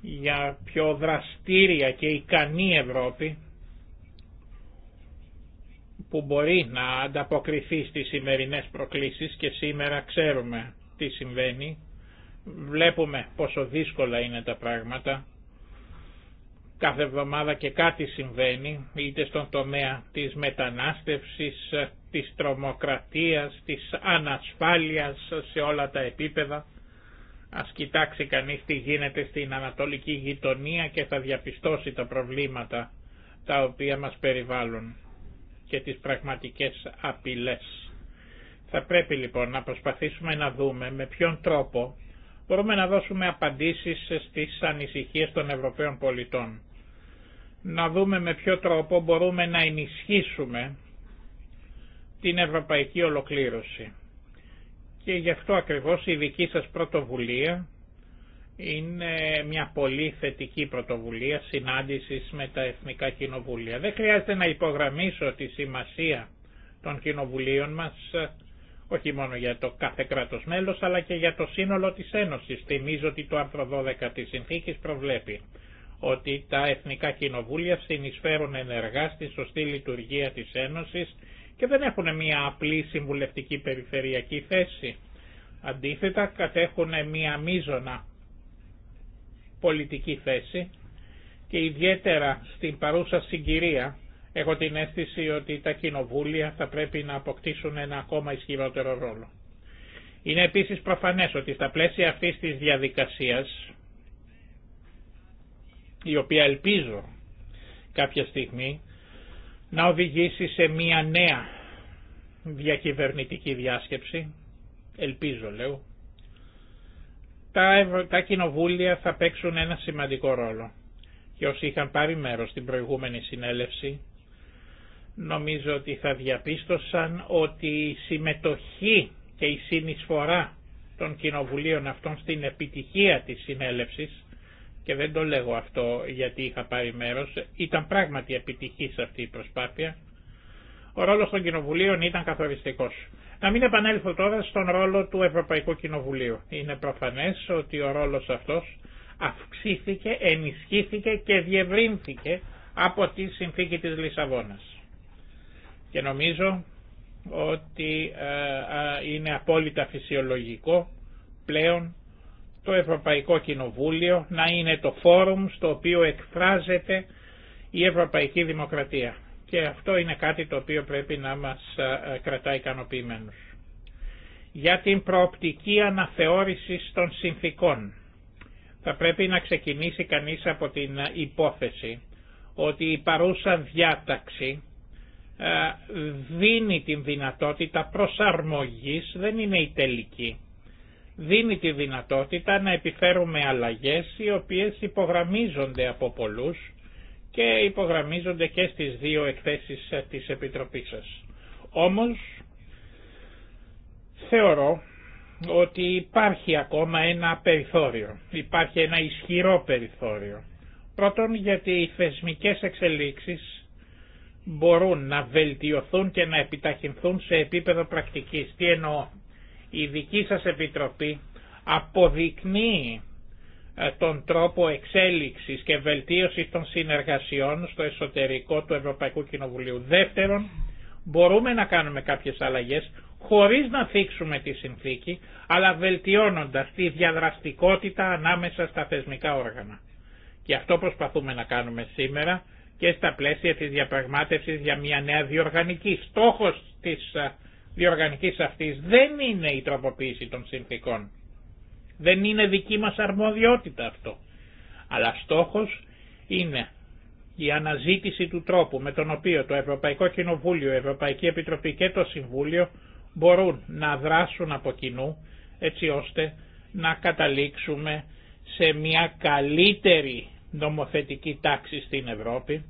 για πιο δραστήρια και ικανή Ευρώπη, που μπορεί να ανταποκριθεί στις σημερινές προκλήσεις και σήμερα ξέρουμε τι συμβαίνει, βλέπουμε πόσο δύσκολα είναι τα πράγματα, Κάθε εβδομάδα και κάτι συμβαίνει, είτε στον τομέα της μετανάστευσης, της τρομοκρατίας, της ανασφάλειας σε όλα τα επίπεδα. Ας κοιτάξει κανείς τι γίνεται στην ανατολική γειτονία και θα διαπιστώσει τα προβλήματα τα οποία μας περιβάλλουν και τις πραγματικές απειλές. Θα πρέπει λοιπόν να προσπαθήσουμε να δούμε με ποιον τρόπο μπορούμε να δώσουμε απαντήσεις στις ανησυχίες των Ευρωπαίων πολιτών. Να δούμε με ποιο τρόπο μπορούμε να ενισχύσουμε την ευρωπαϊκή ολοκλήρωση. Και γι' αυτό ακριβώς η δική σας πρωτοβουλία είναι μια πολύ θετική πρωτοβουλία συνάντησης με τα Εθνικά Κοινοβούλια. Δεν χρειάζεται να υπογραμμίσω τη σημασία των κοινοβουλίων μας όχι μόνο για το κάθε κράτος μέλος αλλά και για το σύνολο της Ένωσης. Θυμίζω ότι το άρθρο 12 της συνθήκης προβλέπει ότι τα εθνικά κοινοβούλια συνεισφέρουν ενεργά στη σωστή λειτουργία της Ένωσης και δεν έχουν μια απλή συμβουλευτική περιφερειακή θέση. Αντίθετα κατέχουν μια μίζωνα πολιτική θέση και ιδιαίτερα στην παρούσα συγκυρία Έχω την αίσθηση ότι τα κοινοβούλια θα πρέπει να αποκτήσουν ένα ακόμα ισχυρότερο ρόλο. Είναι επίσης προφανές ότι στα πλαίσια αυτής της διαδικασίας, η οποία ελπίζω κάποια στιγμή να οδηγήσει σε μία νέα διακυβερνητική διάσκεψη, ελπίζω λέω, τα, τα κοινοβούλια θα παίξουν ένα σημαντικό ρόλο. Και όσοι είχαν πάρει μέρος στην προηγούμενη συνέλευση νομίζω ότι θα διαπίστωσαν ότι η συμμετοχή και η συνεισφορά των κοινοβουλίων αυτών στην επιτυχία της συνέλευσης και δεν το λέγω αυτό γιατί είχα πάρει μέρος, ήταν πράγματι επιτυχής αυτή η προσπάθεια. Ο ρόλος των κοινοβουλίων ήταν καθοριστικός. Να μην επανέλθω τώρα στον ρόλο του Ευρωπαϊκού Κοινοβουλίου. Είναι προφανές ότι ο ρόλος αυτός αυξήθηκε, ενισχύθηκε και διευρύνθηκε από τη συνθήκη της Λισαβόνας. Και νομίζω ότι ε, ε, είναι απόλυτα φυσιολογικό πλέον το Ευρωπαϊκό Κοινοβούλιο να είναι το φόρουμ στο οποίο εκφράζεται η Ευρωπαϊκή Δημοκρατία. Και αυτό είναι κάτι το οποίο πρέπει να μας ε, κρατά ικανοποιημένους. Για την προοπτική αναθεώρηση των συνθήκων. Θα πρέπει να ξεκινήσει κανείς από την υπόθεση ότι η παρούσα διάταξη ε, δίνει την δυνατότητα προσαρμογής, δεν είναι η τελική. Δίνει τη δυνατότητα να επιφέρουμε αλλαγές οι οποίες υπογραμμίζονται από πολλούς και υπογραμμίζονται και στις δύο εκθέσεις ε, της Επιτροπής σας. Όμως θεωρώ ότι υπάρχει ακόμα ένα περιθώριο, υπάρχει ένα ισχυρό περιθώριο. Πρώτον γιατί οι θεσμικές εξελίξεις μπορούν να βελτιωθούν και να επιταχυνθούν σε επίπεδο πρακτικής. Τι εννοώ, η δική σας Επιτροπή αποδεικνύει ε, τον τρόπο εξέλιξης και βελτίωσης των συνεργασιών στο εσωτερικό του Ευρωπαϊκού Κοινοβουλίου. Δεύτερον, μπορούμε να κάνουμε κάποιες αλλαγές χωρίς να θίξουμε τη συνθήκη, αλλά βελτιώνοντας τη διαδραστικότητα ανάμεσα στα θεσμικά όργανα. Και αυτό προσπαθούμε να κάνουμε σήμερα και στα πλαίσια της διαπραγμάτευσης για μια νέα διοργανική. Στόχος της ε, διοργανικής αυτής δεν είναι η τροποποίηση των συνθήκων. Δεν είναι δική μας αρμοδιότητα αυτό. Αλλά στόχος είναι η αναζήτηση του τρόπου με τον οποίο το Ευρωπαϊκό Κοινοβούλιο, η Ευρωπαϊκή Επιτροπή και το Συμβούλιο μπορούν να δράσουν από κοινού έτσι ώστε να καταλήξουμε σε μια καλύτερη νομοθετική τάξη στην Ευρώπη.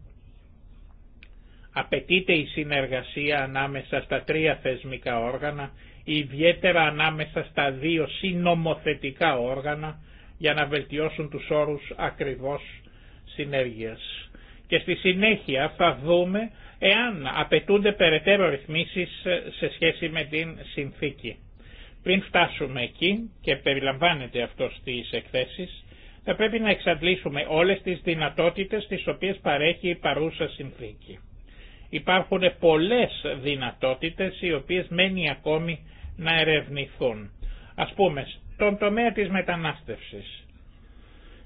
Απαιτείται η συνεργασία ανάμεσα στα τρία θεσμικά όργανα, ιδιαίτερα ανάμεσα στα δύο συνομοθετικά όργανα, για να βελτιώσουν τους όρους ακριβώς συνέργειας. Και στη συνέχεια θα δούμε εάν απαιτούνται περαιτέρω ρυθμίσεις σε σχέση με την συνθήκη. Πριν φτάσουμε εκεί και περιλαμβάνεται αυτό στις εκθέσεις, θα πρέπει να εξαντλήσουμε όλες τις δυνατότητες τις οποίες παρέχει η παρούσα συνθήκη. Υπάρχουν πολλές δυνατότητες οι οποίες μένει ακόμη να ερευνηθούν. Ας πούμε, στον τομέα της μετανάστευσης.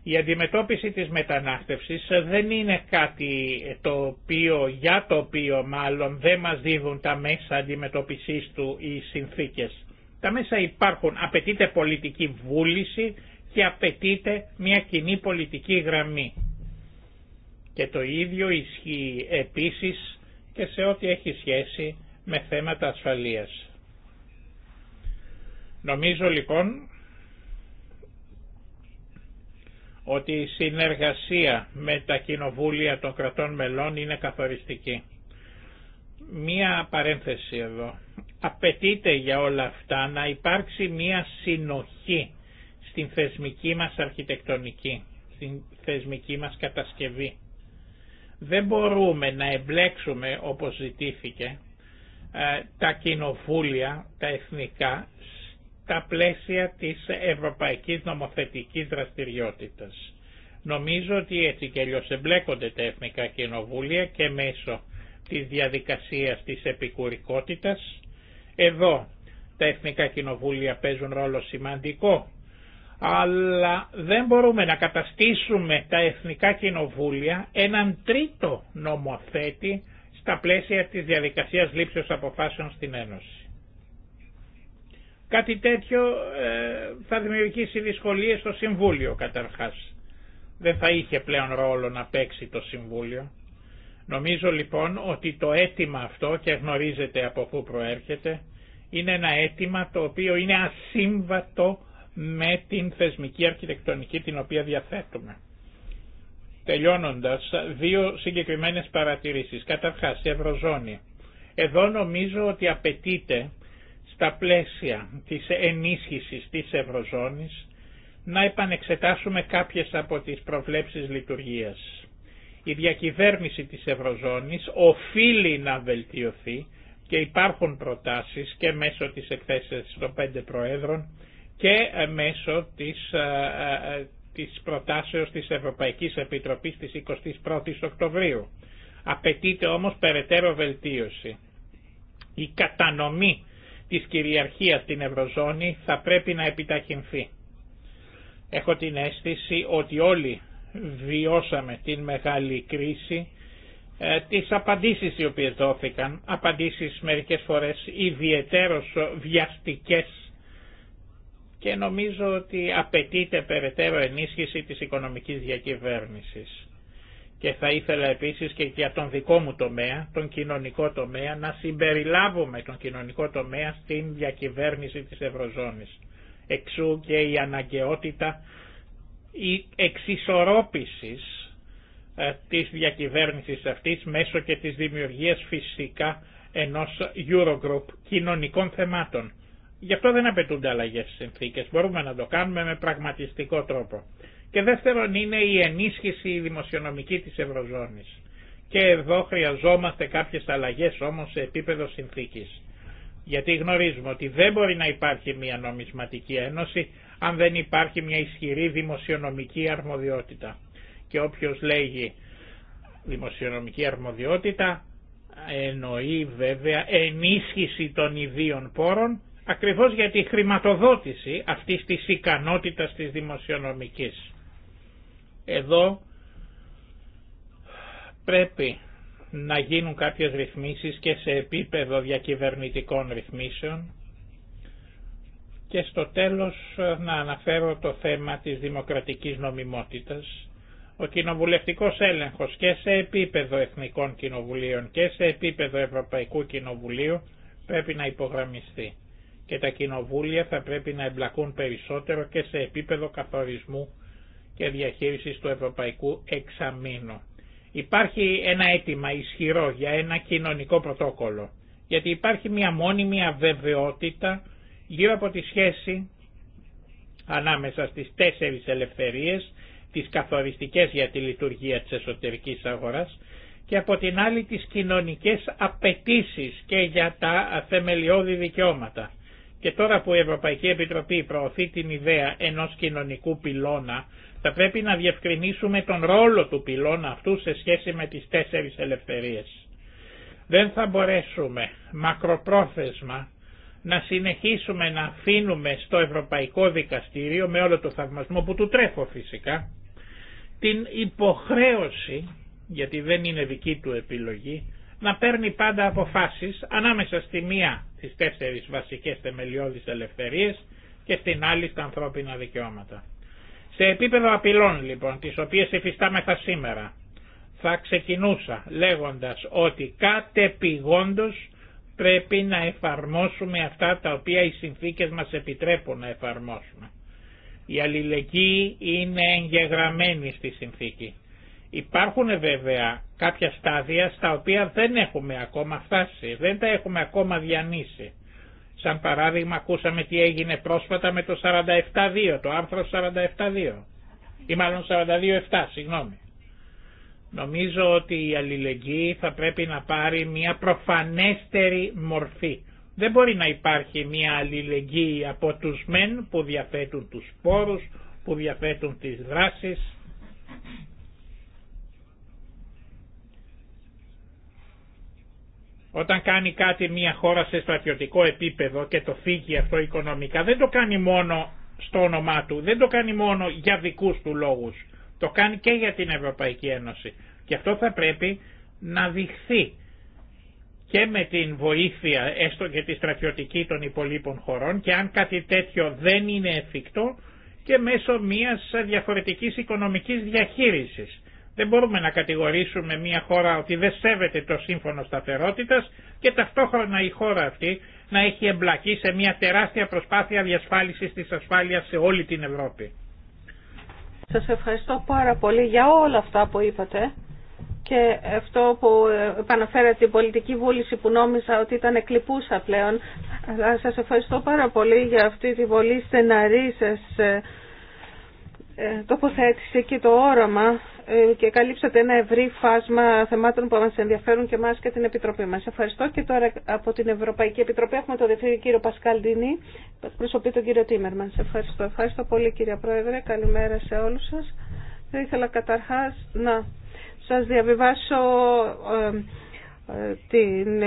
Η αντιμετώπιση της μετανάστευσης δεν είναι κάτι το οποίο, για το οποίο μάλλον δεν μας δίδουν τα μέσα αντιμετώπισης του οι συνθήκες. Τα μέσα υπάρχουν, απαιτείται πολιτική βούληση και απαιτείται μια κοινή πολιτική γραμμή. Και το ίδιο ισχύει επίσης και σε ό,τι έχει σχέση με θέματα ασφαλείας. Νομίζω λοιπόν ότι η συνεργασία με τα κοινοβούλια των κρατών μελών είναι καθοριστική. Μία παρένθεση εδώ. Απαιτείται για όλα αυτά να υπάρξει μία συνοχή στην θεσμική μας αρχιτεκτονική, στην θεσμική μας κατασκευή. Δεν μπορούμε να εμπλέξουμε όπως ζητήθηκε ε, τα κοινοβούλια, τα εθνικά, στα πλαίσια της ευρωπαϊκής νομοθετικής δραστηριότητας. Νομίζω ότι έτσι και αλλιώς εμπλέκονται τα εθνικά κοινοβούλια και μέσω της διαδικασίας της επικουρικότητας. Εδώ τα εθνικά κοινοβούλια παίζουν ρόλο σημαντικό αλλά δεν μπορούμε να καταστήσουμε τα εθνικά κοινοβούλια έναν τρίτο νομοθέτη στα πλαίσια της διαδικασίας λήψεως αποφάσεων στην Ένωση. Κάτι τέτοιο ε, θα δημιουργήσει δυσκολίες στο Συμβούλιο καταρχάς. Δεν θα είχε πλέον ρόλο να παίξει το Συμβούλιο. Νομίζω λοιπόν ότι το αίτημα αυτό και γνωρίζετε από πού προέρχεται είναι ένα αίτημα το οποίο είναι ασύμβατο με την θεσμική αρχιτεκτονική την οποία διαθέτουμε. Τελειώνοντας, δύο συγκεκριμένες παρατηρήσεις. Καταρχάς, η Ευρωζώνη. Εδώ νομίζω ότι απαιτείται στα πλαίσια της ενίσχυσης της Ευρωζώνης να επανεξετάσουμε κάποιες από τις προβλέψεις λειτουργίας. Η διακυβέρνηση της Ευρωζώνης οφείλει να βελτιωθεί και υπάρχουν προτάσεις και μέσω της εκθέσεως των πέντε προέδρων και ε, μέσω της, ε, ε, της προτάσεως της Ευρωπαϊκής Επιτροπής της 21ης Οκτωβρίου. Απαιτείται όμως περαιτέρω βελτίωση. Η κατανομή της κυριαρχίας στην Ευρωζώνη θα πρέπει να επιταχυνθεί. Έχω την αίσθηση ότι όλοι βιώσαμε την μεγάλη κρίση, τις απαντήσεις οι οποίες δόθηκαν, απαντήσεις μερικές φορές ιδιαίτερως βιαστικές και νομίζω ότι απαιτείται περαιτέρω ενίσχυση της οικονομικής διακυβέρνησης. Και θα ήθελα επίσης και για τον δικό μου τομέα, τον κοινωνικό τομέα, να συμπεριλάβουμε τον κοινωνικό τομέα στην διακυβέρνηση της Ευρωζώνης. Εξού και η αναγκαιότητα η εξισορρόπησης ε, της διακυβέρνησης αυτής μέσω και της δημιουργίας φυσικά ενός Eurogroup κοινωνικών θεμάτων. Γι' αυτό δεν απαιτούνται αλλαγέ στι συνθήκε. Μπορούμε να το κάνουμε με πραγματιστικό τρόπο. Και δεύτερον είναι η ενίσχυση η δημοσιονομική της Ευρωζώνης. Και εδώ χρειαζόμαστε κάποιες αλλαγές όμως σε επίπεδο συνθήκης. Γιατί γνωρίζουμε ότι δεν μπορεί να υπάρχει μια νομισματική ένωση αν δεν υπάρχει μια ισχυρή δημοσιονομική αρμοδιότητα. Και όποιος λέγει δημοσιονομική αρμοδιότητα εννοεί βέβαια ενίσχυση των ιδίων πόρων ακριβώς για τη χρηματοδότηση αυτής της ικανότητας της δημοσιονομικής. Εδώ πρέπει να γίνουν κάποιες ρυθμίσεις και σε επίπεδο διακυβερνητικών ρυθμίσεων και στο τέλος να αναφέρω το θέμα της δημοκρατικής νομιμότητας. Ο κοινοβουλευτικός έλεγχος και σε επίπεδο εθνικών κοινοβουλίων και σε επίπεδο Ευρωπαϊκού Κοινοβουλίου πρέπει να υπογραμμιστεί και τα κοινοβούλια θα πρέπει να εμπλακούν περισσότερο και σε επίπεδο καθορισμού και διαχείρισης του Ευρωπαϊκού Εξαμήνου. Υπάρχει ένα αίτημα ισχυρό για ένα κοινωνικό πρωτόκολλο, γιατί υπάρχει μια μόνιμη αβεβαιότητα γύρω από τη σχέση ανάμεσα στις τέσσερις ελευθερίες, τις καθοριστικές για τη λειτουργία της εσωτερικής αγοράς και από την άλλη τις κοινωνικές απαιτήσει και για τα θεμελιώδη δικαιώματα. Και τώρα που η Ευρωπαϊκή Επιτροπή προωθεί την ιδέα ενός κοινωνικού πυλώνα, θα πρέπει να διευκρινίσουμε τον ρόλο του πυλώνα αυτού σε σχέση με τις τέσσερις ελευθερίες. Δεν θα μπορέσουμε μακροπρόθεσμα να συνεχίσουμε να αφήνουμε στο Ευρωπαϊκό Δικαστήριο, με όλο το θαυμασμό που του τρέχω φυσικά, την υποχρέωση, γιατί δεν είναι δική του επιλογή, να παίρνει πάντα αποφάσεις ανάμεσα στη μία τις τέσσερις βασικές θεμελιώδεις ελευθερίες και στην άλλη στα ανθρώπινα δικαιώματα. Σε επίπεδο απειλών λοιπόν, τις οποίες εφιστάμεθα σήμερα, θα ξεκινούσα λέγοντας ότι κατεπηγόντως πρέπει να εφαρμόσουμε αυτά τα οποία οι συνθήκες μας επιτρέπουν να εφαρμόσουμε. Η αλληλεγγύη είναι εγγεγραμμένη στη συνθήκη. Υπάρχουν βέβαια κάποια στάδια στα οποία δεν έχουμε ακόμα φτάσει, δεν τα έχουμε ακόμα διανύσει. Σαν παράδειγμα ακούσαμε τι έγινε πρόσφατα με το 47.2, το άρθρο 47.2 ή μάλλον 42.7, συγγνώμη. Νομίζω ότι η αλληλεγγύη θα πρέπει να πάρει μια προφανέστερη μορφή. Δεν μπορεί να υπάρχει μια αλληλεγγύη από τους μεν που διαθέτουν τους σπόρους, που διαθέτουν τις δράσεις, Όταν κάνει κάτι μια χώρα σε στρατιωτικό επίπεδο και το φύγει αυτό οικονομικά, δεν το κάνει μόνο στο όνομά του, δεν το κάνει μόνο για δικούς του λόγους. Το κάνει και για την Ευρωπαϊκή Ένωση. Και αυτό θα πρέπει να δειχθεί και με την βοήθεια έστω και τη στρατιωτική των υπολείπων χωρών και αν κάτι τέτοιο δεν είναι εφικτό και μέσω μιας διαφορετικής οικονομικής διαχείρισης. Δεν μπορούμε να κατηγορήσουμε μια χώρα ότι δεν σέβεται το σύμφωνο σταθερότητας και ταυτόχρονα η χώρα αυτή να έχει εμπλακεί σε μια τεράστια προσπάθεια διασφάλισης της ασφάλειας σε όλη την Ευρώπη. Σας ευχαριστώ πάρα πολύ για όλα αυτά που είπατε και αυτό που επαναφέρατε την πολιτική βούληση που νόμιζα ότι ήταν εκλειπούσα πλέον. Αλλά σας ευχαριστώ πάρα πολύ για αυτή τη πολύ στεναρή σας ε, τοποθέτηση και το όραμα ε, και καλύψατε ένα ευρύ φάσμα θεμάτων που μας ενδιαφέρουν και εμά και την Επιτροπή μας. Ευχαριστώ και τώρα από την Ευρωπαϊκή Επιτροπή έχουμε τον Διευθύνη κύριο Πασκάλ Ντίνη, προσωπεί τον κύριο Τίμερμαν. Ευχαριστώ. Ευχαριστώ πολύ κύριε Πρόεδρε. Καλημέρα σε όλους σας. Θα ήθελα καταρχάς να σας διαβιβάσω ε, ε, την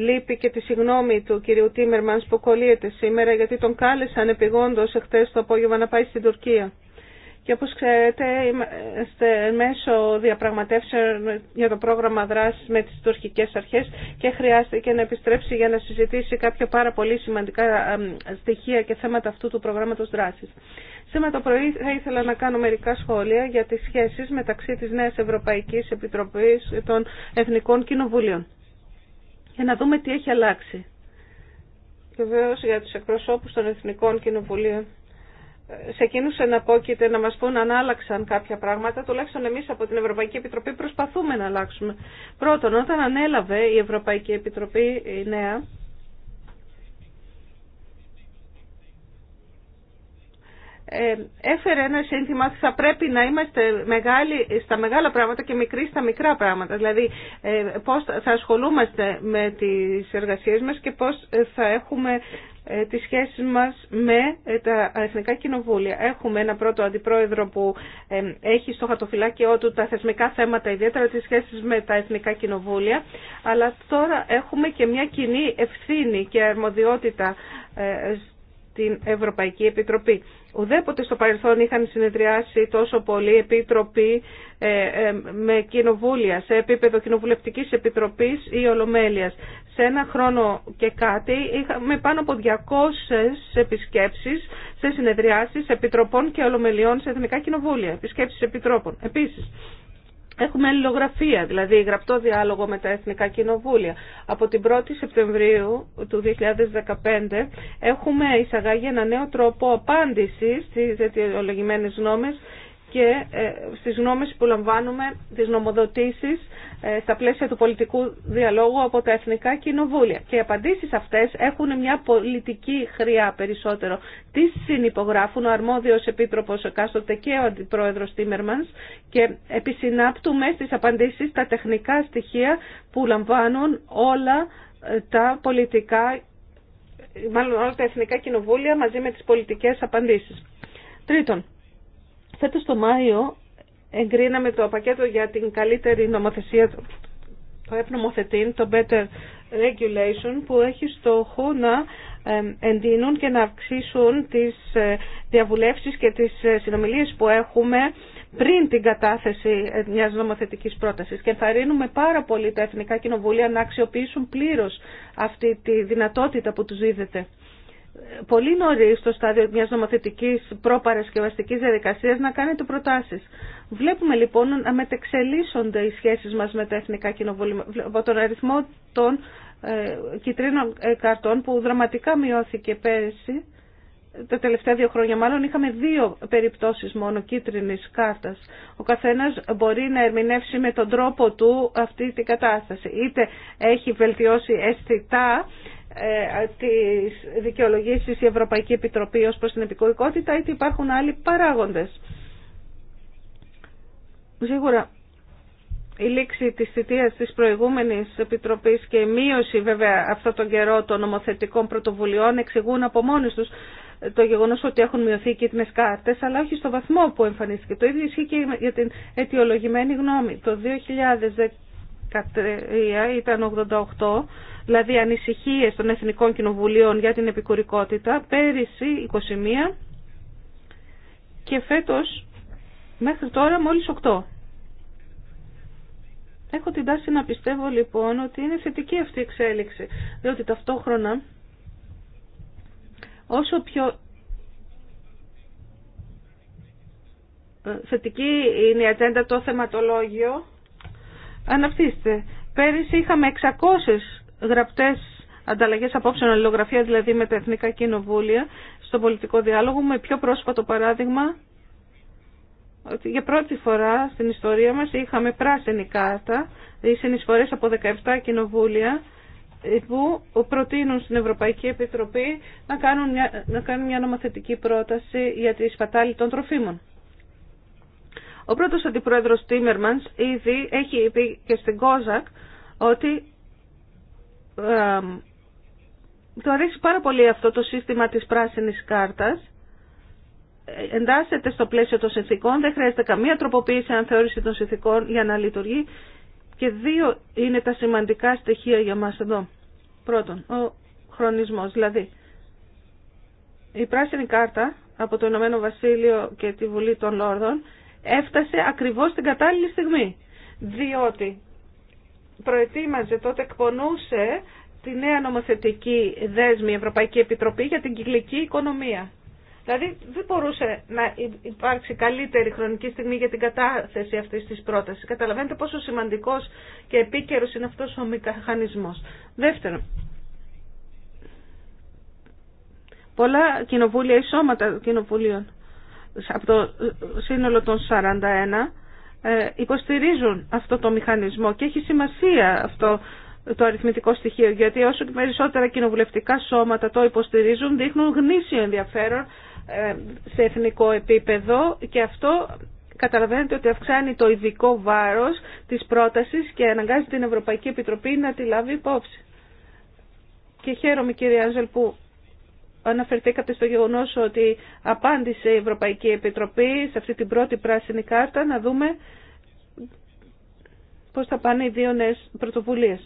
λύπη και τη συγνώμη του κυρίου Τίμερμανς που κολλείεται σήμερα γιατί τον κάλεσαν επιγόντως εχθές το απόγευμα να πάει στην Τουρκία. Και όπως ξέρετε, είμαστε μέσω διαπραγματεύσεων για το πρόγραμμα δράσης με τις τουρκικές αρχές και χρειάστηκε να επιστρέψει για να συζητήσει κάποια πάρα πολύ σημαντικά στοιχεία και θέματα αυτού του προγράμματος δράσης. Σήμερα το πρωί θα ήθελα να κάνω μερικά σχόλια για τις σχέσεις μεταξύ της Νέας Ευρωπαϊκής Επιτροπής των Εθνικών Κοινοβουλίων. Για να δούμε τι έχει αλλάξει. Βεβαίω για τους εκπροσώπους των Εθνικών Κοινοβουλίων σε εκείνους εναπόκειται να μας πούν αν άλλαξαν κάποια πράγματα, τουλάχιστον εμείς από την Ευρωπαϊκή Επιτροπή προσπαθούμε να αλλάξουμε. Πρώτον, όταν ανέλαβε η Ευρωπαϊκή Επιτροπή η νέα, ε, έφερε ένα σύνθημα ότι θα πρέπει να είμαστε μεγάλοι στα μεγάλα πράγματα και μικροί στα μικρά πράγματα. Δηλαδή ε, πώς θα ασχολούμαστε με τις εργασίες μας και πώς θα έχουμε ε, τις σχέσεις μας με ε, τα Εθνικά Κοινοβούλια. Έχουμε ένα πρώτο αντιπρόεδρο που ε, έχει στο χατοφυλάκιό του τα θεσμικά θέματα, ιδιαίτερα τις σχέσεις με τα Εθνικά Κοινοβούλια, αλλά τώρα έχουμε και μια κοινή ευθύνη και αρμοδιότητα στην Ευρωπαϊκή Επιτροπή. Ουδέποτε στο παρελθόν είχαν συνεδριάσει τόσο πολλοί επίτροποι ε, ε, με κοινοβούλια, σε επίπεδο κοινοβουλευτικής επιτροπής ή ολομέλειας. Σε ένα χρόνο και κάτι είχαμε πάνω από 200 επισκέψεις σε συνεδριάσεις επιτροπών και ολομελιών σε εθνικά κοινοβούλια, επισκέψεις επιτρόπων. Επίσης, Έχουμε αλληλογραφία, δηλαδή γραπτό διάλογο με τα Εθνικά Κοινοβούλια. Από την 1η Σεπτεμβρίου του 2015 έχουμε εισαγάγει ένα νέο τρόπο απάντησης στις αιτιολογημένες νόμες και ε, στις γνώμες που λαμβάνουμε τις νομοδοτήσεις ε, στα πλαίσια του πολιτικού διαλόγου από τα Εθνικά Κοινοβούλια. Και οι απαντήσεις αυτές έχουν μια πολιτική χρειά περισσότερο. Τι συνυπογράφουν ο αρμόδιος επίτροπος εκάστοτε και ο αντιπρόεδρος Τίμερμανς και επισυνάπτουμε στις απαντήσεις τα τεχνικά στοιχεία που λαμβάνουν όλα ε, τα πολιτικά μάλλον όλα τα εθνικά κοινοβούλια μαζί με τις πολιτικές απαντήσεις. Τρίτον, Φέτος το Μάιο εγκρίναμε το πακέτο για την καλύτερη νομοθεσία το ΕΠΝΟΜΟΘΕΤΗΝ, το Better Regulation, που έχει στόχο να εντείνουν και να αυξήσουν τις ε, διαβουλεύσεις και τις ε, συνομιλίες που έχουμε πριν την κατάθεση ε, μιας νομοθετικής πρότασης. Και ενθαρρύνουμε πάρα πολύ τα Εθνικά Κοινοβούλια να αξιοποιήσουν πλήρως αυτή τη δυνατότητα που τους δίδεται πολύ νωρί στο στάδιο μια νομοθετική προπαρασκευαστική διαδικασία να κάνετε προτάσει. Βλέπουμε λοιπόν να μετεξελίσσονται οι σχέσει μα με τα εθνικά κοινοβούλια από τον αριθμό των ε, κυτρίνων ε, καρτών που δραματικά μειώθηκε πέρυσι. Τα τελευταία δύο χρόνια μάλλον είχαμε δύο περιπτώσεις μόνο κίτρινης κάρτας. Ο καθένας μπορεί να ερμηνεύσει με τον τρόπο του αυτή την κατάσταση. Είτε έχει βελτιώσει αισθητά ε, τις δικαιολογήσεις η Ευρωπαϊκή Επιτροπή ως προς την η οτι υπάρχουν άλλοι παράγοντες. Σίγουρα η λήξη της θητείας της προηγούμενης Επιτροπής και η μείωση βέβαια αυτόν τον καιρό των νομοθετικών πρωτοβουλειών εξηγούν από μόνοι τους το γεγονό ότι έχουν μειωθεί και οι κάρτε, αλλά όχι στο βαθμό που εμφανίστηκε. Το ίδιο ισχύει και για την αιτιολογημένη γνώμη. Το ήταν 88, δηλαδή ανησυχίες των Εθνικών Κοινοβουλίων για την επικουρικότητα, πέρυσι 21 και φέτος μέχρι τώρα μόλις 8. Έχω την τάση να πιστεύω λοιπόν ότι είναι θετική αυτή η εξέλιξη, διότι ταυτόχρονα όσο πιο ε, θετική είναι η ατζέντα το θεματολόγιο, Αναπτύσσεται. Πέρυσι είχαμε 600 γραπτές ανταλλαγές απόψεων, αλληλογραφία δηλαδή με τα Εθνικά Κοινοβούλια στον πολιτικό διάλογο με πιο πρόσφατο παράδειγμα ότι για πρώτη φορά στην ιστορία μας είχαμε πράσινη κάρτα, οι συνεισφορέ από 17 κοινοβούλια που προτείνουν στην Ευρωπαϊκή Επιτροπή να κάνουν μια, να κάνουν μια νομοθετική πρόταση για τη σπατάλη των τροφίμων. Ο πρώτο αντιπρόεδρος Τίμερμανς ήδη έχει πει και στην Κόζακ ότι το του αρέσει πάρα πολύ αυτό το σύστημα της πράσινης κάρτας. Εντάσσεται στο πλαίσιο των συνθήκων, δεν χρειάζεται καμία τροποποίηση αν θεώρηση των συνθήκων για να λειτουργεί. Και δύο είναι τα σημαντικά στοιχεία για μας εδώ. Πρώτον, ο χρονισμός, δηλαδή η πράσινη κάρτα από το Ηνωμένο Βασίλειο και τη Βουλή των Λόρδων έφτασε ακριβώς την κατάλληλη στιγμή. Διότι προετοίμαζε τότε, εκπονούσε τη νέα νομοθετική δέσμη Ευρωπαϊκή Επιτροπή για την κυκλική οικονομία. Δηλαδή δεν μπορούσε να υπάρξει καλύτερη χρονική στιγμή για την κατάθεση αυτή τη πρόταση. Καταλαβαίνετε πόσο σημαντικό και επίκαιρο είναι αυτό ο μηχανισμό. Δεύτερον, πολλά κοινοβούλια ή σώματα κοινοβουλίων από το σύνολο των 41 ε, υποστηρίζουν αυτό το μηχανισμό και έχει σημασία αυτό το αριθμητικό στοιχείο γιατί όσο περισσότερα κοινοβουλευτικά σώματα το υποστηρίζουν δείχνουν γνήσιο ενδιαφέρον ε, σε εθνικό επίπεδο και αυτό καταλαβαίνετε ότι αυξάνει το ειδικό βάρος της πρότασης και αναγκάζει την Ευρωπαϊκή Επιτροπή να τη λάβει υπόψη. Και χαίρομαι κύριε Άζελ που αναφερθήκατε στο γεγονός ότι απάντησε η Ευρωπαϊκή Επιτροπή σε αυτή την πρώτη πράσινη κάρτα να δούμε πώς θα πάνε οι δύο νέες πρωτοβουλίες.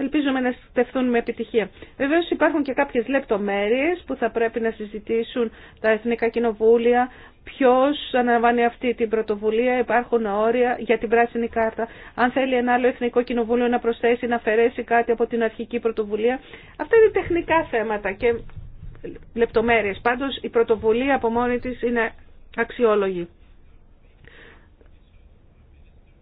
Ελπίζουμε να στεφθούν με επιτυχία. Βεβαίω υπάρχουν και κάποιε λεπτομέρειε που θα πρέπει να συζητήσουν τα εθνικά κοινοβούλια. Ποιο αναλαμβάνει αυτή την πρωτοβουλία, υπάρχουν όρια για την πράσινη κάρτα. Αν θέλει ένα άλλο εθνικό κοινοβούλιο να προσθέσει, να αφαιρέσει κάτι από την αρχική πρωτοβουλία. Αυτά είναι τεχνικά θέματα και λεπτομέρειες. Πάντως η πρωτοβουλία από μόνη της είναι αξιόλογη.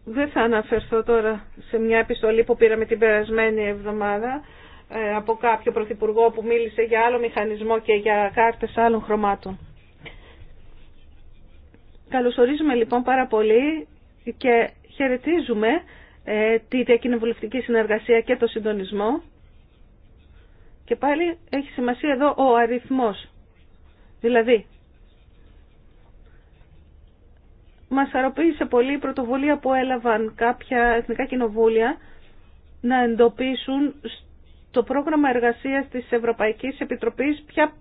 Δεν θα αναφερθώ τώρα σε μια επιστολή που πήραμε την περασμένη εβδομάδα ε, από κάποιο πρωθυπουργό που μίλησε για άλλο μηχανισμό και για κάρτες άλλων χρωμάτων. Καλωσορίζουμε λοιπόν πάρα πολύ και χαιρετίζουμε ε, τη διακοινοβουλευτική συνεργασία και το συντονισμό και πάλι έχει σημασία εδώ ο αριθμός. Δηλαδή, μας χαροποίησε πολύ η πρωτοβουλία που έλαβαν κάποια εθνικά κοινοβούλια να εντοπίσουν στο πρόγραμμα εργασίας της Ευρωπαϊκής Επιτροπής ποια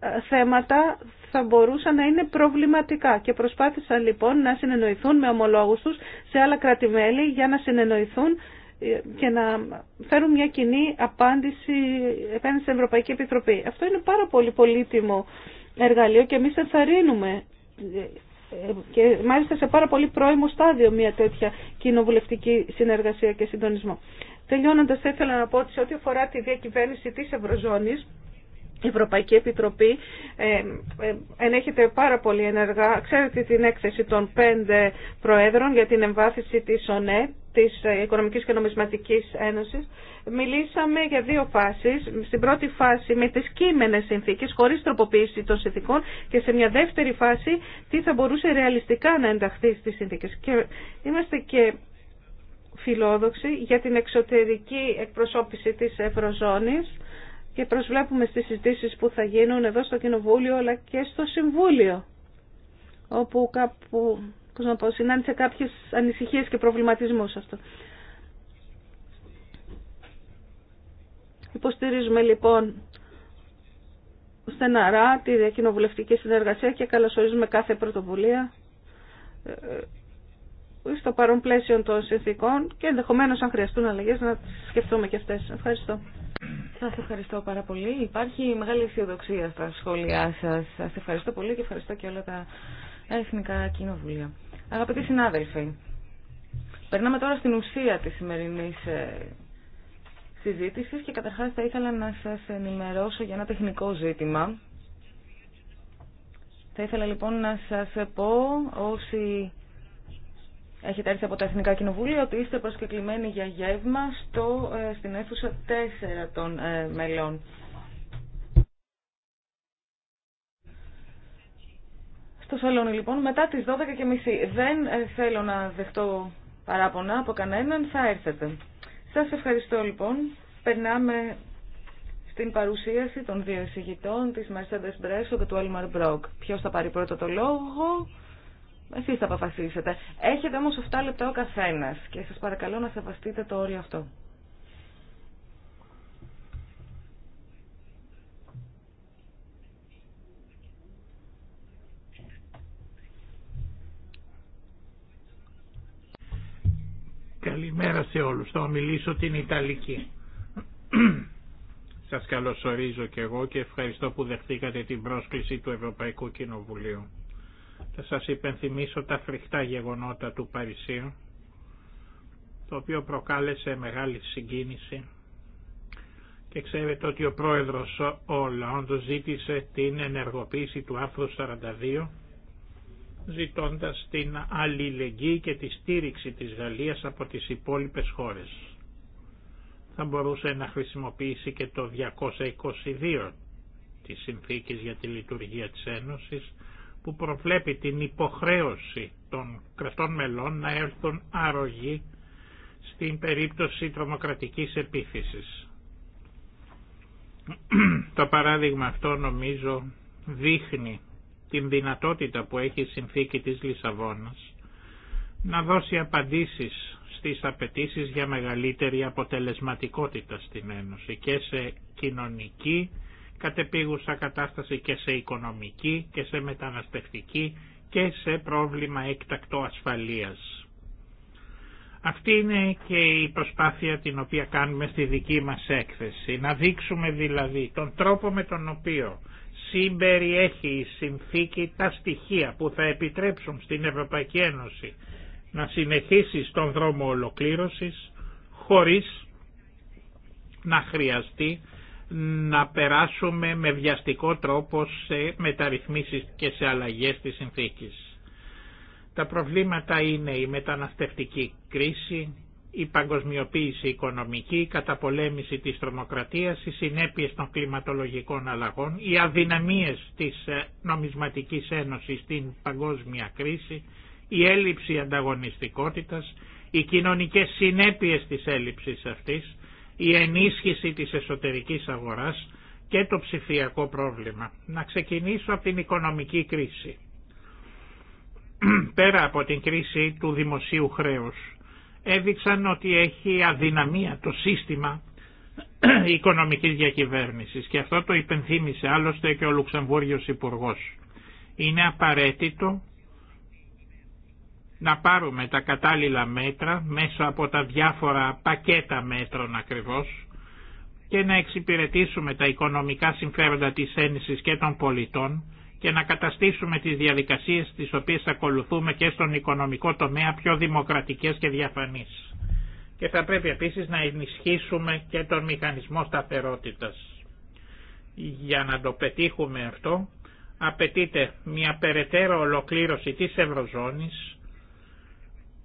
ε, θέματα θα μπορούσαν να είναι προβληματικά και προσπάθησαν λοιπόν να συνεννοηθούν με ομολόγους τους σε άλλα κράτη-μέλη για να συνεννοηθούν και να φέρουν μια κοινή απάντηση επέναντι στην Ευρωπαϊκή Επιτροπή. Αυτό είναι πάρα πολύ πολύτιμο εργαλείο και εμείς ενθαρρύνουμε και μάλιστα σε πάρα πολύ πρώιμο στάδιο μια τέτοια κοινοβουλευτική συνεργασία και συντονισμό. Τελειώνοντας, θα ήθελα να πω ότι σε ό,τι αφορά τη διακυβέρνηση της Ευρωζώνης, η Ευρωπαϊκή Επιτροπή ε, ε, ενέχεται πάρα πολύ ενεργά. Ξέρετε την έκθεση των πέντε προέδρων για την εμβάθυνση της ΟΝΕ, της ε, Οικονομικής και Νομισματικής Ένωσης. Μιλήσαμε για δύο φάσεις. Στην πρώτη φάση με τις κείμενες συνθήκες, χωρίς τροποποίηση των συνθήκων και σε μια δεύτερη φάση τι θα μπορούσε ρεαλιστικά να ενταχθεί στις συνθήκες. Και είμαστε και φιλόδοξοι για την εξωτερική εκπροσώπηση της Ευρωζώνης και προσβλέπουμε στις συζητήσεις που θα γίνουν εδώ στο Κοινοβούλιο αλλά και στο Συμβούλιο όπου κάπου, πώς να πω, συνάντησε κάποιες ανησυχίες και προβληματισμούς αυτό. Υποστηρίζουμε λοιπόν στεναρά τη διακοινοβουλευτική συνεργασία και καλωσορίζουμε κάθε πρωτοβουλία ε, ε, στο παρόν πλαίσιο των συνθήκων και ενδεχομένως αν χρειαστούν αλλαγές να σκεφτούμε και αυτές. Ευχαριστώ. Σα ευχαριστώ πάρα πολύ. Υπάρχει μεγάλη αισιοδοξία στα σχόλιά σας. Σα ευχαριστώ πολύ και ευχαριστώ και όλα τα εθνικά κοινοβουλία. Αγαπητοί συνάδελφοι, περνάμε τώρα στην ουσία της σημερινής ε, συζήτησης και καταρχάς θα ήθελα να σας ενημερώσω για ένα τεχνικό ζήτημα. Θα ήθελα λοιπόν να σας πω όσοι έχετε έρθει από τα Εθνικά Κοινοβούλια ότι είστε προσκεκλημένοι για γεύμα στο, ε, στην αίθουσα 4 των ε, μελών. Στο σαλόνι λοιπόν, μετά τις 12.30 δεν ε, θέλω να δεχτώ παράπονα από κανέναν, θα έρθετε. Σας ευχαριστώ λοιπόν. Περνάμε στην παρουσίαση των δύο εισηγητών της Mercedes Bresso και του Elmar Brock. Ποιος θα πάρει πρώτα το λόγο. Εσείς θα αποφασίσετε. Έχετε όμως 7 λεπτά ο καθένας και σας παρακαλώ να σεβαστείτε το όριο αυτό. Καλημέρα σε όλους. Θα μιλήσω την Ιταλική. Σας καλωσορίζω και εγώ και ευχαριστώ που δεχτήκατε την πρόσκληση του Ευρωπαϊκού Κοινοβουλίου. Θα σας υπενθυμίσω τα φρικτά γεγονότα του Παρισίου, το οποίο προκάλεσε μεγάλη συγκίνηση και ξέρετε ότι ο πρόεδρος όντως ζήτησε την ενεργοποίηση του άρθρου 42 ζητώντας την αλληλεγγύη και τη στήριξη της Γαλλίας από τις υπόλοιπες χώρες. Θα μπορούσε να χρησιμοποιήσει και το 222 της Συνθήκης για τη Λειτουργία της Ένωσης που προβλέπει την υποχρέωση των κρατών μελών να έρθουν άρρωγοι στην περίπτωση τρομοκρατικής επίθεσης. Το παράδειγμα αυτό νομίζω δείχνει την δυνατότητα που έχει η συνθήκη της Λισαβόνας να δώσει απαντήσεις στις απαιτήσεις για μεγαλύτερη αποτελεσματικότητα στην Ένωση και σε κοινωνική κατεπίγουσα κατάσταση και σε οικονομική και σε μεταναστευτική και σε πρόβλημα έκτακτο ασφαλείας. Αυτή είναι και η προσπάθεια την οποία κάνουμε στη δική μας έκθεση. Να δείξουμε δηλαδή τον τρόπο με τον οποίο συμπεριέχει η συνθήκη τα στοιχεία που θα επιτρέψουν στην Ευρωπαϊκή Ένωση να συνεχίσει στον δρόμο ολοκλήρωσης χωρίς να χρειαστεί να περάσουμε με βιαστικό τρόπο σε μεταρρυθμίσεις και σε αλλαγές της συνθήκης. Τα προβλήματα είναι η μεταναστευτική κρίση, η παγκοσμιοποίηση οικονομική, η καταπολέμηση της τρομοκρατίας, οι συνέπειες των κλιματολογικών αλλαγών, οι αδυναμίες της ε, νομισματικής ένωσης στην παγκόσμια κρίση, η έλλειψη ανταγωνιστικότητας, οι κοινωνικές συνέπειες της έλλειψης αυτής, η ενίσχυση της εσωτερικής αγοράς και το ψηφιακό πρόβλημα. Να ξεκινήσω από την οικονομική κρίση. Πέρα από την κρίση του δημοσίου χρέους, έδειξαν ότι έχει αδυναμία το σύστημα οικονομικής διακυβέρνησης και αυτό το υπενθύμησε άλλωστε και ο Λουξεμβούργιος Υπουργός. Είναι απαραίτητο να πάρουμε τα κατάλληλα μέτρα μέσα από τα διάφορα πακέτα μέτρων ακριβώς και να εξυπηρετήσουμε τα οικονομικά συμφέροντα της Ένωσης και των πολιτών και να καταστήσουμε τις διαδικασίες τις οποίες ακολουθούμε και στον οικονομικό τομέα πιο δημοκρατικές και διαφανείς. Και θα πρέπει επίσης να ενισχύσουμε και τον μηχανισμό σταθερότητας. Για να το πετύχουμε αυτό απαιτείται μια περαιτέρω ολοκλήρωση της Ευρωζώνης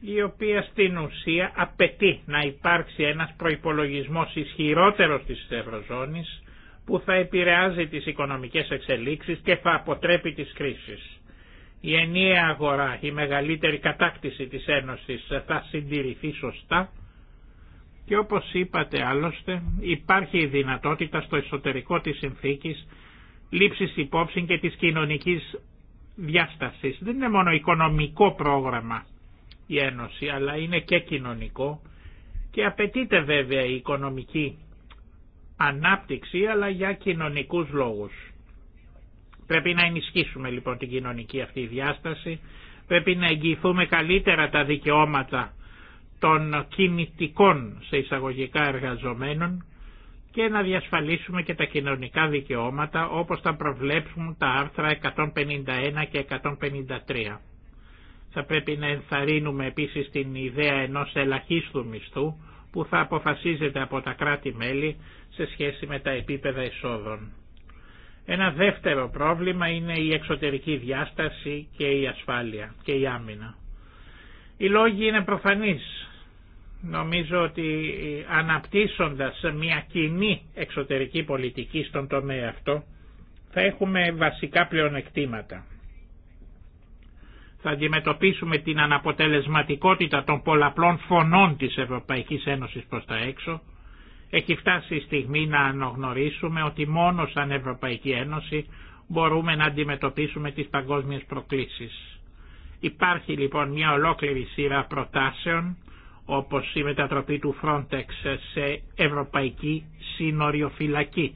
η οποία στην ουσία απαιτεί να υπάρξει ένας προϋπολογισμός ισχυρότερος της Ευρωζώνης που θα επηρεάζει τις οικονομικές εξελίξεις και θα αποτρέπει τις κρίσεις. Η ενιαία αγορά, η μεγαλύτερη κατάκτηση της Ένωσης θα συντηρηθεί σωστά και όπως είπατε άλλωστε υπάρχει η δυνατότητα στο εσωτερικό της συνθήκης λήψης υπόψη και της κοινωνικής διάστασης. Δεν είναι μόνο οικονομικό πρόγραμμα αλλά είναι και κοινωνικό και απαιτείται βέβαια η οικονομική ανάπτυξη, αλλά για κοινωνικούς λόγους. Πρέπει να ενισχύσουμε λοιπόν την κοινωνική αυτή διάσταση, πρέπει να εγγυηθούμε καλύτερα τα δικαιώματα των κινητικών σε εισαγωγικά εργαζομένων και να διασφαλίσουμε και τα κοινωνικά δικαιώματα όπως θα προβλέψουν τα άρθρα 151 και 153. Θα πρέπει να ενθαρρύνουμε επίσης την ιδέα ενός ελαχίστου μισθού που θα αποφασίζεται από τα κράτη-μέλη σε σχέση με τα επίπεδα εισόδων. Ένα δεύτερο πρόβλημα είναι η εξωτερική διάσταση και η ασφάλεια και η άμυνα. Οι λόγοι είναι προφανείς. Νομίζω ότι αναπτύσσοντας μια κοινή εξωτερική πολιτική στον τομέα αυτό θα έχουμε βασικά πλεονεκτήματα θα αντιμετωπίσουμε την αναποτελεσματικότητα των πολλαπλών φωνών της Ευρωπαϊκής Ένωσης προς τα έξω, έχει φτάσει η στιγμή να αναγνωρίσουμε ότι μόνο σαν Ευρωπαϊκή Ένωση μπορούμε να αντιμετωπίσουμε τις παγκόσμιες προκλήσεις. Υπάρχει λοιπόν μια ολόκληρη σειρά προτάσεων, όπως η μετατροπή του Frontex σε Ευρωπαϊκή Σύνοριοφυλακή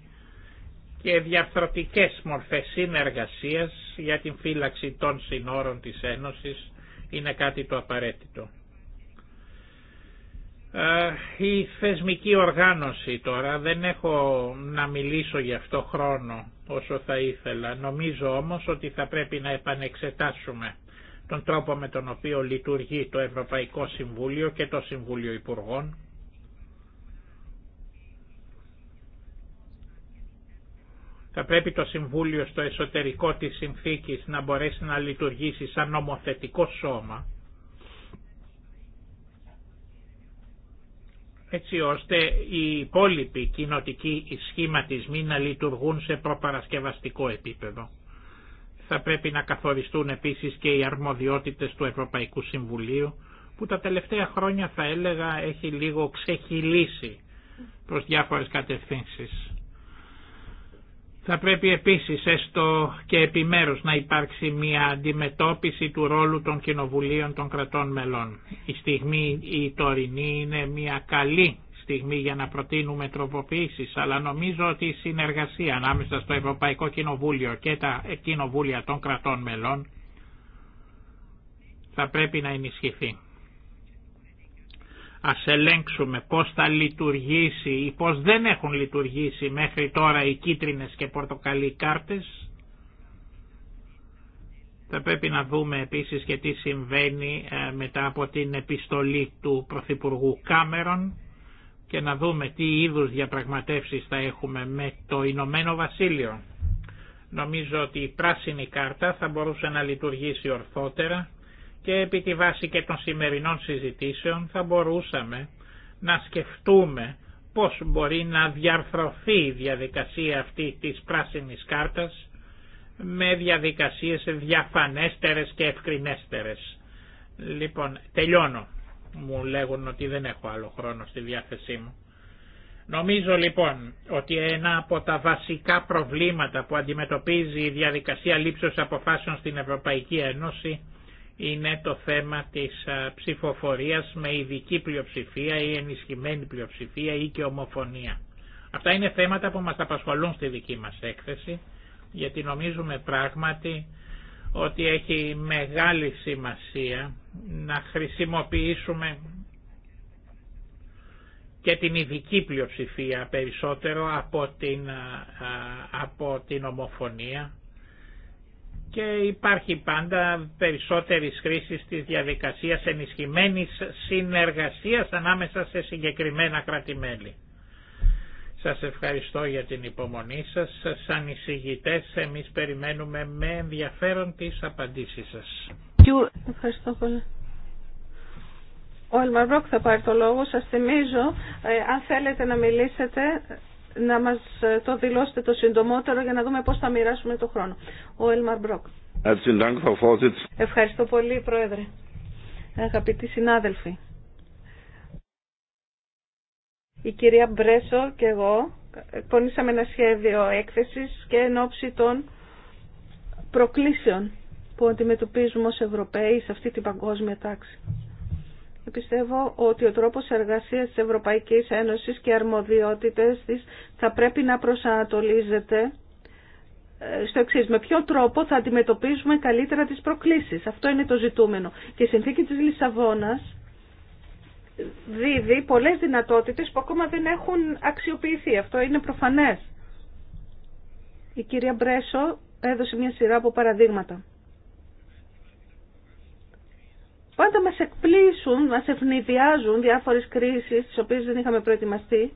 και διαφορετικές μορφές συνεργασίας για την φύλαξη των συνόρων της Ένωσης είναι κάτι το απαραίτητο. Ε, η θεσμική οργάνωση τώρα, δεν έχω να μιλήσω για αυτό χρόνο όσο θα ήθελα. Νομίζω όμως ότι θα πρέπει να επανεξετάσουμε τον τρόπο με τον οποίο λειτουργεί το Ευρωπαϊκό Συμβούλιο και το Συμβούλιο Υπουργών Θα πρέπει το Συμβούλιο στο εσωτερικό της συνθήκης να μπορέσει να λειτουργήσει σαν νομοθετικό σώμα, έτσι ώστε οι υπόλοιποι κοινοτικοί σχηματισμοί να λειτουργούν σε προπαρασκευαστικό επίπεδο. Θα πρέπει να καθοριστούν επίσης και οι αρμοδιότητες του Ευρωπαϊκού Συμβουλίου, που τα τελευταία χρόνια θα έλεγα έχει λίγο ξεχυλήσει προς διάφορες κατευθύνσεις. Θα πρέπει επίσης έστω και επιμέρους να υπάρξει μια αντιμετώπιση του ρόλου των κοινοβουλίων των κρατών μελών. Η στιγμή η τωρινή είναι μια καλή στιγμή για να προτείνουμε τροποποιήσεις, αλλά νομίζω ότι η συνεργασία ανάμεσα στο Ευρωπαϊκό Κοινοβούλιο και τα κοινοβούλια των κρατών μελών θα πρέπει να ενισχυθεί. Ας ελέγξουμε πώς θα λειτουργήσει ή πώς δεν έχουν λειτουργήσει μέχρι τώρα οι κίτρινες και πορτοκαλί κάρτες. Θα πρέπει να δούμε επίσης και τι συμβαίνει ε, μετά από την επιστολή του Πρωθυπουργού Κάμερον και να δούμε τι είδους διαπραγματεύσεις θα έχουμε με το Ηνωμένο Βασίλειο. Νομίζω ότι η πράσινη κάρτα θα μπορούσε να λειτουργήσει ορθότερα και επί τη βάση και των σημερινών συζητήσεων θα μπορούσαμε να σκεφτούμε πώς μπορεί να διαρθρωθεί η διαδικασία αυτή της πράσινης κάρτας με διαδικασίες διαφανέστερες και ευκρινέστερες. Λοιπόν, τελειώνω. Μου λέγουν ότι δεν έχω άλλο χρόνο στη διάθεσή μου. Νομίζω λοιπόν ότι ένα από τα βασικά προβλήματα που αντιμετωπίζει η διαδικασία λήψεως αποφάσεων στην Ευρωπαϊκή Ένωση είναι το θέμα της ψηφοφορίας με ειδική πλειοψηφία ή ενισχυμένη πλειοψηφία ή και ομοφωνία. Αυτά είναι θέματα που μας απασχολούν στη δική μας έκθεση, γιατί νομίζουμε πράγματι ότι έχει μεγάλη σημασία να χρησιμοποιήσουμε και την ειδική πλειοψηφία περισσότερο από την, από την ομοφωνία και υπάρχει πάντα περισσότερη χρήση τη διαδικασία ενισχυμένη συνεργασία ανάμεσα σε συγκεκριμένα κρατημέλη. Σας ευχαριστώ για την υπομονή σας. Σαν εισηγητές εμείς περιμένουμε με ενδιαφέρον τις απαντήσεις σας. Ευχαριστώ πολύ. Ο Ελμαρμπρόκ θα πάρει το λόγο. Σας θυμίζω, ε, αν θέλετε να μιλήσετε, να μας ε, το δηλώσετε το συντομότερο για να δούμε πώς θα μοιράσουμε το χρόνο. Ο Έλμαρ Μπρόκ. Ευχαριστώ πολύ, Πρόεδρε. Αγαπητοί συνάδελφοι. Η κυρία Μπρέσο και εγώ πονήσαμε ένα σχέδιο έκθεσης και εν ώψη των προκλήσεων που αντιμετωπίζουμε ως Ευρωπαίοι σε αυτή την παγκόσμια τάξη. Πιστεύω ότι ο τρόπος εργασίας της Ευρωπαϊκής Ένωσης και αρμοδιότητες της θα πρέπει να προσανατολίζεται ε, στο εξή, με ποιο τρόπο θα αντιμετωπίζουμε καλύτερα τις προκλήσεις. Αυτό είναι το ζητούμενο. Και η συνθήκη της Λισαβόνας δίδει πολλές δυνατότητες που ακόμα δεν έχουν αξιοποιηθεί. Αυτό είναι προφανές. Η κυρία Μπρέσο έδωσε μια σειρά από παραδείγματα. Πάντα μας εκπλήσουν, μας ευνηδιάζουν διάφορες κρίσεις τις οποίες δεν είχαμε προετοιμαστεί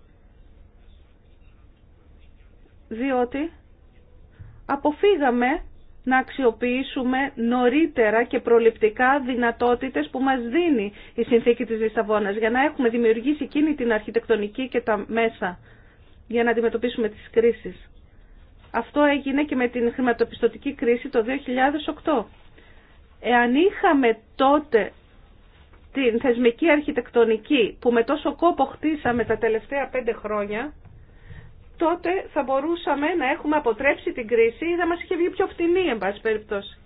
διότι αποφύγαμε να αξιοποιήσουμε νωρίτερα και προληπτικά δυνατότητες που μας δίνει η συνθήκη της Λισαβόνας για να έχουμε δημιουργήσει εκείνη την αρχιτεκτονική και τα μέσα για να αντιμετωπίσουμε τις κρίσεις. Αυτό έγινε και με την χρηματοπιστωτική κρίση το 2008 Εάν είχαμε τότε την θεσμική αρχιτεκτονική που με τόσο κόπο χτίσαμε τα τελευταία πέντε χρόνια, τότε θα μπορούσαμε να έχουμε αποτρέψει την κρίση ή να μας είχε βγει πιο φτηνή, εν πάση περιπτώσει.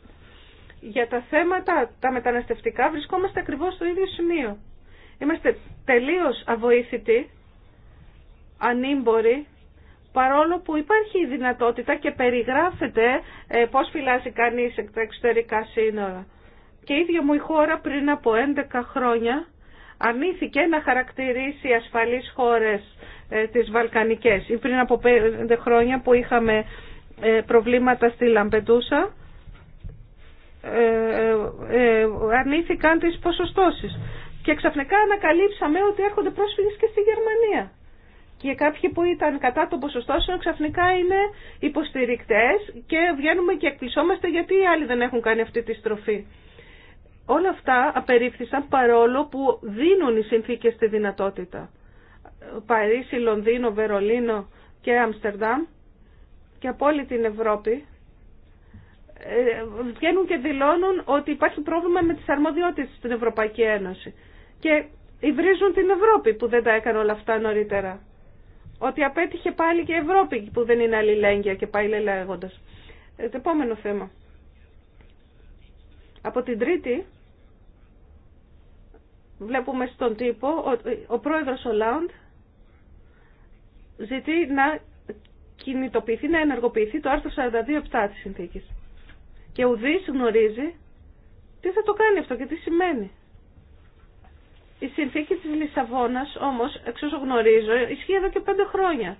Για τα θέματα τα μεταναστευτικά βρισκόμαστε ακριβώς στο ίδιο σημείο. Είμαστε τελείως αβοήθητοι, ανήμποροι παρόλο που υπάρχει η δυνατότητα και περιγράφεται ε, πώς φυλάζει κανείς τα εξωτερικά σύνορα. Και η ίδια μου η χώρα πριν από 11 χρόνια αρνήθηκε να χαρακτηρίσει ασφαλείς χώρες ε, τις Βαλκανικές. Ή πριν από 5 χρόνια που είχαμε ε, προβλήματα στη Λαμπεντούσα, αρνήθηκαν τις ποσοστώσεις. Και ξαφνικά ανακαλύψαμε ότι έρχονται πρόσφυγες και στη Γερμανία και κάποιοι που ήταν κατά των ποσοστώσεων ξαφνικά είναι υποστηρικτές και βγαίνουμε και εκπλησόμαστε γιατί οι άλλοι δεν έχουν κάνει αυτή τη στροφή. Όλα αυτά απερίφθησαν παρόλο που δίνουν οι συνθήκες τη δυνατότητα. Παρίσι, Λονδίνο, Βερολίνο και Άμστερνταμ και από όλη την Ευρώπη ε, βγαίνουν και δηλώνουν ότι υπάρχει πρόβλημα με τις αρμοδιότητες στην Ευρωπαϊκή Ένωση. Και υβρίζουν την Ευρώπη που δεν τα έκανε όλα αυτά νωρίτερα ότι απέτυχε πάλι και η Ευρώπη που δεν είναι αλληλέγγυα και πάει λέγοντας. Ε, το επόμενο θέμα. Από την Τρίτη βλέπουμε στον τύπο ότι ο πρόεδρος Ολάουντ ζητεί να κινητοποιηθεί, να ενεργοποιηθεί το άρθρο 42 42-7 της συνθήκης. Και ουδής γνωρίζει τι θα το κάνει αυτό και τι σημαίνει. Η συνθήκη της Λισαβόνας όμως, εξ όσο γνωρίζω, ισχύει εδώ και πέντε χρόνια.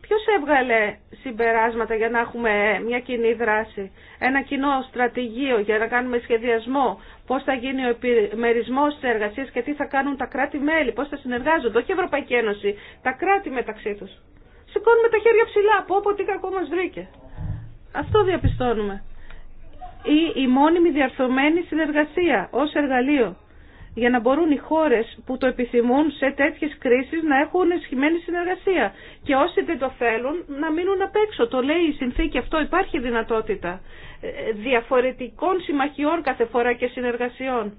Ποιος έβγαλε συμπεράσματα για να έχουμε μια κοινή δράση, ένα κοινό στρατηγείο για να κάνουμε σχεδιασμό, πώς θα γίνει ο επιμερισμός της εργασίας και τι θα κάνουν τα κράτη-μέλη, πώς θα συνεργάζονται, όχι η Ευρωπαϊκή Ένωση, τα κράτη μεταξύ τους. Σηκώνουμε τα χέρια ψηλά, από πω τι κακό μας βρήκε. Αυτό διαπιστώνουμε ή η μόνιμη διαρθωμένη συνεργασία ως εργαλείο για να μπορούν οι χώρες που το επιθυμούν σε τέτοιες κρίσεις να έχουν ισχυμένη συνεργασία και όσοι δεν το θέλουν να μείνουν απ' έξω. Το λέει η συνθήκη αυτό, υπάρχει δυνατότητα ε, διαφορετικών συμμαχιών κάθε φορά και συνεργασιών.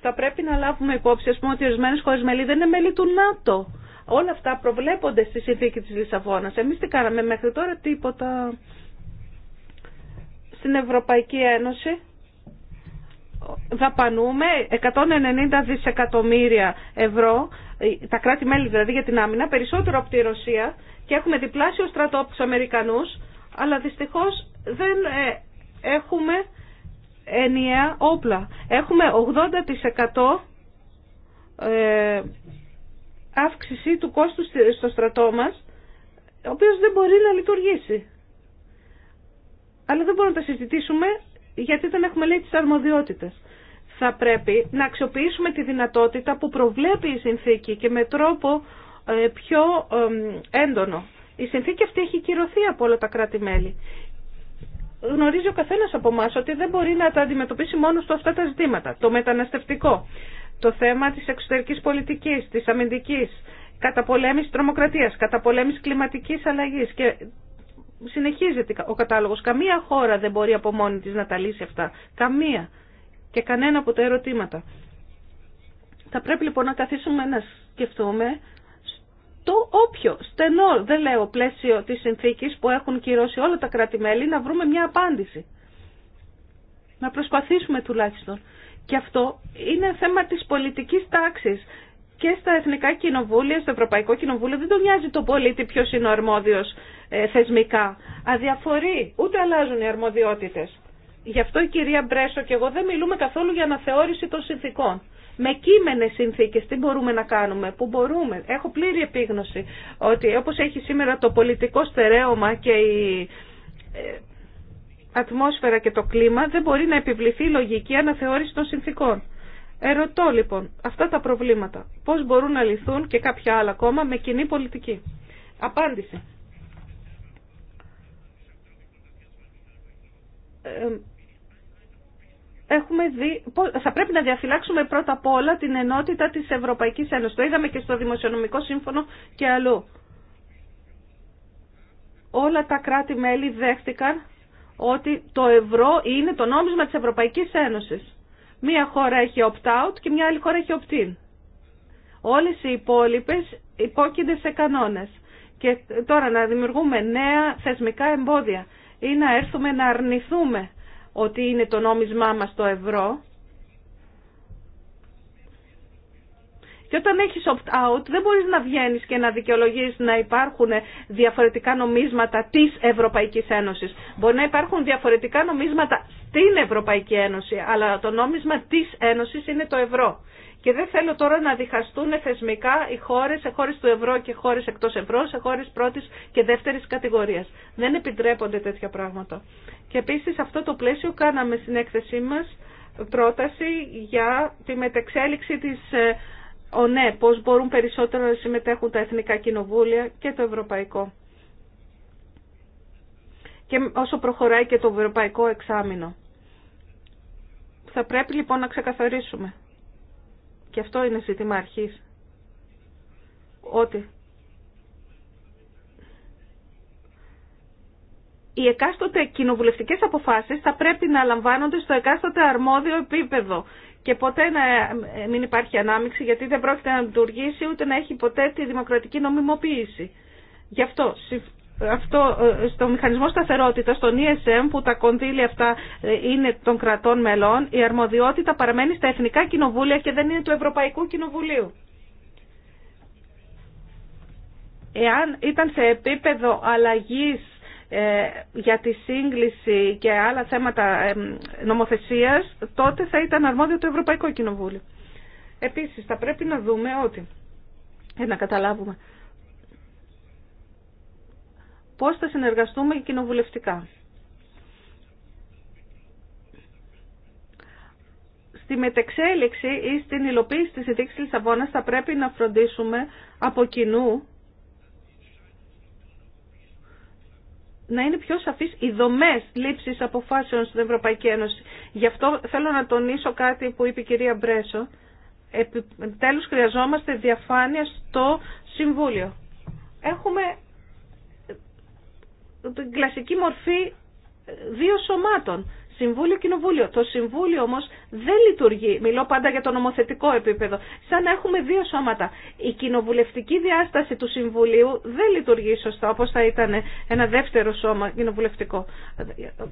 Θα πρέπει να λάβουμε υπόψη, ας πούμε, ότι ορισμένε χώρες μέλη δεν είναι μέλη του ΝΑΤΟ. Όλα αυτά προβλέπονται στη συνθήκη της Λισαβόνας. Εμείς τι κάναμε μέχρι τώρα, τίποτα στην Ευρωπαϊκή Ένωση δαπανούμε 190 δισεκατομμύρια ευρώ, ε, τα κράτη-μέλη δηλαδή για την άμυνα, περισσότερο από τη Ρωσία και έχουμε διπλάσιο στρατό από τους Αμερικανούς, αλλά δυστυχώς δεν ε, έχουμε ενιαία όπλα. Έχουμε 80% ε, αύξηση του κόστου στο στρατό μας, ο οποίος δεν μπορεί να λειτουργήσει αλλά δεν μπορούμε να τα συζητήσουμε γιατί δεν έχουμε λέει τι αρμοδιότητε. Θα πρέπει να αξιοποιήσουμε τη δυνατότητα που προβλέπει η συνθήκη και με τρόπο ε, πιο έντονο. Η συνθήκη αυτή έχει κυρωθεί από όλα τα κράτη-μέλη. Γνωρίζει ο καθένα από εμά ότι δεν μπορεί να τα αντιμετωπίσει μόνο του αυτά τα ζητήματα. Το μεταναστευτικό, το θέμα της εξωτερικής πολιτικής, της αμυντικής, καταπολέμηση τρομοκρατία, καταπολέμηση κλιματικής αλλαγής και συνεχίζεται ο κατάλογος. Καμία χώρα δεν μπορεί από μόνη της να τα λύσει αυτά. Καμία. Και κανένα από τα ερωτήματα. Θα πρέπει λοιπόν να καθίσουμε να σκεφτούμε το όποιο στενό, δεν λέω πλαίσιο της συνθήκης που έχουν κυρώσει όλα τα κράτη-μέλη, να βρούμε μια απάντηση. Να προσπαθήσουμε τουλάχιστον. Και αυτό είναι θέμα της πολιτικής τάξης. Και στα Εθνικά Κοινοβούλια, στο Ευρωπαϊκό Κοινοβούλιο δεν το νοιάζει το πολίτη ποιος είναι ο αρμόδιος ε, θεσμικά. Αδιαφορεί, ούτε αλλάζουν οι αρμοδιότητες. Γι' αυτό η κυρία Μπρέσο και εγώ δεν μιλούμε καθόλου για αναθεώρηση των συνθήκων. Με κείμενε συνθήκε τι μπορούμε να κάνουμε, που μπορούμε. Έχω πλήρη επίγνωση ότι όπω έχει σήμερα το πολιτικό στερέωμα και η ε, ατμόσφαιρα και το κλίμα δεν μπορεί να επιβληθεί η λογική αναθεώρηση των συνθήκων. Ερωτώ λοιπόν αυτά τα προβλήματα πώς μπορούν να λυθούν και κάποια άλλα ακόμα με κοινή πολιτική. Απάντηση. έχουμε θα πρέπει να διαφυλάξουμε πρώτα απ' όλα την ενότητα της Ευρωπαϊκής Ένωσης. Το είδαμε και στο Δημοσιονομικό Σύμφωνο και αλλού. Όλα τα κράτη-μέλη δέχτηκαν ότι το ευρώ είναι το νόμισμα της Ευρωπαϊκής Ένωσης. Μία χώρα έχει opt-out και μια άλλη χώρα έχει opt-in. Όλες οι υπόλοιπες υπόκεινται σε κανόνες. Και τώρα να δημιουργούμε νέα θεσμικά εμπόδια ή να έρθουμε να αρνηθούμε ότι είναι το νόμισμά μας το ευρώ. Και όταν έχεις opt-out δεν μπορείς να βγαίνεις και να δικαιολογείς να υπάρχουν διαφορετικά νομίσματα της Ευρωπαϊκής Ένωσης. Μπορεί να υπάρχουν διαφορετικά νομίσματα στην Ευρωπαϊκή Ένωση, αλλά το νόμισμα της Ένωσης είναι το ευρώ. Και δεν θέλω τώρα να διχαστούν θεσμικά οι χώρες, σε χώρε του ευρώ και χώρε εκτός ευρώ, σε χώρε πρώτης και δεύτερης κατηγορίας. Δεν επιτρέπονται τέτοια πράγματα. Και επίσης αυτό το πλαίσιο κάναμε στην έκθεσή μα πρόταση για τη μετεξέλιξη της ε, ΟΝΕ, πώς μπορούν περισσότερο να συμμετέχουν τα Εθνικά Κοινοβούλια και το Ευρωπαϊκό. Και όσο προχωράει και το Ευρωπαϊκό Εξάμεινο. Θα πρέπει λοιπόν να ξεκαθαρίσουμε και αυτό είναι ζήτημα αρχής, ότι οι εκάστοτε κοινοβουλευτικές αποφάσεις θα πρέπει να λαμβάνονται στο εκάστοτε αρμόδιο επίπεδο και ποτέ να μην υπάρχει ανάμειξη γιατί δεν πρόκειται να λειτουργήσει ούτε να έχει ποτέ τη δημοκρατική νομιμοποίηση. Γι' αυτό αυτό ε, στο μηχανισμό σταθερότητα, στον ESM που τα κονδύλια αυτά ε, είναι των κρατών μελών, η αρμοδιότητα παραμένει στα εθνικά κοινοβούλια και δεν είναι του Ευρωπαϊκού Κοινοβουλίου. Εάν ήταν σε επίπεδο αλλαγής ε, για τη σύγκληση και άλλα θέματα νομοθεσίας, τότε θα ήταν αρμόδιο το Ευρωπαϊκό Κοινοβούλιο. Επίσης, θα πρέπει να δούμε ότι, για να καταλάβουμε, πώς θα συνεργαστούμε κοινοβουλευτικά. Στη μετεξέλιξη ή στην υλοποίηση της ειδήξης Λισαβόνας θα πρέπει να φροντίσουμε από κοινού να είναι πιο σαφείς οι δομές λήψης αποφάσεων στην Ευρωπαϊκή Ένωση. Γι' αυτό θέλω να τονίσω κάτι που είπε η στην υλοποιηση της ειδικης λισαβονας θα πρεπει να Μπρέσο. Επιτέλους χρειαζόμαστε ειπε η κυρια μπρεσο τελος χρειαζομαστε διαφανεια στο Συμβούλιο. Έχουμε την κλασική μορφή ε, δύο σωμάτων. Συμβούλιο, Κοινοβούλιο. Το Συμβούλιο όμω δεν λειτουργεί. Μιλώ πάντα για το νομοθετικό επίπεδο. Σαν να έχουμε δύο σώματα. Η κοινοβουλευτική διάσταση του Συμβουλίου δεν λειτουργεί σωστά όπω θα ήταν ένα δεύτερο σώμα κοινοβουλευτικό.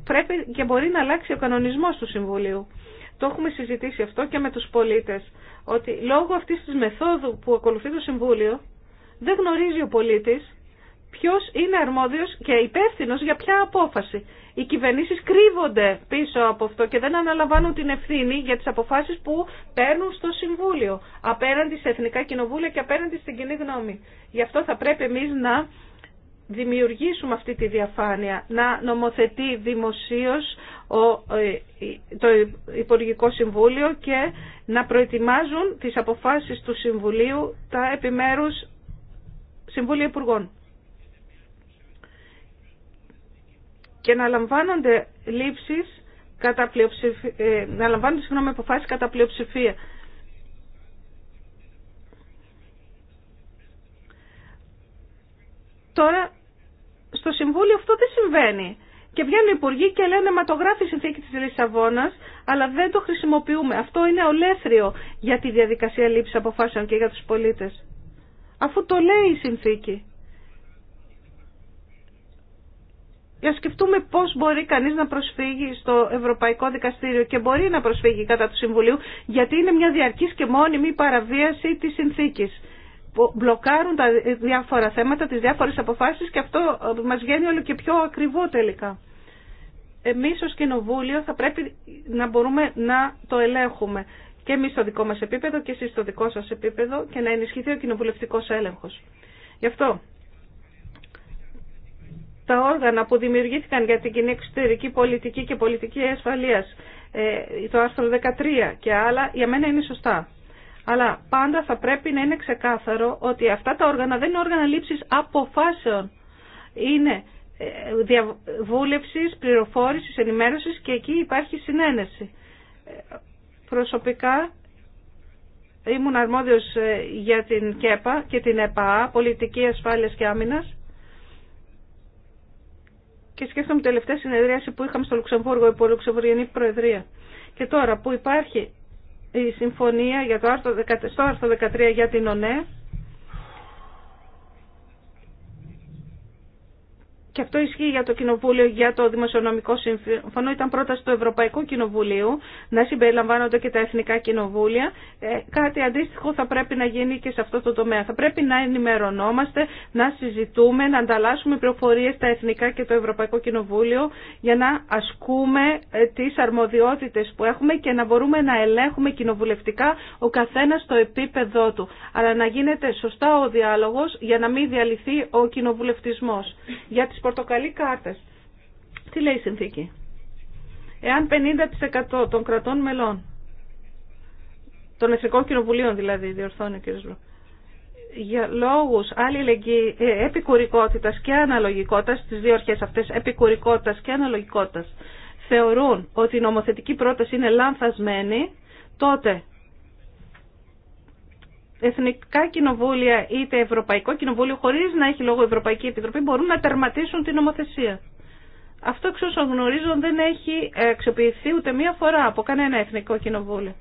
Πρέπει και μπορεί να αλλάξει ο κανονισμό του Συμβουλίου. Το έχουμε συζητήσει αυτό και με του πολίτε. Ότι λόγω αυτή τη μεθόδου που ακολουθεί το Συμβούλιο δεν γνωρίζει ο πολίτη Ποιο είναι αρμόδιο και υπεύθυνο για ποια απόφαση. Οι κυβερνήσει κρύβονται πίσω από αυτό και δεν αναλαμβάνουν την ευθύνη για τι αποφάσει που παίρνουν στο Συμβούλιο, απέναντι σε Εθνικά Κοινοβούλια και απέναντι στην κοινή γνώμη. Γι' αυτό θα πρέπει εμεί να δημιουργήσουμε αυτή τη διαφάνεια, να νομοθετεί δημοσίω ε, το Υπουργικό Συμβούλιο και να προετοιμάζουν τις αποφάσεις του Συμβουλίου τα επιμέρους Συμβούλια Υπουργών. και να λαμβάνονται λήψεις κατά πλειοψηφία, ε, να λαμβάνονται συγγνώμη αποφάσεις κατά πλειοψηφία. Τώρα στο Συμβούλιο αυτό δεν συμβαίνει. Και βγαίνουν οι υπουργοί και λένε Μα το γράφει η συνθήκη της Λισαβόνας αλλά δεν το χρησιμοποιούμε. Αυτό είναι ολέθριο για τη διαδικασία λήψης αποφάσεων και για τους πολίτες. Αφού το λέει η συνθήκη. για σκεφτούμε πώ μπορεί κανεί να προσφύγει στο Ευρωπαϊκό Δικαστήριο και μπορεί να προσφύγει κατά του Συμβουλίου γιατί είναι μια διαρκή και μόνιμη παραβίαση τη συνθήκη. μπλοκάρουν τα διάφορα θέματα, τι διάφορε αποφάσει και αυτό ε, μα βγαίνει όλο και πιο ακριβό τελικά. Εμεί, ω Κοινοβούλιο θα πρέπει να μπορούμε να το ελέγχουμε και εμεί στο δικό μα επίπεδο και εσεί στο δικό σα επίπεδο και να ενισχυθεί ο κοινοβουλευτικό έλεγχο. Γι' αυτό τα όργανα που δημιουργήθηκαν για την κοινή εξωτερική πολιτική και πολιτική ασφαλείας, ε, το άρθρο 13 και άλλα, για μένα είναι σωστά. Αλλά πάντα θα πρέπει να είναι ξεκάθαρο ότι αυτά τα όργανα δεν είναι όργανα λήψης αποφάσεων. Είναι ε, διαβούλευσης, πληροφόρησης, ενημέρωσης και εκεί υπάρχει συνένεση. Ε, προσωπικά ήμουν αρμόδιος για την ΚΕΠΑ και την ΕΠΑ, Πολιτική Ασφάλειας και Άμυνας, και σκέφτομαι την τελευταία συνεδρίαση που είχαμε στο Λουξεμβούργο υπό Λουξεμβουργενή Προεδρία. Και τώρα που υπάρχει η συμφωνία για το άρθρο, 13, άρθρο 13 για την ΟΝΕ, και αυτό ισχύει για το Κοινοβούλιο, για το Δημοσιονομικό Σύμφωνο. Ήταν πρόταση του Ευρωπαϊκού Κοινοβουλίου να συμπεριλαμβάνονται και τα Εθνικά Κοινοβούλια. Ε, κάτι αντίστοιχο θα πρέπει να γίνει και σε αυτό το τομέα. Θα πρέπει να ενημερωνόμαστε, να συζητούμε, να ανταλλάσσουμε πληροφορίε τα Εθνικά και το Ευρωπαϊκό Κοινοβούλιο για να ασκούμε ε, τι αρμοδιότητε που έχουμε και να μπορούμε να ελέγχουμε κοινοβουλευτικά ο καθένα στο επίπεδό του. Αλλά να γίνεται σωστά ο διάλογο για να μην διαλυθεί ο κοινοβουλευτισμό πορτοκαλί κάρτες. Τι λέει η συνθήκη. Εάν 50% των κρατών μελών, των εθνικών κοινοβουλίων δηλαδή, διορθώνει ο κ. για λόγους αλληλεγγύη, ε, επικουρικότητας και αναλογικότητας, τις δύο αρχές αυτές, επικουρικότητας και αναλογικότητας, θεωρούν ότι η νομοθετική πρόταση είναι λανθασμένη, τότε εθνικά κοινοβούλια είτε Ευρωπαϊκό Κοινοβούλιο χωρίς να έχει λόγο Ευρωπαϊκή Επιτροπή μπορούν να τερματίσουν την νομοθεσία. Αυτό εξ όσων γνωρίζω δεν έχει αξιοποιηθεί ούτε μία φορά από κανένα εθνικό κοινοβούλιο.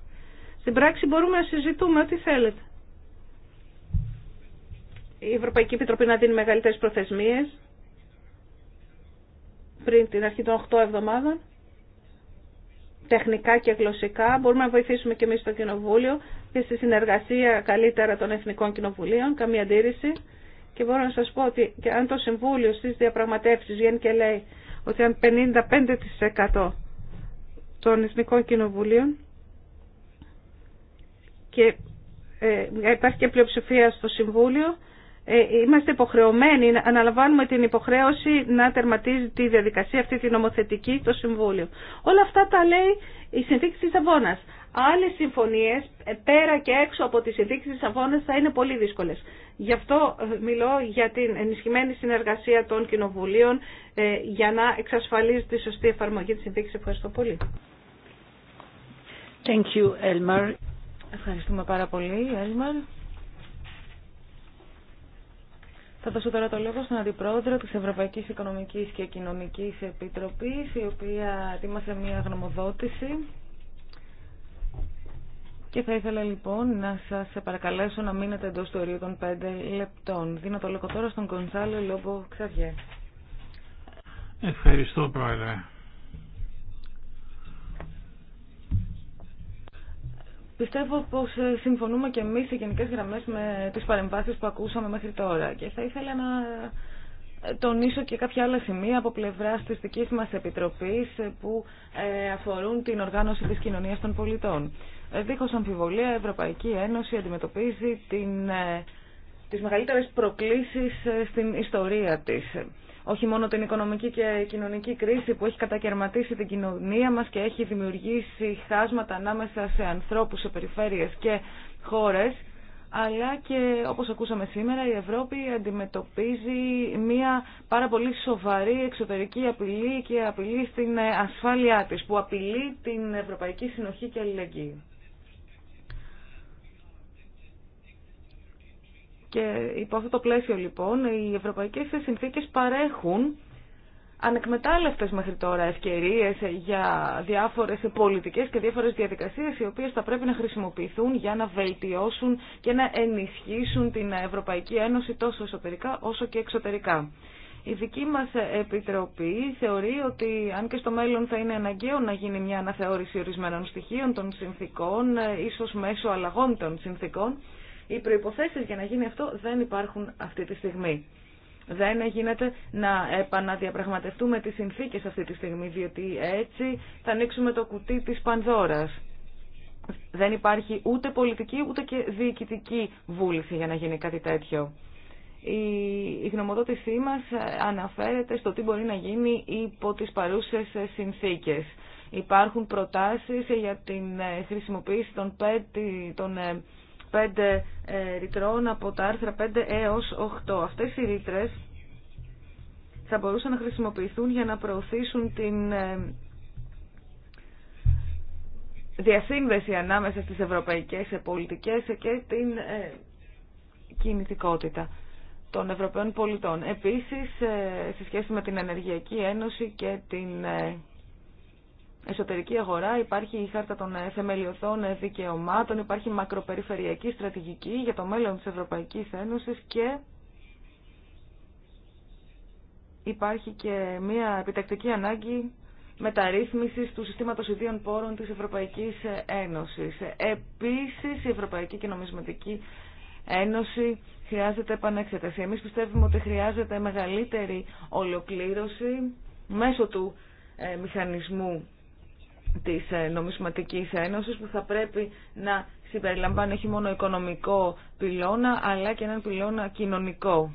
Στην πράξη μπορούμε να συζητούμε ό,τι θέλετε. Η Ευρωπαϊκή Επιτροπή να δίνει μεγαλύτερε προθεσμίε πριν την αρχή των 8 εβδομάδων τεχνικά και γλωσσικά. Μπορούμε να βοηθήσουμε και εμεί το Κοινοβούλιο και στη συνεργασία καλύτερα των Εθνικών Κοινοβουλίων, καμία αντίρρηση. Και μπορώ να σας πω ότι και αν το Συμβούλιο στις διαπραγματεύσεις βγαίνει και λέει ότι αν 55% των Εθνικών Κοινοβουλίων και ε, υπάρχει και πλειοψηφία στο Συμβούλιο, ε, είμαστε υποχρεωμένοι, αναλαμβάνουμε την υποχρέωση να τερματίζει τη διαδικασία αυτή τη νομοθετική το Συμβούλιο. Όλα αυτά τα λέει η συνθήκη της Αβώνας. Άλλε συμφωνίες ε, πέρα και έξω από τις ειδήξει τη αγώνα θα είναι πολύ δύσκολες. Γι' αυτό ε, μιλώ για την ενισχυμένη συνεργασία των κοινοβουλίων ε, για να εξασφαλίζει τη σωστή εφαρμογή τη συνθήκη. Ευχαριστώ πολύ. Thank you, Ευχαριστούμε πάρα πολύ, Έλμαρ. Θα δώσω τώρα το λόγο στον Αντιπρόεδρο της Ευρωπαϊκής Οικονομικής και Κοινωνικής Επιτροπής, η οποία ετοίμασε μια γνωμοδότηση και θα ήθελα λοιπόν να σας παρακαλέσω να μείνετε εντό του ορίου των 5 λεπτών. Δίνω το λόγο τώρα στον Κονσάλο Λόμπο Ξαβιέ. Ευχαριστώ Πρόεδρε. Πιστεύω πως ε, συμφωνούμε και εμεί σε γενικέ γραμμές με τις παρεμβάσεις που ακούσαμε μέχρι τώρα και θα ήθελα να τονίσω και κάποια άλλα σημεία από πλευρά τη δική μα επιτροπή ε, που ε, αφορούν την οργάνωση τη κοινωνία των πολιτών. Ε, Δίχω αμφιβολία, η Ευρωπαϊκή Ένωση αντιμετωπίζει τι τις μεγαλύτερες προκλήσεις στην ιστορία της. Όχι μόνο την οικονομική και κοινωνική κρίση που έχει κατακαιρματίσει την κοινωνία μας και έχει δημιουργήσει χάσματα ανάμεσα σε ανθρώπους, σε περιφέρειες και χώρες, αλλά και όπως ακούσαμε σήμερα η Ευρώπη αντιμετωπίζει μια πάρα πολύ σοβαρή εξωτερική απειλή και απειλή στην ασφάλειά της που απειλεί την Ευρωπαϊκή Συνοχή και Αλληλεγγύη. Και υπό αυτό το πλαίσιο λοιπόν οι ευρωπαϊκές συνθήκες παρέχουν ανεκμετάλλευτες μέχρι τώρα ευκαιρίες για διάφορες πολιτικές και διάφορες διαδικασίες οι οποίες θα πρέπει να χρησιμοποιηθούν για να βελτιώσουν και να ενισχύσουν την Ευρωπαϊκή Ένωση τόσο εσωτερικά όσο και εξωτερικά. Η δική μας Επιτροπή θεωρεί ότι αν και στο μέλλον θα είναι αναγκαίο να γίνει μια αναθεώρηση ορισμένων στοιχείων των συνθήκων, ίσως μέσω αλλαγών των συνθήκων, οι προϋποθέσεις για να γίνει αυτό δεν υπάρχουν αυτή τη στιγμή δεν γίνεται να επαναδιαπραγματευτούμε τις συνθήκες αυτή τη στιγμή, διότι έτσι θα ανοίξουμε το κουτί της Πανδώρας. Δεν υπάρχει ούτε πολιτική ούτε και διοικητική βούληση για να γίνει κάτι τέτοιο. Η γνωμοδότησή μας αναφέρεται στο τι μπορεί να γίνει υπό τις παρούσες συνθήκες. Υπάρχουν προτάσεις για την ε, χρησιμοποίηση των, πέτη, των ε, 5 ε, ρητρών από τα άρθρα 5 έως 8. Αυτές οι ρήτρες θα μπορούσαν να χρησιμοποιηθούν για να προωθήσουν την ε, διασύνδεση ανάμεσα στις ευρωπαϊκές ε, πολιτικές και την κινητικότητα των Ευρωπαίων πολιτών. Επίσης, σε σχέση με την Ενεργειακή Ένωση και την εσωτερική αγορά, υπάρχει η χάρτα των ε, θεμελιωθών ε, δικαιωμάτων, υπάρχει μακροπεριφερειακή στρατηγική για το μέλλον της Ευρωπαϊκής Ένωσης και υπάρχει και μια επιτακτική ανάγκη μεταρρύθμισης του συστήματος ιδίων πόρων της Ευρωπαϊκής Ένωσης. Επίσης, η Ευρωπαϊκή και Νομισματική Ένωση χρειάζεται επανέξεταση. Εμείς πιστεύουμε ότι χρειάζεται μεγαλύτερη ολοκλήρωση μέσω του ε, μηχανισμού της ε, Νομισματικής Ένωσης που θα πρέπει να συμπεριλαμβάνει όχι μόνο οικονομικό πυλώνα αλλά και έναν πυλώνα κοινωνικό.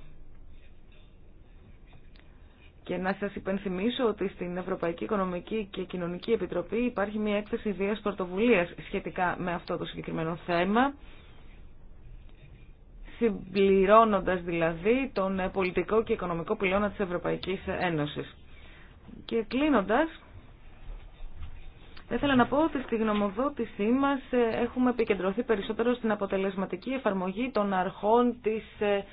Και να σας υπενθυμίσω ότι στην Ευρωπαϊκή Οικονομική και Κοινωνική Επιτροπή υπάρχει μια έκθεση ιδίας πρωτοβουλία σχετικά με αυτό το συγκεκριμένο θέμα συμπληρώνοντας δηλαδή τον πολιτικό και οικονομικό πυλώνα της Ευρωπαϊκής Ένωσης. Και κλείνοντας, θα ήθελα να πω ότι στη γνωμοδότησή μας ε, έχουμε επικεντρωθεί περισσότερο στην αποτελεσματική εφαρμογή των αρχών της ε,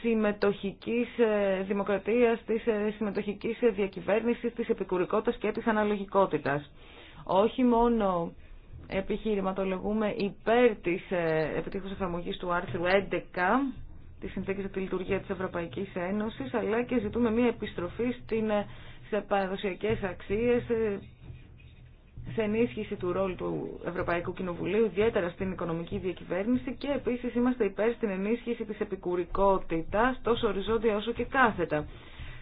συμμετοχικής ε, δημοκρατίας, της συμμετοχικής διακυβέρνησης, της επικουρικότητας και της αναλογικότητας. Όχι μόνο επιχειρηματολογούμε υπέρ της επιτυχούς εφαρμογής του άρθρου 11 της συνθήκης για τη λειτουργία της Ευρωπαϊκής Ένωσης, αλλά και ζητούμε μια επιστροφή στις παραδοσιακές αξίες, σε ενίσχυση του ρόλου του Ευρωπαϊκού Κοινοβουλίου, ιδιαίτερα στην οικονομική διακυβέρνηση και επίσης είμαστε υπέρ στην ενίσχυση της επικουρικότητας, τόσο οριζόντια όσο και κάθετα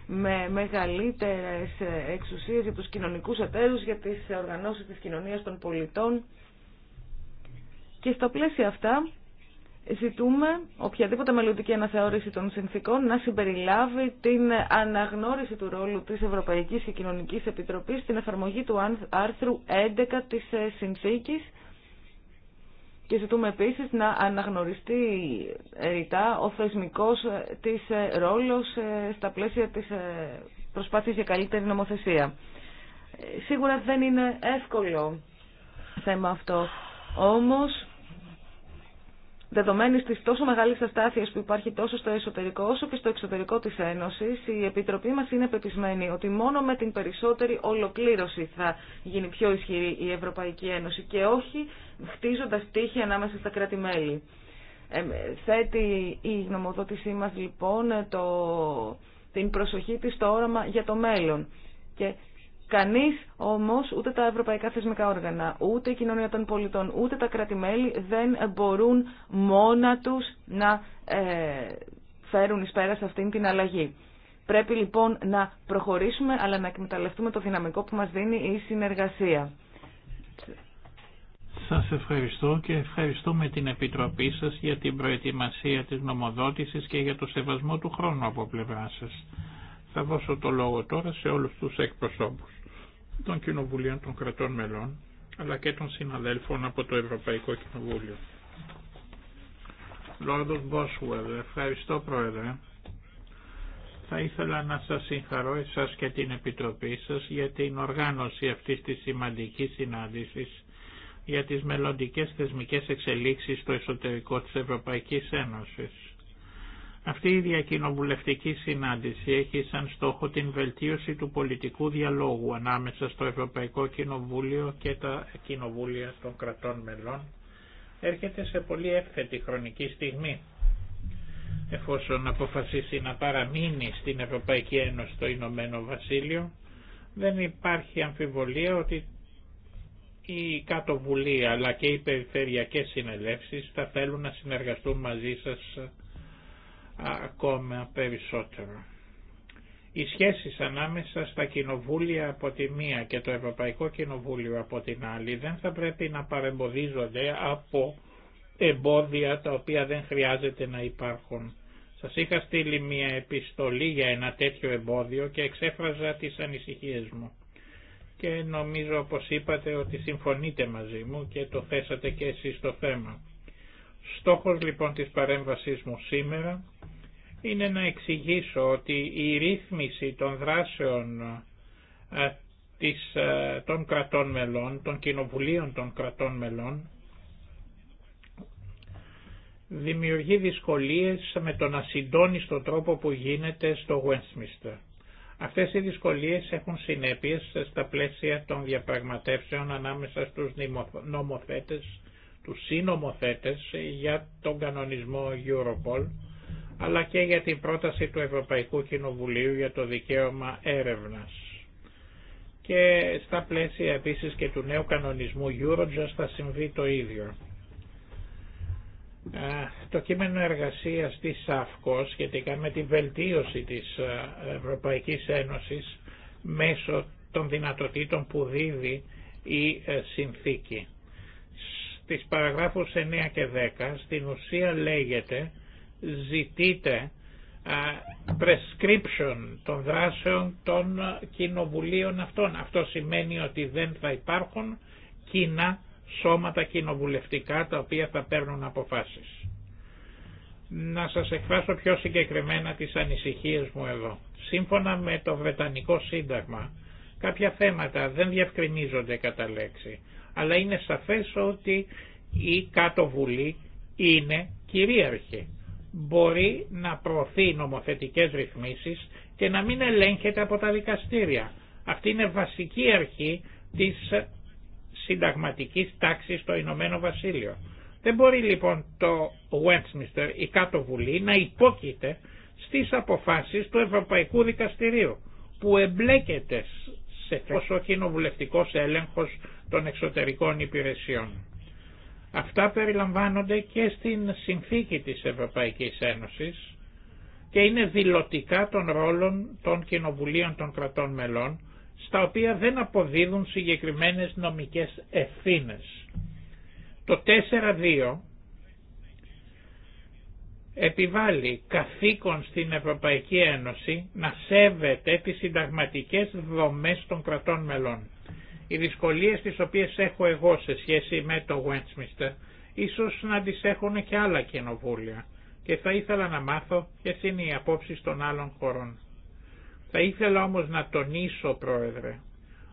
με μεγαλύτερες εξουσίες για τους κοινωνικούς εταίρους, για τις οργανώσεις της κοινωνίας των πολιτών. Και στο πλαίσιο αυτά Ζητούμε οποιαδήποτε μελλοντική αναθεώρηση των συνθήκων να συμπεριλάβει την αναγνώριση του ρόλου της Ευρωπαϊκής και Κοινωνικής Επιτροπής στην εφαρμογή του άρθρου 11 της ε, συνθήκης και ζητούμε επίσης να αναγνωριστεί ε, ρητά ο θεσμικός ε, της ρόλος στα πλαίσια της προσπάθειας για καλύτερη νομοθεσία. Σίγουρα δεν είναι εύκολο θέμα αυτό, όμως Δεδομένης της τόσο μεγάλη αστάθεια που υπάρχει τόσο στο εσωτερικό όσο και στο εξωτερικό της Ένωσης, η Επιτροπή μας είναι πεπισμένη ότι μόνο με την περισσότερη ολοκλήρωση θα γίνει πιο ισχυρή η Ευρωπαϊκή Ένωση και όχι χτίζοντα τύχη ανάμεσα στα κράτη-μέλη. Ε, θέτει η γνωμοδότησή μας λοιπόν το, την προσοχή τη στο όραμα για το μέλλον. Κανείς όμως, ούτε τα ευρωπαϊκά θεσμικά όργανα, ούτε η κοινωνία των πολιτών, ούτε τα κράτη-μέλη δεν μπορούν μόνα τους να ε, φέρουν εις πέρα σε αυτήν την αλλαγή. Πρέπει λοιπόν να προχωρήσουμε αλλά να εκμεταλλευτούμε το δυναμικό που μας δίνει η συνεργασία. Σας ευχαριστώ και ευχαριστούμε την Επιτροπή σας για την προετοιμασία της νομοδότησης και για το σεβασμό του χρόνου από πλευρά σας. Θα δώσω το λόγο τώρα σε όλους τους εκπροσώπους των κοινοβουλίων των κρατών μελών αλλά και των συναδέλφων από το Ευρωπαϊκό Κοινοβούλιο. Λόρδος Μπόσουελ, ευχαριστώ Πρόεδρε. Θα ήθελα να σας συγχαρώ εσάς και την Επιτροπή σας για την οργάνωση αυτής της σημαντικής συνάντησης για τις μελλοντικές θεσμικές εξελίξεις στο εσωτερικό της Ευρωπαϊκής Ένωσης. Αυτή η διακοινοβουλευτική συνάντηση έχει σαν στόχο την βελτίωση του πολιτικού διαλόγου ανάμεσα στο Ευρωπαϊκό Κοινοβούλιο και τα κοινοβούλια των κρατών μελών. Έρχεται σε πολύ εύθετη χρονική στιγμή. Εφόσον αποφασίσει να παραμείνει στην Ευρωπαϊκή Ένωση το Ηνωμένο Βασίλειο, δεν υπάρχει αμφιβολία ότι η Κάτω Βουλή αλλά και οι περιφερειακές συνελεύσεις θα θέλουν να συνεργαστούν μαζί σας ακόμα περισσότερο. Οι σχέσεις ανάμεσα στα κοινοβούλια από τη μία και το Ευρωπαϊκό Κοινοβούλιο από την άλλη δεν θα πρέπει να παρεμποδίζονται από εμπόδια τα οποία δεν χρειάζεται να υπάρχουν. Σας είχα στείλει μια επιστολή για ένα τέτοιο εμπόδιο και εξέφραζα τις ανησυχίες μου. Και νομίζω όπως είπατε ότι συμφωνείτε μαζί μου και το θέσατε και εσείς το θέμα. Στόχος λοιπόν της παρέμβασής μου σήμερα είναι να εξηγήσω ότι η ρύθμιση των δράσεων ε, της, ε, των κρατών μελών, των κοινοβουλίων των κρατών μελών, δημιουργεί δυσκολίες με τον ασυντόνιστο τρόπο που γίνεται στο Westminster. Αυτές οι δυσκολίες έχουν συνέπειες στα πλαίσια των διαπραγματεύσεων ανάμεσα στους νομοθέτες, τους συνομοθέτες για τον κανονισμό Europol, αλλά και για την πρόταση του Ευρωπαϊκού Κοινοβουλίου για το δικαίωμα έρευνας. Και στα πλαίσια επίσης και του νέου κανονισμού Eurojust θα συμβεί το ίδιο. Ε, το κείμενο εργασίας της ΑΦΚΟ σχετικά με τη βελτίωση της ε, Ευρωπαϊκής Ένωσης μέσω των δυνατοτήτων που δίδει η ε, συνθήκη. Στις παραγράφους 9 και 10 στην ουσία λέγεται ζητείτε prescription των δράσεων των κοινοβουλίων αυτών. Αυτό σημαίνει ότι δεν θα υπάρχουν κοινά σώματα κοινοβουλευτικά τα οποία θα παίρνουν αποφάσεις. Να σας εκφράσω πιο συγκεκριμένα τις ανησυχίες μου εδώ. Σύμφωνα με το Βρετανικό Σύνταγμα, κάποια θέματα δεν διευκρινίζονται κατά λέξη, αλλά είναι σαφές ότι η κάτω βουλή είναι κυρίαρχη μπορεί να προωθεί νομοθετικές ρυθμίσεις και να μην ελέγχεται από τα δικαστήρια. Αυτή είναι βασική αρχή της συνταγματικής τάξης στο Ηνωμένο Βασίλειο. Δεν μπορεί λοιπόν το Westminster, η κάτω βουλή, να υπόκειται στις αποφάσεις του Ευρωπαϊκού Δικαστηρίου, που εμπλέκεται σε όσο ναι. κοινοβουλευτικός έλεγχος των εξωτερικών υπηρεσιών. Αυτά περιλαμβάνονται και στην συνθήκη της Ευρωπαϊκής Ένωσης και είναι δηλωτικά των ρόλων των κοινοβουλίων των κρατών μελών, στα οποία δεν αποδίδουν συγκεκριμένες νομικές ευθύνες. Το 4.2 επιβάλλει καθήκον στην Ευρωπαϊκή Ένωση να σέβεται τις συνταγματικές δομές των κρατών μελών. Οι δυσκολίες τις οποίες έχω εγώ σε σχέση με το Westminster ίσως να τις έχουν και άλλα κοινοβούλια και θα ήθελα να μάθω ποιες είναι οι απόψεις των άλλων χωρών. Θα ήθελα όμως να τονίσω, Πρόεδρε,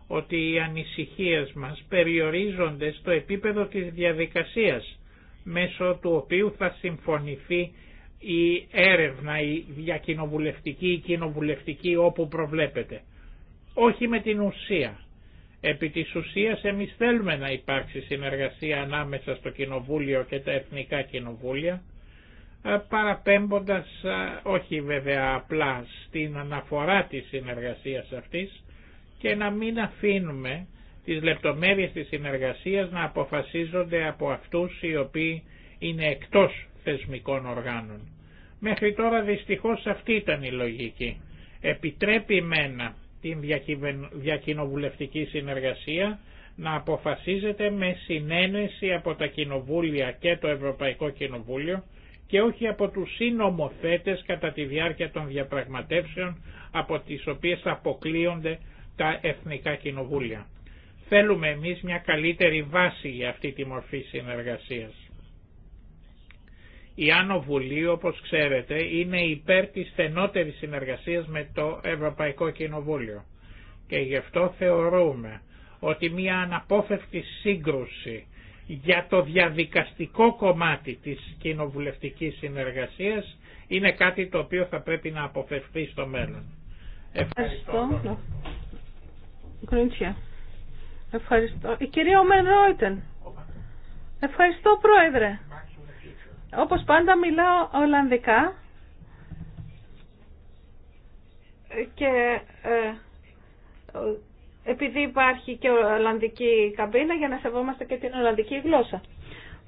ότι οι ανησυχίες μας περιορίζονται στο επίπεδο της διαδικασίας, μέσω του οποίου θα συμφωνηθεί η έρευνα, η διακοινοβουλευτική ή κοινοβουλευτική όπου προβλέπεται. Όχι με την ουσία. Επί της ουσίας εμείς θέλουμε να υπάρξει συνεργασία ανάμεσα στο Κοινοβούλιο και τα Εθνικά Κοινοβούλια, ε, παραπέμποντας ε, όχι βέβαια απλά στην αναφορά της συνεργασίας αυτής και να μην αφήνουμε τις λεπτομέρειες της συνεργασίας να αποφασίζονται από αυτούς οι οποίοι είναι εκτός θεσμικών οργάνων. Μέχρι τώρα δυστυχώς αυτή ήταν η λογική. Επιτρέπει μένα την διακοινοβουλευτική συνεργασία να αποφασίζεται με συνένεση από τα κοινοβούλια και το Ευρωπαϊκό Κοινοβούλιο και όχι από τους συνομοθέτες κατά τη διάρκεια των διαπραγματεύσεων από τις οποίες αποκλείονται τα εθνικά κοινοβούλια. Θέλουμε εμείς μια καλύτερη βάση για αυτή τη μορφή συνεργασίας. Η Άνω Βουλή, όπως ξέρετε, είναι υπέρ της στενότερης συνεργασίας με το Ευρωπαϊκό Κοινοβούλιο. Και γι' αυτό θεωρούμε ότι μια αναπόφευκτη σύγκρουση για το διαδικαστικό κομμάτι της κοινοβουλευτικής συνεργασίας είναι κάτι το οποίο θα πρέπει να αποφευθεί στο μέλλον. Ευχαριστώ. Ευχαριστώ. Ευχαριστώ. Η κυρία Ευχαριστώ, Πρόεδρε. Όπως πάντα μιλάω Ολλανδικά και ε, επειδή υπάρχει και Ολλανδική καμπίνα για να σεβόμαστε και την Ολλανδική γλώσσα.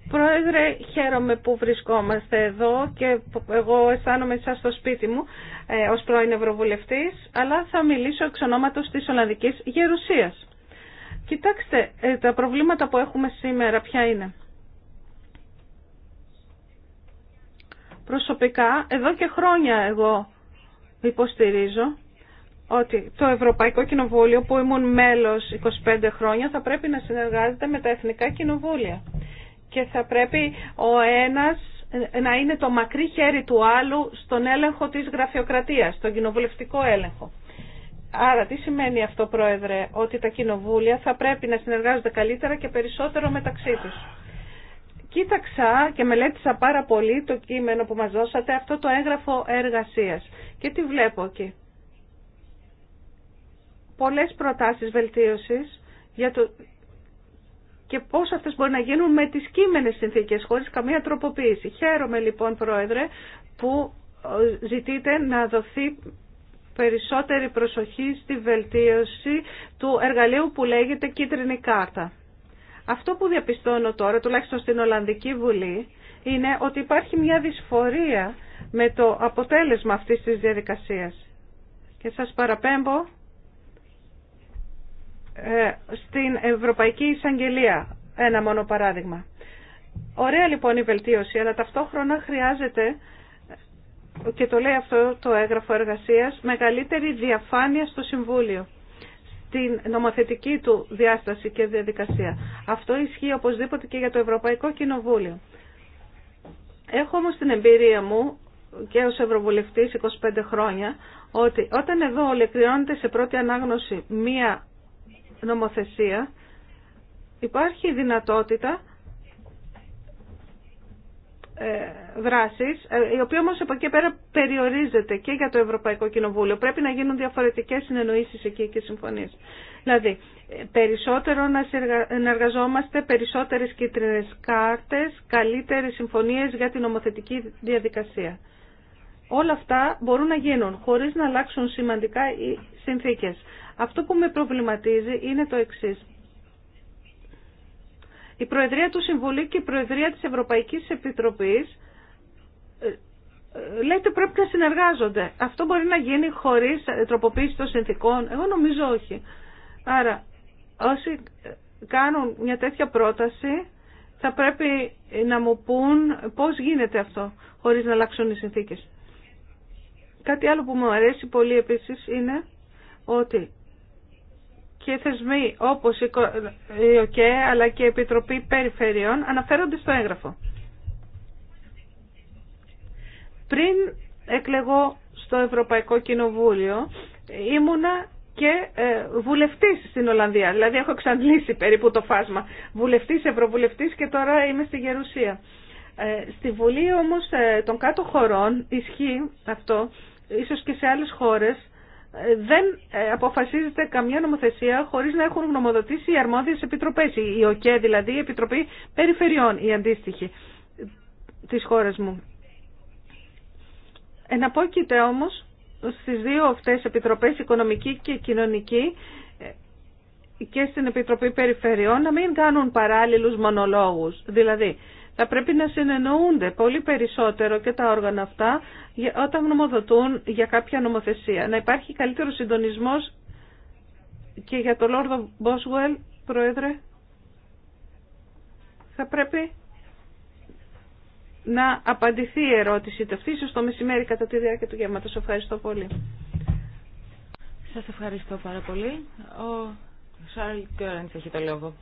Πρόεδρε, χαίρομαι που βρισκόμαστε εδώ και εγώ αισθάνομαι εσά στο σπίτι μου ε, ως πρώην Ευρωβουλευτής, αλλά θα μιλήσω εξ ονόματος της Ολλανδικής Γερουσίας. Κοιτάξτε, ε, τα προβλήματα που έχουμε σήμερα ποια είναι. Προσωπικά, εδώ και χρόνια εγώ υποστηρίζω ότι το Ευρωπαϊκό Κοινοβούλιο που ήμουν μέλος 25 χρόνια θα πρέπει να συνεργάζεται με τα Εθνικά Κοινοβούλια και θα πρέπει ο ένας να είναι το μακρύ χέρι του άλλου στον έλεγχο της γραφειοκρατίας, στον κοινοβουλευτικό έλεγχο. Άρα τι σημαίνει αυτό Πρόεδρε, ότι τα κοινοβούλια θα πρέπει να συνεργάζονται καλύτερα και περισσότερο μεταξύ τους. Κοίταξα και μελέτησα πάρα πολύ το κείμενο που μας δώσατε, αυτό το έγγραφο εργασίας. Και τι βλέπω εκεί. Πολλές προτάσεις βελτίωσης για το... και πώς αυτές μπορεί να γίνουν με τις κείμενες συνθήκες, χωρίς καμία τροποποίηση. Χαίρομαι λοιπόν, Πρόεδρε, που ε, ζητείτε να δοθεί περισσότερη προσοχή στη βελτίωση του εργαλείου που λέγεται κίτρινη κάρτα. Αυτό που διαπιστώνω τώρα, τουλάχιστον στην Ολλανδική Βουλή, είναι ότι υπάρχει μια δυσφορία με το αποτέλεσμα αυτής της διαδικασίας. Και σας παραπέμπω ε, στην Ευρωπαϊκή Εισαγγελία ένα μόνο παράδειγμα. Ωραία λοιπόν η βελτίωση, αλλά ταυτόχρονα χρειάζεται, και το λέει αυτό το έγγραφο εργασίας, μεγαλύτερη διαφάνεια στο Συμβούλιο την νομοθετική του διάσταση και διαδικασία. Αυτό ισχύει οπωσδήποτε και για το Ευρωπαϊκό Κοινοβούλιο. Έχω όμως την εμπειρία μου και ως Ευρωβουλευτής 25 χρόνια ότι όταν εδώ ολεκριώνεται σε πρώτη ανάγνωση μία νομοθεσία υπάρχει δυνατότητα ε, δράσεις, ε, η οποία όμως από εκεί πέρα περιορίζεται και για το Ευρωπαϊκό Κοινοβούλιο. Πρέπει να γίνουν διαφορετικές συνεννοήσεις εκεί και συμφωνίες. Δηλαδή, περισσότερο να εργαζόμαστε, περισσότερες κίτρινες κάρτες, καλύτερες συμφωνίες για την νομοθετική διαδικασία. Όλα αυτά μπορούν να γίνουν χωρίς να αλλάξουν σημαντικά οι συνθήκες. Αυτό που με προβληματίζει είναι το εξής. Η Προεδρία του Συμβουλίου και η Προεδρία της Ευρωπαϊκής Επιτροπής ε, ε, ότι πρέπει να συνεργάζονται. Αυτό μπορεί να γίνει χωρίς ε, τροποποίηση των συνθήκων. Εγώ νομίζω όχι. Άρα όσοι κάνουν μια τέτοια πρόταση θα πρέπει να μου πούν πώς γίνεται αυτό χωρίς να αλλάξουν οι συνθήκες. Κάτι άλλο που μου αρέσει πολύ επίσης είναι ότι και θεσμοί όπως η ΟΚΕ αλλά και η Επιτροπή Περιφερειών αναφέρονται στο έγγραφο. Πριν εκλεγώ στο Ευρωπαϊκό Κοινοβούλιο ήμουνα και ε, βουλευτής στην Ολλανδία. Δηλαδή έχω εξαντλήσει περίπου το φάσμα. Βουλευτής, ευρωβουλευτής και τώρα είμαι στη Γερουσία. Ε, στη Βουλή όμως ε, των κάτω χωρών ισχύει αυτό, ίσως και σε άλλες χώρες, δεν ε, αποφασίζεται καμιά νομοθεσία χωρίς να έχουν γνωμοδοτήσει οι αρμόδιες επιτροπές, η ΟΚΕ δηλαδή, η Επιτροπή Περιφερειών, η αντίστοιχη της χώρας μου. Εναπόκειται όμως στις δύο αυτές επιτροπές, οικονομική και κοινωνική, ε, και στην Επιτροπή Περιφερειών να μην κάνουν παράλληλους μονολόγους. Δηλαδή, θα πρέπει να συνεννοούνται πολύ περισσότερο και τα όργανα αυτά όταν γνωμοδοτούν για κάποια νομοθεσία. Να υπάρχει καλύτερο συντονισμός και για τον Λόρδο Μπόσουελ, Πρόεδρε, θα πρέπει να απαντηθεί η ερώτηση αυτή, το μεσημέρι κατά τη διάρκεια του γεύματος. Ευχαριστώ πολύ. Σας ευχαριστώ πάρα πολύ. Ο Σάρλ Κέραντς έχει το λόγο.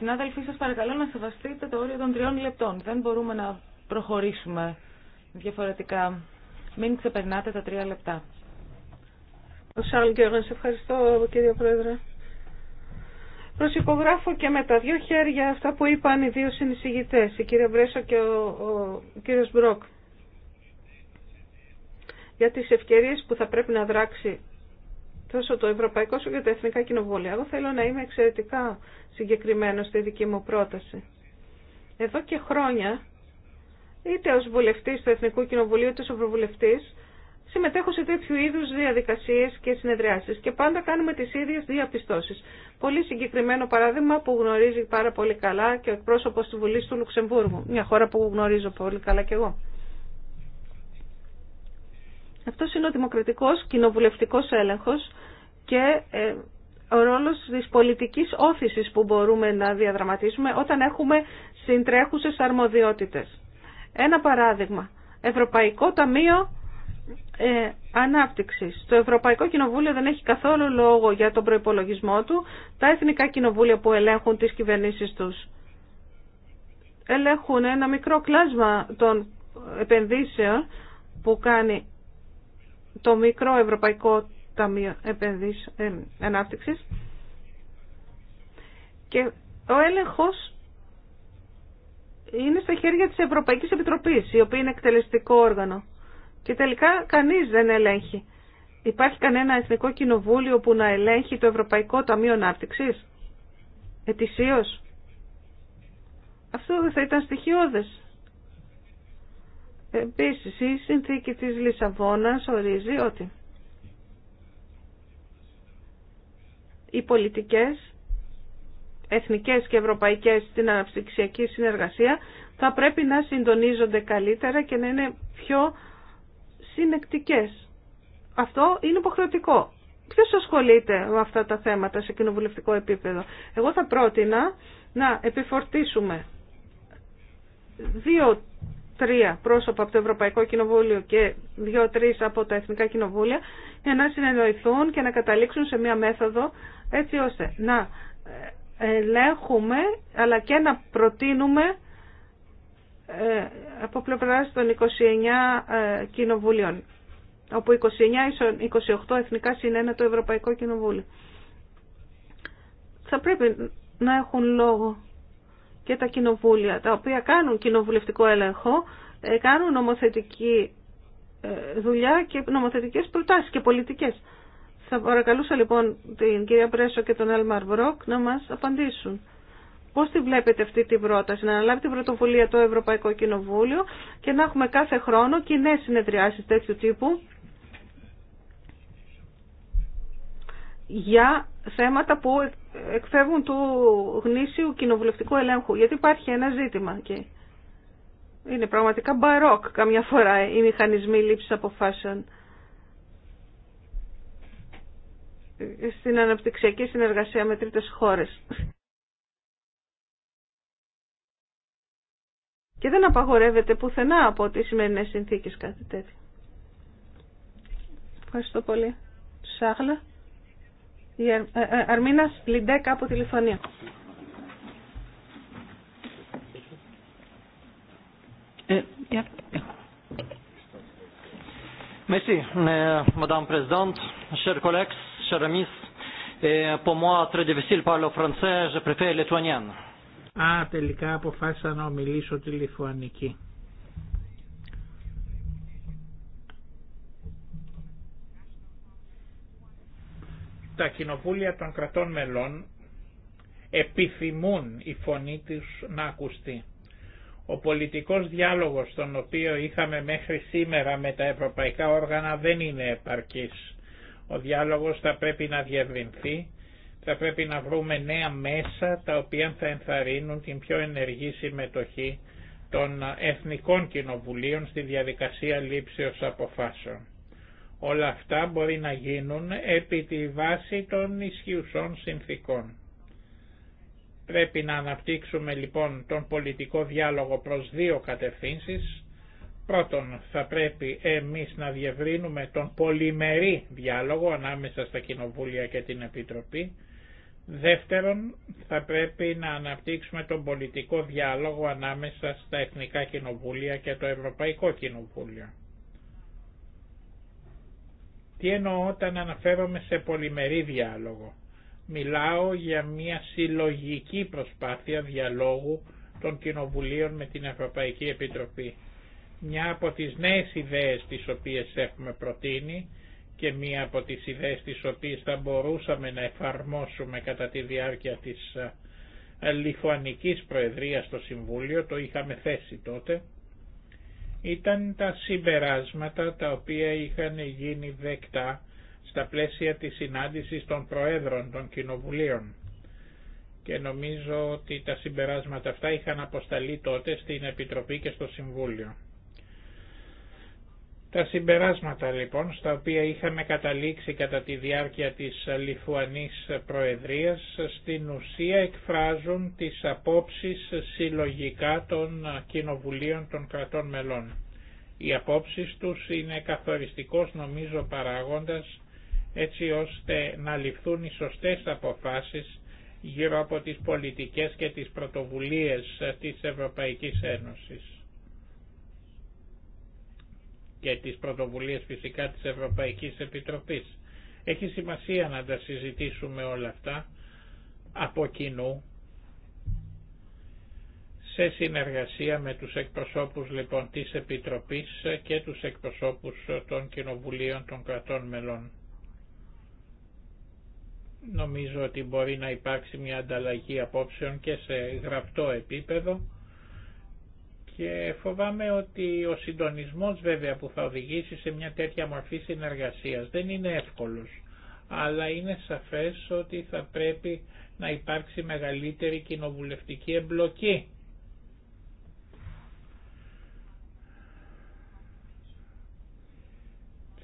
Συνάδελφοι, σας παρακαλώ να σεβαστείτε το όριο των τριών λεπτών. Δεν μπορούμε να προχωρήσουμε διαφορετικά. Μην ξεπερνάτε τα τρία λεπτά. Ο Σάρλ σε ευχαριστώ κύριε Πρόεδρε. Προσυπογράφω και με τα δύο χέρια αυτά που είπαν οι δύο συνεισηγητές, η κυρία Μπρέσο και ο, ο κύριος Μπρόκ για τις ευκαιρίες που θα πρέπει να δράξει τόσο το Ευρωπαϊκό όσο και τα Εθνικά Κοινοβούλια. Εγώ θέλω να είμαι εξαιρετικά συγκεκριμένο στη δική μου πρόταση. Εδώ και χρόνια, είτε ως βουλευτής του Εθνικού Κοινοβουλίου, είτε ως ευρωβουλευτής, συμμετέχω σε τέτοιου είδους διαδικασίες και συνεδριάσεις και πάντα κάνουμε τις ίδιες διαπιστώσεις. Πολύ συγκεκριμένο παράδειγμα που γνωρίζει πάρα πολύ καλά και ο εκπρόσωπος τη Βουλής του Λουξεμβούργου, μια χώρα που γνωρίζω πολύ καλά κι εγώ. Αυτό είναι ο δημοκρατικός κοινοβουλευτικό έλεγχος και ε, ο ρόλος της πολιτικής όθηση που μπορούμε να διαδραματίσουμε όταν έχουμε συντρέχουσες αρμοδιότητες. Ένα παράδειγμα. Ευρωπαϊκό Ταμείο ε, Ανάπτυξης. Το Ευρωπαϊκό Κοινοβούλιο δεν έχει καθόλου λόγο για τον προπολογισμό του. Τα εθνικά κοινοβούλια που ελέγχουν τι κυβερνήσει του ελέγχουν ένα μικρό κλάσμα των επενδύσεων που κάνει το μικρό Ευρωπαϊκό Ταμείο επενδύσεις ε, Ανάπτυξης και ο έλεγχος είναι στα χέρια της Ευρωπαϊκής Επιτροπής, η οποία είναι εκτελεστικό όργανο. Και τελικά κανείς δεν ελέγχει. Υπάρχει κανένα εθνικό κοινοβούλιο που να ελέγχει το Ευρωπαϊκό Ταμείο Ανάπτυξης, ετησίως. Αυτό δεν θα ήταν στοιχειώδες. Επίσης, η συνθήκη της Λισαβόνας ορίζει ότι οι πολιτικές, εθνικές και ευρωπαϊκές στην αναπτυξιακή συνεργασία θα πρέπει να συντονίζονται καλύτερα και να είναι πιο συνεκτικές. Αυτό είναι υποχρεωτικό. Ποιο ασχολείται με αυτά τα θέματα σε κοινοβουλευτικό επίπεδο. Εγώ θα πρότεινα να επιφορτήσουμε δύο τρία πρόσωπα από το Ευρωπαϊκό Κοινοβούλιο και δύο-τρεις από τα Εθνικά Κοινοβούλια για να συνεννοηθούν και να καταλήξουν σε μία μέθοδο έτσι ώστε να ε, ελέγχουμε αλλά και να προτείνουμε ε, από πλευρά των 29 ε, κοινοβουλίων όπου 29 ίσον 28 εθνικά συνένα το Ευρωπαϊκό Κοινοβούλιο. Θα πρέπει να έχουν λόγο και τα κοινοβούλια, τα οποία κάνουν κοινοβουλευτικό έλεγχο, ε, κάνουν νομοθετική ε, δουλειά και νομοθετικές προτάσεις και πολιτικές. Θα παρακαλούσα λοιπόν την κυρία Πρέσο και τον Έλμαρ Μπρόκ να μας απαντήσουν. Πώς τη βλέπετε αυτή την πρόταση, να αναλάβει την πρωτοβουλία το Ευρωπαϊκό Κοινοβούλιο και να έχουμε κάθε χρόνο κοινέ συνεδριάσεις τέτοιου τύπου για θέματα που εκφεύγουν του γνήσιου κοινοβουλευτικού ελέγχου. Γιατί υπάρχει ένα ζήτημα και Είναι πραγματικά μπαρόκ καμιά φορά οι μηχανισμοί λήψης αποφάσεων. Στην αναπτυξιακή συνεργασία με τρίτες χώρες. Και δεν απαγορεύεται πουθενά από τις σημερινές συνθήκες κάτι τέτοιο. Ευχαριστώ πολύ. Σάγλα. Η Αρ... Αρμίνα Σπλιντέκ από τη Λιθουανία. Ε, yeah. Merci, Madame Présidente, chers collègues, chers amis. Pour moi, très difficile parler français, je préfère lituanien. Α, τελικά αποφάσισα να μιλήσω τη Λιθουανική. τα κοινοβούλια των κρατών μελών επιθυμούν η φωνή τους να ακουστεί. Ο πολιτικός διάλογος τον οποίο είχαμε μέχρι σήμερα με τα ευρωπαϊκά όργανα δεν είναι επαρκής. Ο διάλογος θα πρέπει να διευρυνθεί, θα πρέπει να βρούμε νέα μέσα τα οποία θα ενθαρρύνουν την πιο ενεργή συμμετοχή των εθνικών κοινοβουλίων στη διαδικασία λήψεως αποφάσεων. Όλα αυτά μπορεί να γίνουν επί τη βάση των ισχυουσών συνθήκων. Πρέπει να αναπτύξουμε λοιπόν τον πολιτικό διάλογο προς δύο κατευθύνσεις. Πρώτον, θα πρέπει εμείς να διευρύνουμε τον πολυμερή διάλογο ανάμεσα στα Κοινοβούλια και την Επιτροπή. Δεύτερον, θα πρέπει να αναπτύξουμε τον πολιτικό διάλογο ανάμεσα στα Εθνικά Κοινοβούλια και το Ευρωπαϊκό Κοινοβούλιο. Τι εννοώ όταν αναφέρομαι σε πολυμερή διάλογο. Μιλάω για μια συλλογική προσπάθεια διαλόγου των κοινοβουλίων με την Ευρωπαϊκή Επιτροπή. Μια από τις νέες ιδέες τις οποίες έχουμε προτείνει και μία από τις ιδέες τις οποίες θα μπορούσαμε να εφαρμόσουμε κατά τη διάρκεια της ε, Λιθουανικής Προεδρίας στο Συμβούλιο, το είχαμε θέσει τότε, ήταν τα συμπεράσματα τα οποία είχαν γίνει δεκτά στα πλαίσια της συνάντησης των Προέδρων των Κοινοβουλίων. Και νομίζω ότι τα συμπεράσματα αυτά είχαν αποσταλεί τότε στην Επιτροπή και στο Συμβούλιο. Τα συμπεράσματα λοιπόν στα οποία είχαμε καταλήξει κατά τη διάρκεια της Λιθουανής Προεδρίας στην ουσία εκφράζουν τις απόψεις συλλογικά των κοινοβουλίων των κρατών μελών. Οι απόψεις τους είναι καθοριστικός νομίζω παράγοντας έτσι ώστε να ληφθούν οι σωστές αποφάσεις γύρω από τις πολιτικές και τις πρωτοβουλίες της Ευρωπαϊκής Ένωσης και τις πρωτοβουλίες φυσικά της Ευρωπαϊκής Επιτροπής. Έχει σημασία να τα συζητήσουμε όλα αυτά από κοινού σε συνεργασία με τους εκπροσώπους λοιπόν της Επιτροπής και τους εκπροσώπους των κοινοβουλίων των κρατών μελών. Νομίζω ότι μπορεί να υπάρξει μια ανταλλαγή απόψεων και σε γραπτό επίπεδο και φοβάμαι ότι ο συντονισμός βέβαια που θα οδηγήσει σε μια τέτοια μορφή συνεργασίας δεν είναι εύκολος, αλλά είναι σαφές ότι θα πρέπει να υπάρξει μεγαλύτερη κοινοβουλευτική εμπλοκή.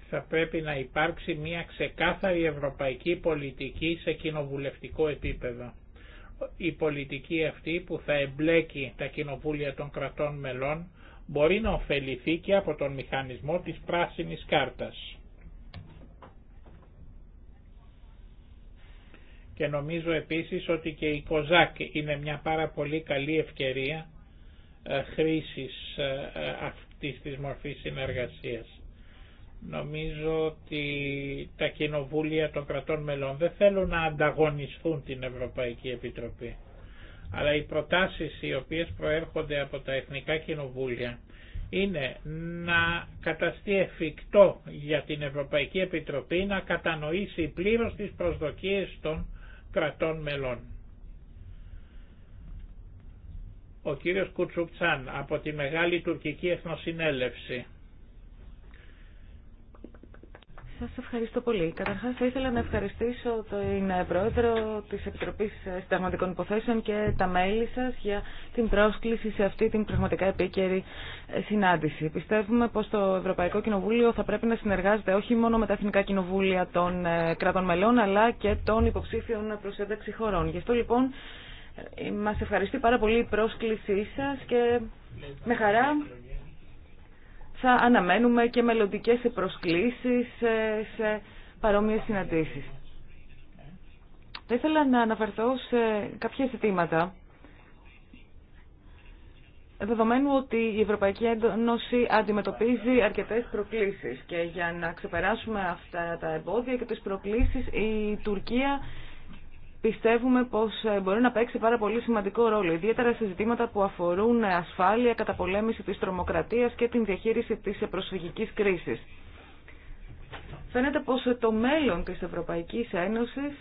θα πρέπει να υπάρξει μια ξεκάθαρη ευρωπαϊκή πολιτική σε κοινοβουλευτικό επίπεδο η πολιτική αυτή που θα εμπλέκει τα κοινοβούλια των κρατών μελών μπορεί να ωφεληθεί και από τον μηχανισμό της πράσινης κάρτας. Και νομίζω επίσης ότι και η Κοζάκ είναι μια πάρα πολύ καλή ευκαιρία ε, χρήσης ε, ε, αυτής της μορφής συνεργασίας. Νομίζω ότι τα κοινοβούλια των κρατών μελών δεν θέλουν να ανταγωνιστούν την Ευρωπαϊκή Επιτροπή. Αλλά οι προτάσεις οι οποίες προέρχονται από τα Εθνικά Κοινοβούλια είναι να καταστεί εφικτό για την Ευρωπαϊκή Επιτροπή να κατανοήσει πλήρως τις προσδοκίες των κρατών μελών. Ο κύριος Κουτσουπτσάν από τη Μεγάλη Τουρκική Εθνοσυνέλευση σας ευχαριστώ πολύ. Καταρχάς θα ήθελα να ευχαριστήσω τον Πρόεδρο της Επιτροπής Συνταγματικών Υποθέσεων και τα μέλη σας για την πρόσκληση σε αυτή την πραγματικά επίκαιρη συνάντηση. Πιστεύουμε πως το Ευρωπαϊκό Κοινοβούλιο θα πρέπει να συνεργάζεται όχι μόνο με τα εθνικά κοινοβούλια των ε, κρατών μελών αλλά και των υποψήφιων προς ένταξη χωρών. Γι' αυτό λοιπόν ε, μας ευχαριστεί πάρα πολύ η πρόσκλησή σας και με χαρά μέσα αναμένουμε και μελλοντικέ προσκλήσεις ε, σε παρόμοιες συναντήσεις. Θα ήθελα να αναφερθώ σε κάποια ζητήματα δεδομένου ότι η Ευρωπαϊκή Ένωση αντιμετωπίζει αρκετές προκλήσεις και για να ξεπεράσουμε αυτά τα εμπόδια και τις προκλήσεις η Τουρκία πιστεύουμε πως ε, μπορεί να παίξει πάρα πολύ σημαντικό ρόλο, ιδιαίτερα σε ζητήματα που αφορούν ε, ασφάλεια, καταπολέμηση της τρομοκρατίας και την διαχείριση της ε, προσφυγικής κρίσης. Φαίνεται πως το μέλλον της Ευρωπαϊκής Ένωσης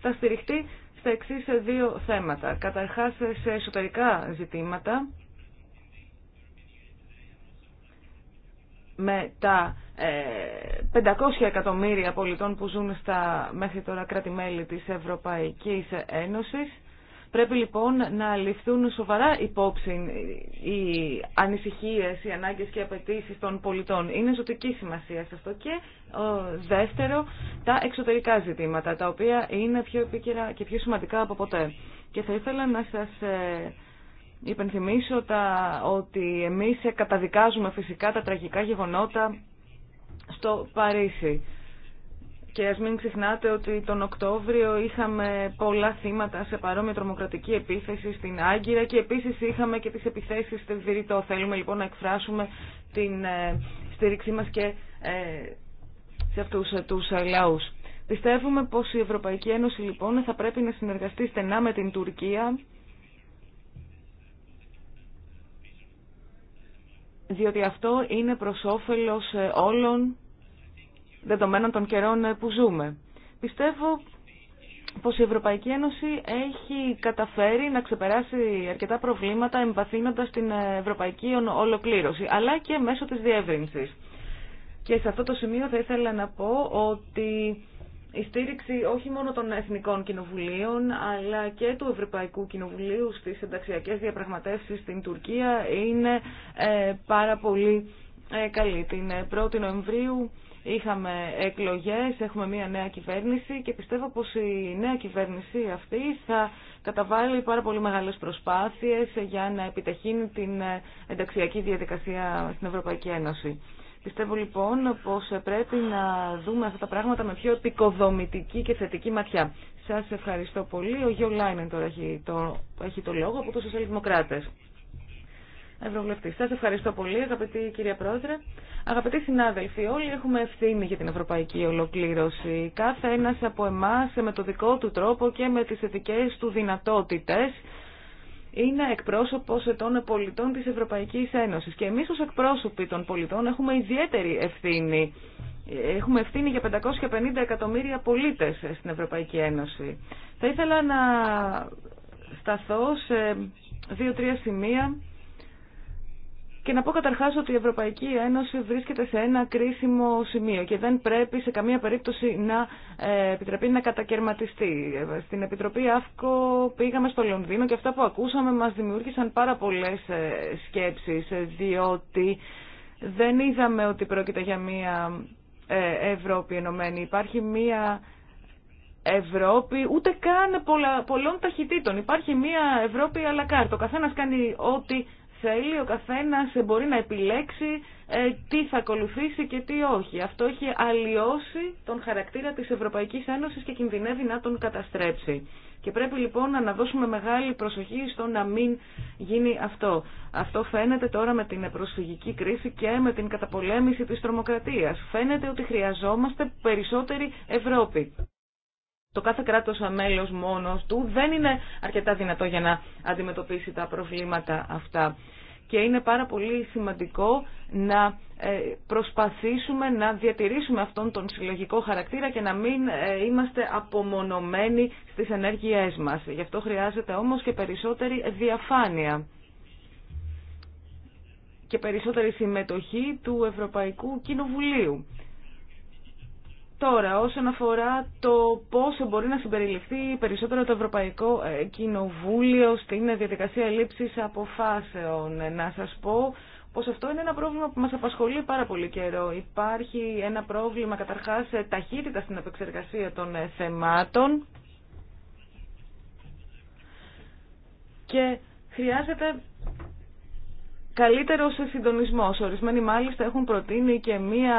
θα στηριχτεί στα εξή δύο θέματα. Καταρχάς σε εσωτερικά ζητήματα, με τα 500 ε, εκατομμύρια πολιτών που ζουν στα μέχρι τώρα κράτη-μέλη της Ευρωπαϊκής Ένωσης. Πρέπει λοιπόν να ληφθούν σοβαρά υπόψη οι ανησυχίες, οι ανάγκες και οι απαιτήσεις των πολιτών. Είναι ζωτική σημασία σε αυτό και ο, δεύτερο τα εξωτερικά ζητήματα, τα οποία είναι πιο επίκαιρα και πιο σημαντικά από ποτέ. Και θα ήθελα να σας ε, υπενθυμίσω τα, ότι εμείς καταδικάζουμε φυσικά τα τραγικά γεγονότα στο Παρίσι. Και ας μην ξεχνάτε ότι τον Οκτώβριο είχαμε πολλά θύματα σε παρόμοια τρομοκρατική επίθεση στην Άγκυρα και επίσης είχαμε και τις επιθέσεις στη Βηρητό. Θέλουμε λοιπόν να εκφράσουμε την ε, στήριξή μας και ε, σε αυτούς ε, τους λαούς. Πιστεύουμε πως η Ευρωπαϊκή Ένωση λοιπόν θα πρέπει να συνεργαστεί στενά με την Τουρκία διότι αυτό είναι προς όφελος ε, όλων δεδομένων των καιρών ε, που ζούμε. Πιστεύω πως η Ευρωπαϊκή Ένωση έχει καταφέρει να ξεπεράσει αρκετά προβλήματα εμβαθύνοντας την ε, ευρωπαϊκή ολοκλήρωση, αλλά και μέσω της διεύρυνσης. Και σε αυτό το σημείο θα ήθελα να πω ότι η στήριξη όχι μόνο των Εθνικών Κοινοβουλίων αλλά και του Ευρωπαϊκού Κοινοβουλίου στις ενταξιακές διαπραγματεύσεις στην Τουρκία είναι ε, πάρα πολύ ε, καλή. Την 1η Νοεμβρίου είχαμε εκλογές, έχουμε μια νέα κυβέρνηση και πιστεύω πως η νέα κυβέρνηση αυτή θα καταβάλει πάρα πολύ μεγάλες προσπάθειες για να επιταχύνει την ε, ενταξιακή διαδικασία στην Ευρωπαϊκή Ένωση. Πιστεύω λοιπόν πως πρέπει να δούμε αυτά τα πράγματα με πιο επικοδομητική και θετική ματιά. Σας ευχαριστώ πολύ. Ο Γιώργο Λάινεν τώρα έχει το, έχει το λόγο από τους Σοσιαλδημοκράτες. Ευρωβουλευτή. Σα ευχαριστώ πολύ, αγαπητή κυρία Πρόεδρε. Αγαπητοί συνάδελφοι, όλοι έχουμε ευθύνη για την ευρωπαϊκή ολοκλήρωση. Κάθε ένα από εμά με το δικό του τρόπο και με τι ειδικέ του δυνατότητε είναι εκπρόσωπος των πολιτών της Ευρωπαϊκής Ένωσης και εμείς ως εκπρόσωποι των πολιτών έχουμε ιδιαίτερη ευθύνη. Έχουμε ευθύνη για 550 εκατομμύρια πολίτε στην Ευρωπαϊκή Ένωση. Θα ήθελα να σταθώ σε δύο-τρία σημεία και να πω καταρχάς ότι η Ευρωπαϊκή Ένωση βρίσκεται σε ένα κρίσιμο σημείο και δεν πρέπει σε καμία περίπτωση να ε, επιτρεπεί να κατακαιρματιστεί. Στην Επιτροπή ΑΦΚΟ πήγαμε στο Λονδίνο και αυτά που ακούσαμε μας δημιούργησαν πάρα πολλές ε, σκέψεις ε, διότι δεν είδαμε ότι πρόκειται για μια Ευρώπη ενωμένη. Υπάρχει μια Ευρώπη, ούτε καν πολλών ταχυτήτων. Υπάρχει μια Ευρώπη αλακάρτο. Ο καθένα κάνει ό,τι θέλει ο καθένας μπορεί να επιλέξει ε, τι θα ακολουθήσει και τι όχι. Αυτό έχει αλλοιώσει τον χαρακτήρα της Ευρωπαϊκής Ένωσης και κινδυνεύει να τον καταστρέψει. Και πρέπει λοιπόν να αναδώσουμε μεγάλη προσοχή στο να μην γίνει αυτό. Αυτό φαίνεται τώρα με την προσφυγική κρίση και με την καταπολέμηση της τρομοκρατίας. Φαίνεται ότι χρειαζόμαστε περισσότερη Ευρώπη το κάθε κράτος μέλο μόνος του δεν είναι αρκετά δυνατό για να αντιμετωπίσει τα προβλήματα αυτά. Και είναι πάρα πολύ σημαντικό να ε, προσπαθήσουμε να διατηρήσουμε αυτόν τον συλλογικό χαρακτήρα και να μην ε, είμαστε απομονωμένοι στις ενέργειές μας. Γι' αυτό χρειάζεται όμως και περισσότερη διαφάνεια και περισσότερη συμμετοχή του Ευρωπαϊκού Κοινοβουλίου. Τώρα, όσον αφορά το πόσο μπορεί να συμπεριληφθεί περισσότερο το Ευρωπαϊκό ε, Κοινοβούλιο στην διαδικασία λήψης αποφάσεων, ε, να σας πω πως αυτό είναι ένα πρόβλημα που μας απασχολεί πάρα πολύ καιρό. Υπάρχει ένα πρόβλημα καταρχάς ε, ταχύτητα στην επεξεργασία των θεμάτων και χρειάζεται καλύτερος συντονισμός. Ορισμένοι μάλιστα έχουν προτείνει και μία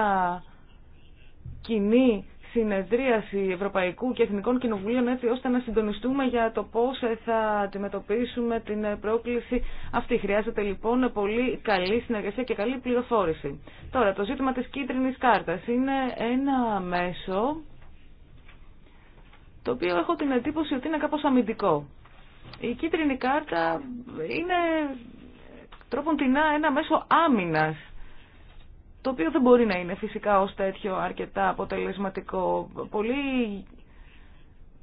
κοινή συνεδρίαση Ευρωπαϊκού και Εθνικών Κοινοβουλίων έτσι ώστε να συντονιστούμε για το πώς θα αντιμετωπίσουμε την πρόκληση αυτή. Χρειάζεται λοιπόν πολύ καλή συνεργασία και καλή πληροφόρηση. Τώρα, το ζήτημα της κίτρινης κάρτας είναι ένα μέσο το οποίο έχω την εντύπωση ότι είναι κάπως αμυντικό. Η κίτρινη κάρτα είναι τρόπον την ένα μέσο άμυνας το οποίο δεν μπορεί να είναι φυσικά ως τέτοιο αρκετά αποτελεσματικό. Πολύ...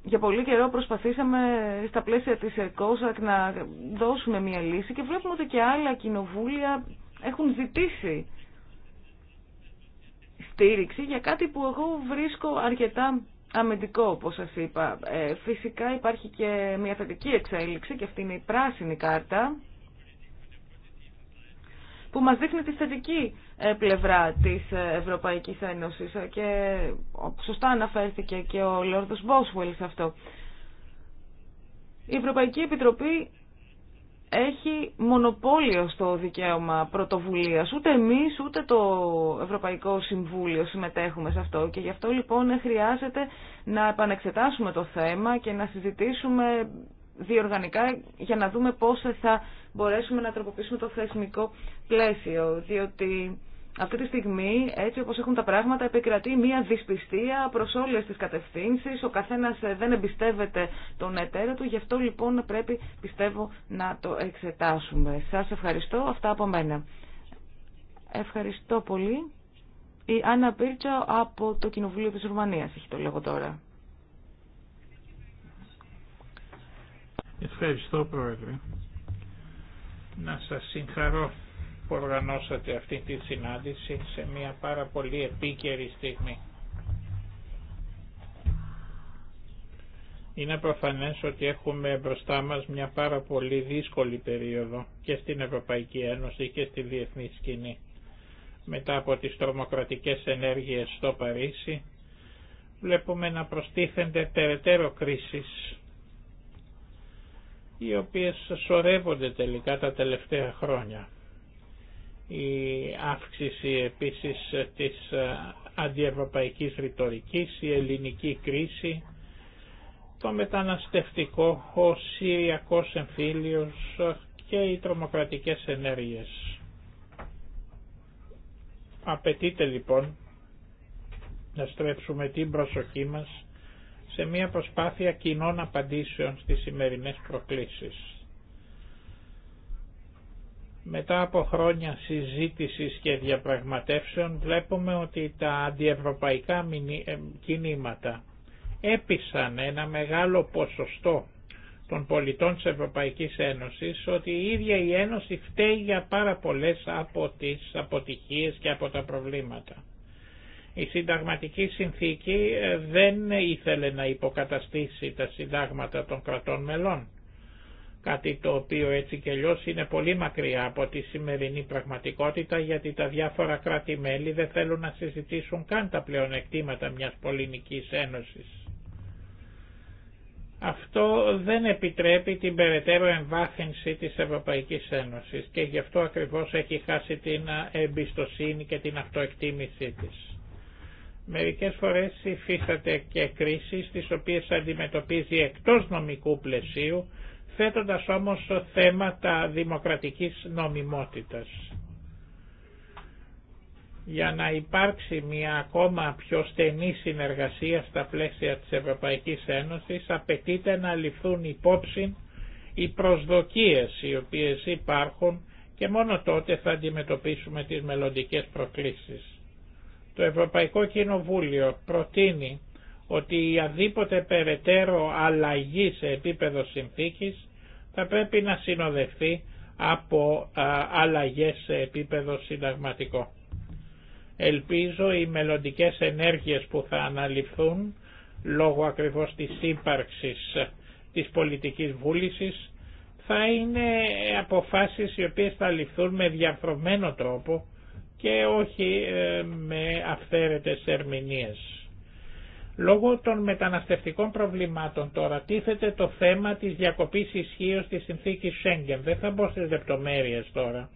Για πολύ καιρό προσπαθήσαμε στα πλαίσια της ΕΚΟΣΑΚ να δώσουμε μια λύση και βλέπουμε ότι και άλλα κοινοβούλια έχουν ζητήσει στήριξη για κάτι που εγώ βρίσκω αρκετά αμυντικό όπως σας είπα. Ε, φυσικά υπάρχει και μια θετική εξέλιξη και αυτή είναι η πράσινη κάρτα που μας δείχνει τη θετική ε, πλευρά της ε, Ευρωπαϊκής Ένωσης ε, και σωστά αναφέρθηκε και ο Λόρδος Μπόσουελ σε αυτό. Η Ευρωπαϊκή Επιτροπή έχει μονοπόλιο στο δικαίωμα πρωτοβουλίας. Ούτε εμείς ούτε το Ευρωπαϊκό Συμβούλιο συμμετέχουμε σε αυτό και γι' αυτό λοιπόν χρειάζεται να επανεξετάσουμε το θέμα και να συζητήσουμε διοργανικά για να δούμε πώς θα μπορέσουμε να τροποποιήσουμε το θεσμικό πλαίσιο. Διότι αυτή τη στιγμή, έτσι όπως έχουν τα πράγματα, επικρατεί μια δυσπιστία προς όλες τις κατευθύνσεις. Ο καθένας ε, δεν εμπιστεύεται τον εταίρο του, γι' αυτό λοιπόν πρέπει, πιστεύω, να το εξετάσουμε. Σας ευχαριστώ. Αυτά από μένα. Ευχαριστώ πολύ. Η Άννα Πίρτσα από το Κοινοβούλιο της Ρουμανίας έχει το λόγο τώρα. Ευχαριστώ Πρόεδρε. Να σας συγχαρώ που οργανώσατε αυτή τη συνάντηση σε μια πάρα πολύ επίκαιρη στιγμή. Είναι προφανές ότι έχουμε μπροστά μας μια πάρα πολύ δύσκολη περίοδο και στην Ευρωπαϊκή Ένωση και στη διεθνή σκηνή. Μετά από τις τρομοκρατικές ενέργειες στο Παρίσι, βλέπουμε να προστίθενται περαιτέρω κρίσεις οι οποίες σωρεύονται τελικά τα τελευταία χρόνια. Η αύξηση επίσης της αντιευρωπαϊκής ρητορικής, η ελληνική κρίση, το μεταναστευτικό, ο Συριακός εμφύλιος και οι τρομοκρατικές ενέργειες. Απαιτείται λοιπόν να στρέψουμε την προσοχή μας σε μια προσπάθεια κοινών απαντήσεων στις σημερινές προκλήσεις. Μετά από χρόνια συζήτησης και διαπραγματεύσεων βλέπουμε ότι τα αντιευρωπαϊκά ε, κινήματα έπεισαν ένα μεγάλο ποσοστό των πολιτών της Ευρωπαϊκής Ένωσης ότι η ίδια η Ένωση φταίει για πάρα πολλές από τις αποτυχίες και από τα προβλήματα. Η συνταγματική συνθήκη ε, δεν ήθελε να υποκαταστήσει τα συντάγματα των κρατών μελών, κάτι το οποίο έτσι και αλλιώ είναι πολύ μακριά από τη σημερινή πραγματικότητα γιατί τα διάφορα κράτη-μέλη δεν θέλουν να συζητήσουν καν τα πλεονεκτήματα μιας πολυνικής ένωσης. Αυτό δεν επιτρέπει την περαιτέρω εμβάθυνση της Ευρωπαϊκής Ένωσης και γι' αυτό ακριβώς έχει χάσει την εμπιστοσύνη και την αυτοεκτίμησή της. Μερικές φορές υφίσταται και κρίσεις τις οποίες αντιμετωπίζει εκτός νομικού πλαισίου, θέτοντας όμως θέματα δημοκρατικής νομιμότητας. Για να υπάρξει μια ακόμα πιο στενή συνεργασία στα πλαίσια της Ευρωπαϊκής Ένωσης απαιτείται να ληφθούν υπόψη οι προσδοκίες οι οποίες υπάρχουν και μόνο τότε θα αντιμετωπίσουμε τις μελλοντικές προκλήσεις. Το Ευρωπαϊκό Κοινοβούλιο προτείνει ότι η αδίποτε περαιτέρω αλλαγή σε επίπεδο συνθήκης θα πρέπει να συνοδευτεί από αλλαγές σε επίπεδο συνταγματικό. Ελπίζω οι μελλοντικέ ενέργειες που θα αναλυφθούν λόγω ακριβώς της ύπαρξης της πολιτικής βούλησης θα είναι αποφάσεις οι οποίες θα ληφθούν με διαφρομένο τρόπο και όχι ε, με αυθαίρετες ερμηνείες. Λόγω των μεταναστευτικών προβλημάτων τώρα τίθεται το θέμα της διακοπής ισχύω της συνθήκης Σέγγεν. Δεν θα μπω στις λεπτομέρειες τώρα,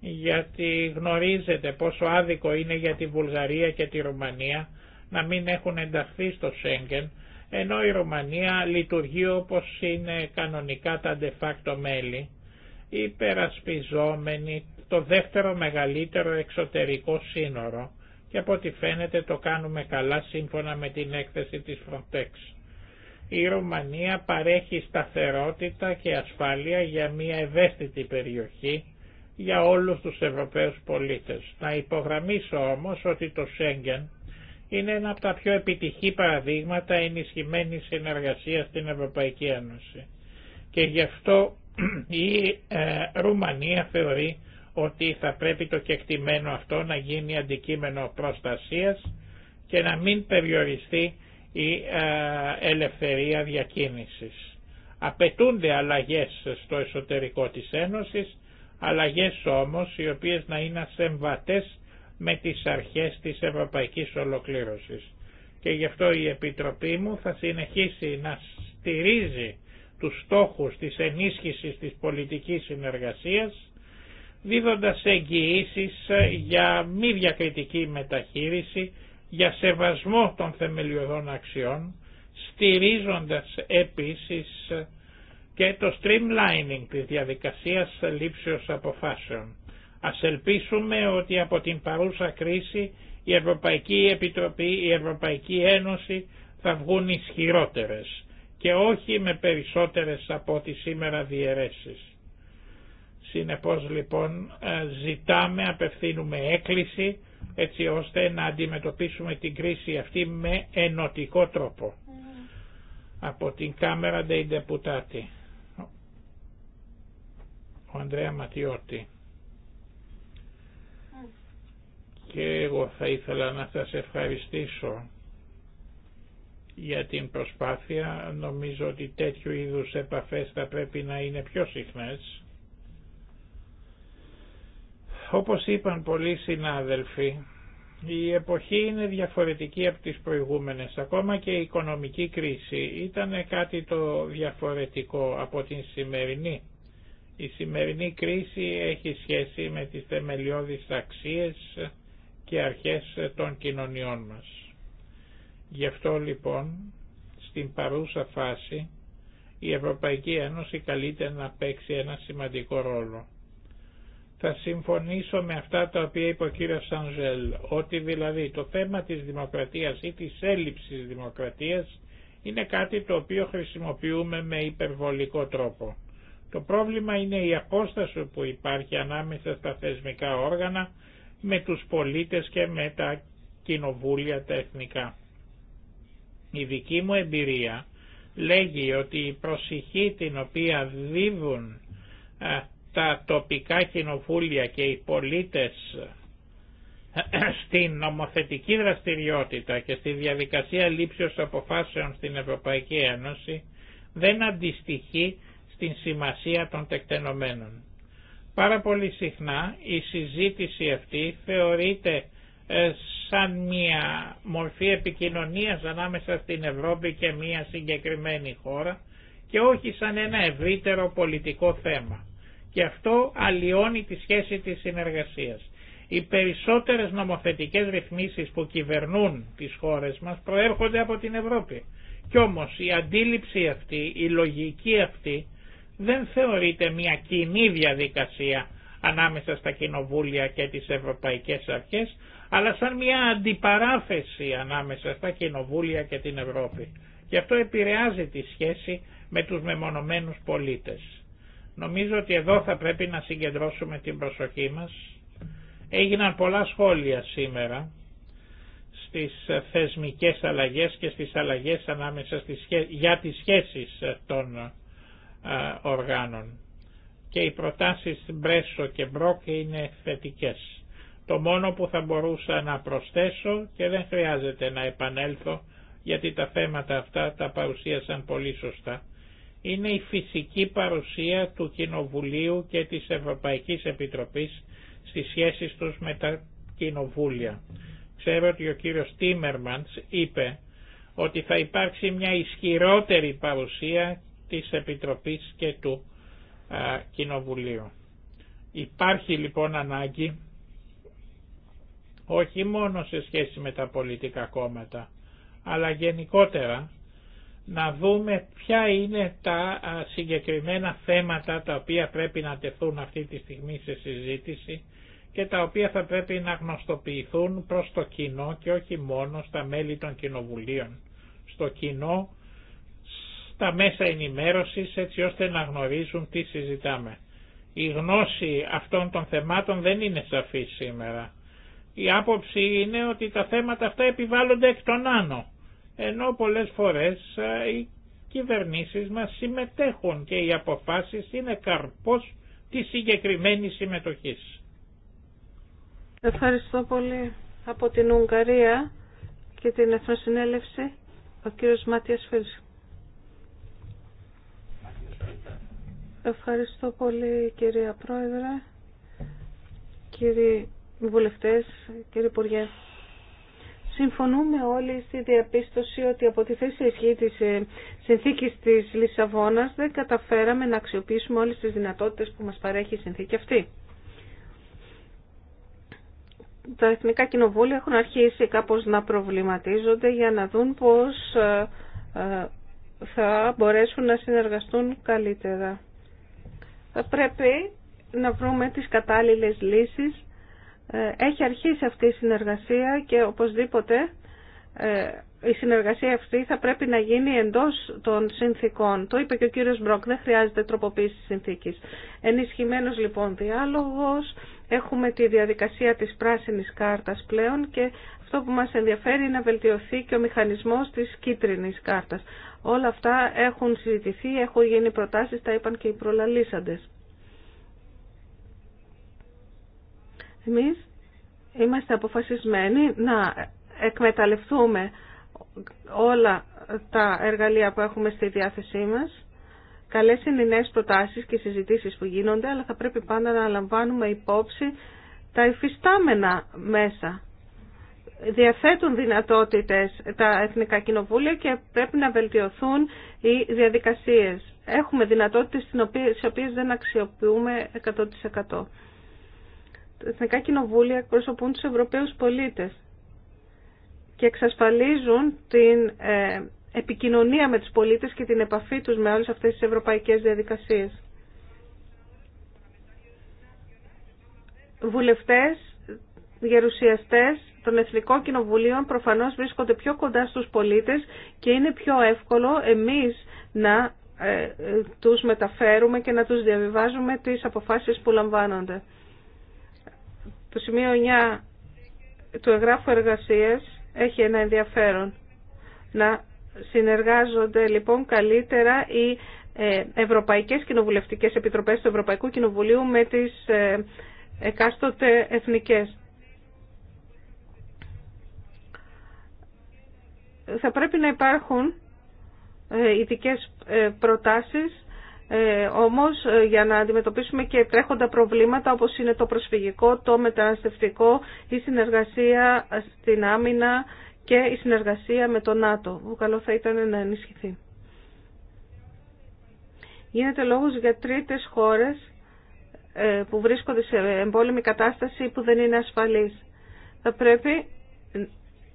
γιατί γνωρίζετε πόσο άδικο είναι για τη Βουλγαρία και τη Ρουμανία να μην έχουν ενταχθεί στο Σέγγεν, ενώ η Ρουμανία λειτουργεί όπως είναι κανονικά τα de μέλη, υπερασπιζόμενη το δεύτερο μεγαλύτερο εξωτερικό σύνορο και από ό,τι φαίνεται το κάνουμε καλά σύμφωνα με την έκθεση της Frontex. Η Ρουμανία παρέχει σταθερότητα και ασφάλεια για μια ευαίσθητη περιοχή για όλους τους Ευρωπαίους πολίτες. Να υπογραμμίσω όμως ότι το Σέγγεν είναι ένα από τα πιο επιτυχή παραδείγματα ενισχυμένης συνεργασίας στην Ευρωπαϊκή Ένωση. Και γι' αυτό η ε, Ρουμανία θεωρεί ότι θα πρέπει το κεκτημένο αυτό να γίνει αντικείμενο προστασίας και να μην περιοριστεί η ελευθερία διακίνησης. Απαιτούνται αλλαγές στο εσωτερικό της Ένωσης, αλλαγές όμως οι οποίες να είναι ασεμβατές με τις αρχές της ευρωπαϊκής ολοκλήρωσης. Και γι' αυτό η Επιτροπή μου θα συνεχίσει να στηρίζει τους στόχους της ενίσχυσης της πολιτικής συνεργασίας δίδοντας εγγυήσει ε, για μη διακριτική μεταχείριση, για σεβασμό των θεμελιωδών αξιών, στηρίζοντας επίσης ε, και το streamlining της διαδικασίας λήψεως αποφάσεων. Ας ελπίσουμε ότι από την παρούσα κρίση η Ευρωπαϊκή Επιτροπή, η Ευρωπαϊκή Ένωση θα βγουν ισχυρότερες και όχι με περισσότερες από τις σήμερα διαιρέσεις. Συνεπώς λοιπόν ε, ζητάμε, απευθύνουμε έκκληση έτσι ώστε να αντιμετωπίσουμε την κρίση αυτή με ενωτικό τρόπο. Από την κάμερα dei deputati. Ο Ανδρέα Ματιώτη. Και εγώ θα ήθελα να σας ευχαριστήσω για την προσπάθεια. Νομίζω ότι τέτοιου είδους επαφές θα πρέπει να είναι πιο συχνές όπως είπαν πολλοί συνάδελφοι, η εποχή είναι διαφορετική από τις προηγούμενες. Ακόμα και η οικονομική κρίση ήταν κάτι το διαφορετικό από την σημερινή. Η σημερινή κρίση έχει σχέση με τις θεμελιώδεις αξίες και αρχές των κοινωνιών μας. Γι' αυτό λοιπόν στην παρούσα φάση η Ευρωπαϊκή Ένωση καλείται να παίξει ένα σημαντικό ρόλο θα συμφωνήσω με αυτά τα οποία είπε ο κύριο Σανζέλ, ότι δηλαδή το θέμα της δημοκρατίας ή της έλλειψης δημοκρατίας είναι κάτι το οποίο χρησιμοποιούμε με υπερβολικό τρόπο. Το πρόβλημα είναι η απόσταση που υπάρχει ανάμεσα στα θεσμικά όργανα με τους πολίτες και με τα κοινοβούλια τα εθνικά. Η δική μου εμπειρία λέγει ότι η προσοχή την οποία δίδουν τα τοπικά κοινοβούλια και οι πολίτες στην νομοθετική δραστηριότητα και στη διαδικασία λήψεως αποφάσεων στην Ευρωπαϊκή Ένωση δεν αντιστοιχεί στην σημασία των τεκτενομένων. Πάρα πολύ συχνά η συζήτηση αυτή θεωρείται ε, σαν μια μορφή επικοινωνίας ανάμεσα στην Ευρώπη και μια συγκεκριμένη χώρα και όχι σαν ένα ευρύτερο πολιτικό θέμα και αυτό αλλοιώνει τη σχέση της συνεργασίας. Οι περισσότερες νομοθετικές ρυθμίσεις που κυβερνούν τις χώρες μας προέρχονται από την Ευρώπη. Κι όμως η αντίληψη αυτή, η λογική αυτή δεν θεωρείται μια κοινή διαδικασία ανάμεσα στα κοινοβούλια και τις ευρωπαϊκές αρχές, αλλά σαν μια αντιπαράθεση ανάμεσα στα κοινοβούλια και την Ευρώπη. Και αυτό επηρεάζει τη σχέση με τους μεμονωμένους πολίτες. Νομίζω ότι εδώ θα πρέπει να συγκεντρώσουμε την προσοχή μας. Έγιναν πολλά σχόλια σήμερα στις θεσμικές αλλαγές και στις αλλαγές ανάμεσα στις, για τις σχέσεις των ε, οργάνων. Και οι προτάσεις Μπρέσο και Μπρόκ είναι θετικές. Το μόνο που θα μπορούσα να προσθέσω και δεν χρειάζεται να επανέλθω γιατί τα θέματα αυτά τα παρουσίασαν πολύ σωστά είναι η φυσική παρουσία του Κοινοβουλίου και της Ευρωπαϊκής Επιτροπής στις σχέσεις τους με τα κοινοβούλια. Ξέρω ότι ο κύριος Τίμερμαντς είπε ότι θα υπάρξει μια ισχυρότερη παρουσία της Επιτροπής και του α, Κοινοβουλίου. Υπάρχει λοιπόν ανάγκη όχι μόνο σε σχέση με τα πολιτικά κόμματα, αλλά γενικότερα να δούμε ποια είναι τα συγκεκριμένα θέματα τα οποία πρέπει να τεθούν αυτή τη στιγμή σε συζήτηση και τα οποία θα πρέπει να γνωστοποιηθούν προς το κοινό και όχι μόνο στα μέλη των κοινοβουλίων. Στο κοινό, στα μέσα ενημέρωσης έτσι ώστε να γνωρίζουν τι συζητάμε. Η γνώση αυτών των θεμάτων δεν είναι σαφή σήμερα. Η άποψη είναι ότι τα θέματα αυτά επιβάλλονται εκ των άνω ενώ πολλές φορές ε, οι κυβερνήσεις μας συμμετέχουν και οι αποφάσεις είναι καρπός της συγκεκριμένη συμμετοχής. Ευχαριστώ πολύ από την Ουγγαρία και την Εθνοσυνέλευση, ο κύριος Μάτιας Φίλς. Ευχαριστώ πολύ κυρία Πρόεδρε, κύριοι βουλευτές, κύριε Υπουργέ. Συμφωνούμε όλοι στη διαπίστωση ότι από τη θέση ισχύ της ε, συνθήκης της Λισαβόνας δεν καταφέραμε να αξιοποιήσουμε όλες τις δυνατότητες που μας παρέχει η συνθήκη αυτή. Τα εθνικά κοινοβούλια έχουν αρχίσει κάπως να προβληματίζονται για να δουν πώς ε, ε, θα μπορέσουν να συνεργαστούν καλύτερα. Θα πρέπει να βρούμε τις κατάλληλες λύσεις ε, έχει αρχίσει αυτή η συνεργασία και οπωσδήποτε ε, η συνεργασία αυτή θα πρέπει να γίνει εντός των συνθήκων. Το είπε και ο κύριος Μπρόκ, δεν χρειάζεται τροποποίηση της συνθήκης. Ενισχυμένος λοιπόν διάλογος, έχουμε τη διαδικασία της πράσινης κάρτας πλέον και αυτό που μας ενδιαφέρει είναι να βελτιωθεί και ο μηχανισμός της κίτρινης κάρτας. Όλα αυτά έχουν συζητηθεί, έχουν γίνει προτάσεις, τα είπαν και οι προλαλήσαντες. Εμείς είμαστε αποφασισμένοι να εκμεταλλευτούμε όλα τα εργαλεία που έχουμε στη διάθεσή μας. Καλές είναι οι νέες προτάσεις και συζητήσεις που γίνονται, αλλά θα πρέπει πάντα να λαμβάνουμε υπόψη τα υφιστάμενα μέσα. Διαθέτουν δυνατότητες τα Εθνικά Κοινοβούλια και πρέπει να βελτιωθούν οι διαδικασίες. Έχουμε δυνατότητες τις οποίες δεν αξιοποιούμε 100% εθνικά κοινοβούλια εκπροσωπούν τους Ευρωπαίους πολίτες και εξασφαλίζουν την ε, επικοινωνία με τους πολίτες και την επαφή τους με όλες αυτές τις ευρωπαϊκές διαδικασίες. Βουλευτές, γερουσιαστές των Εθνικών Κοινοβουλίων προφανώς βρίσκονται πιο κοντά στους πολίτες και είναι πιο εύκολο εμείς να ε, ε, τους μεταφέρουμε και να τους διαβιβάζουμε τις αποφάσεις που λαμβάνονται. Το σημείο 9 του εγγράφου εργασίας έχει ένα ενδιαφέρον. Να συνεργάζονται λοιπόν καλύτερα οι ε, Ευρωπαϊκές Κοινοβουλευτικές Επιτροπές του Ευρωπαϊκού Κοινοβουλίου με τις ε, εκάστοτε εθνικές. Θα πρέπει να υπάρχουν ε, ειδικέ προτάσεις ε, όμως ε, για να αντιμετωπίσουμε και τρέχοντα προβλήματα όπως είναι το προσφυγικό, το μεταναστευτικό, η συνεργασία στην άμυνα και η συνεργασία με το ΝΑΤΟ, που καλό θα ήταν να ενισχυθεί. Γίνεται λόγος για τρίτες χώρες ε, που βρίσκονται σε εμπόλεμη κατάσταση που δεν είναι ασφαλής. Θα πρέπει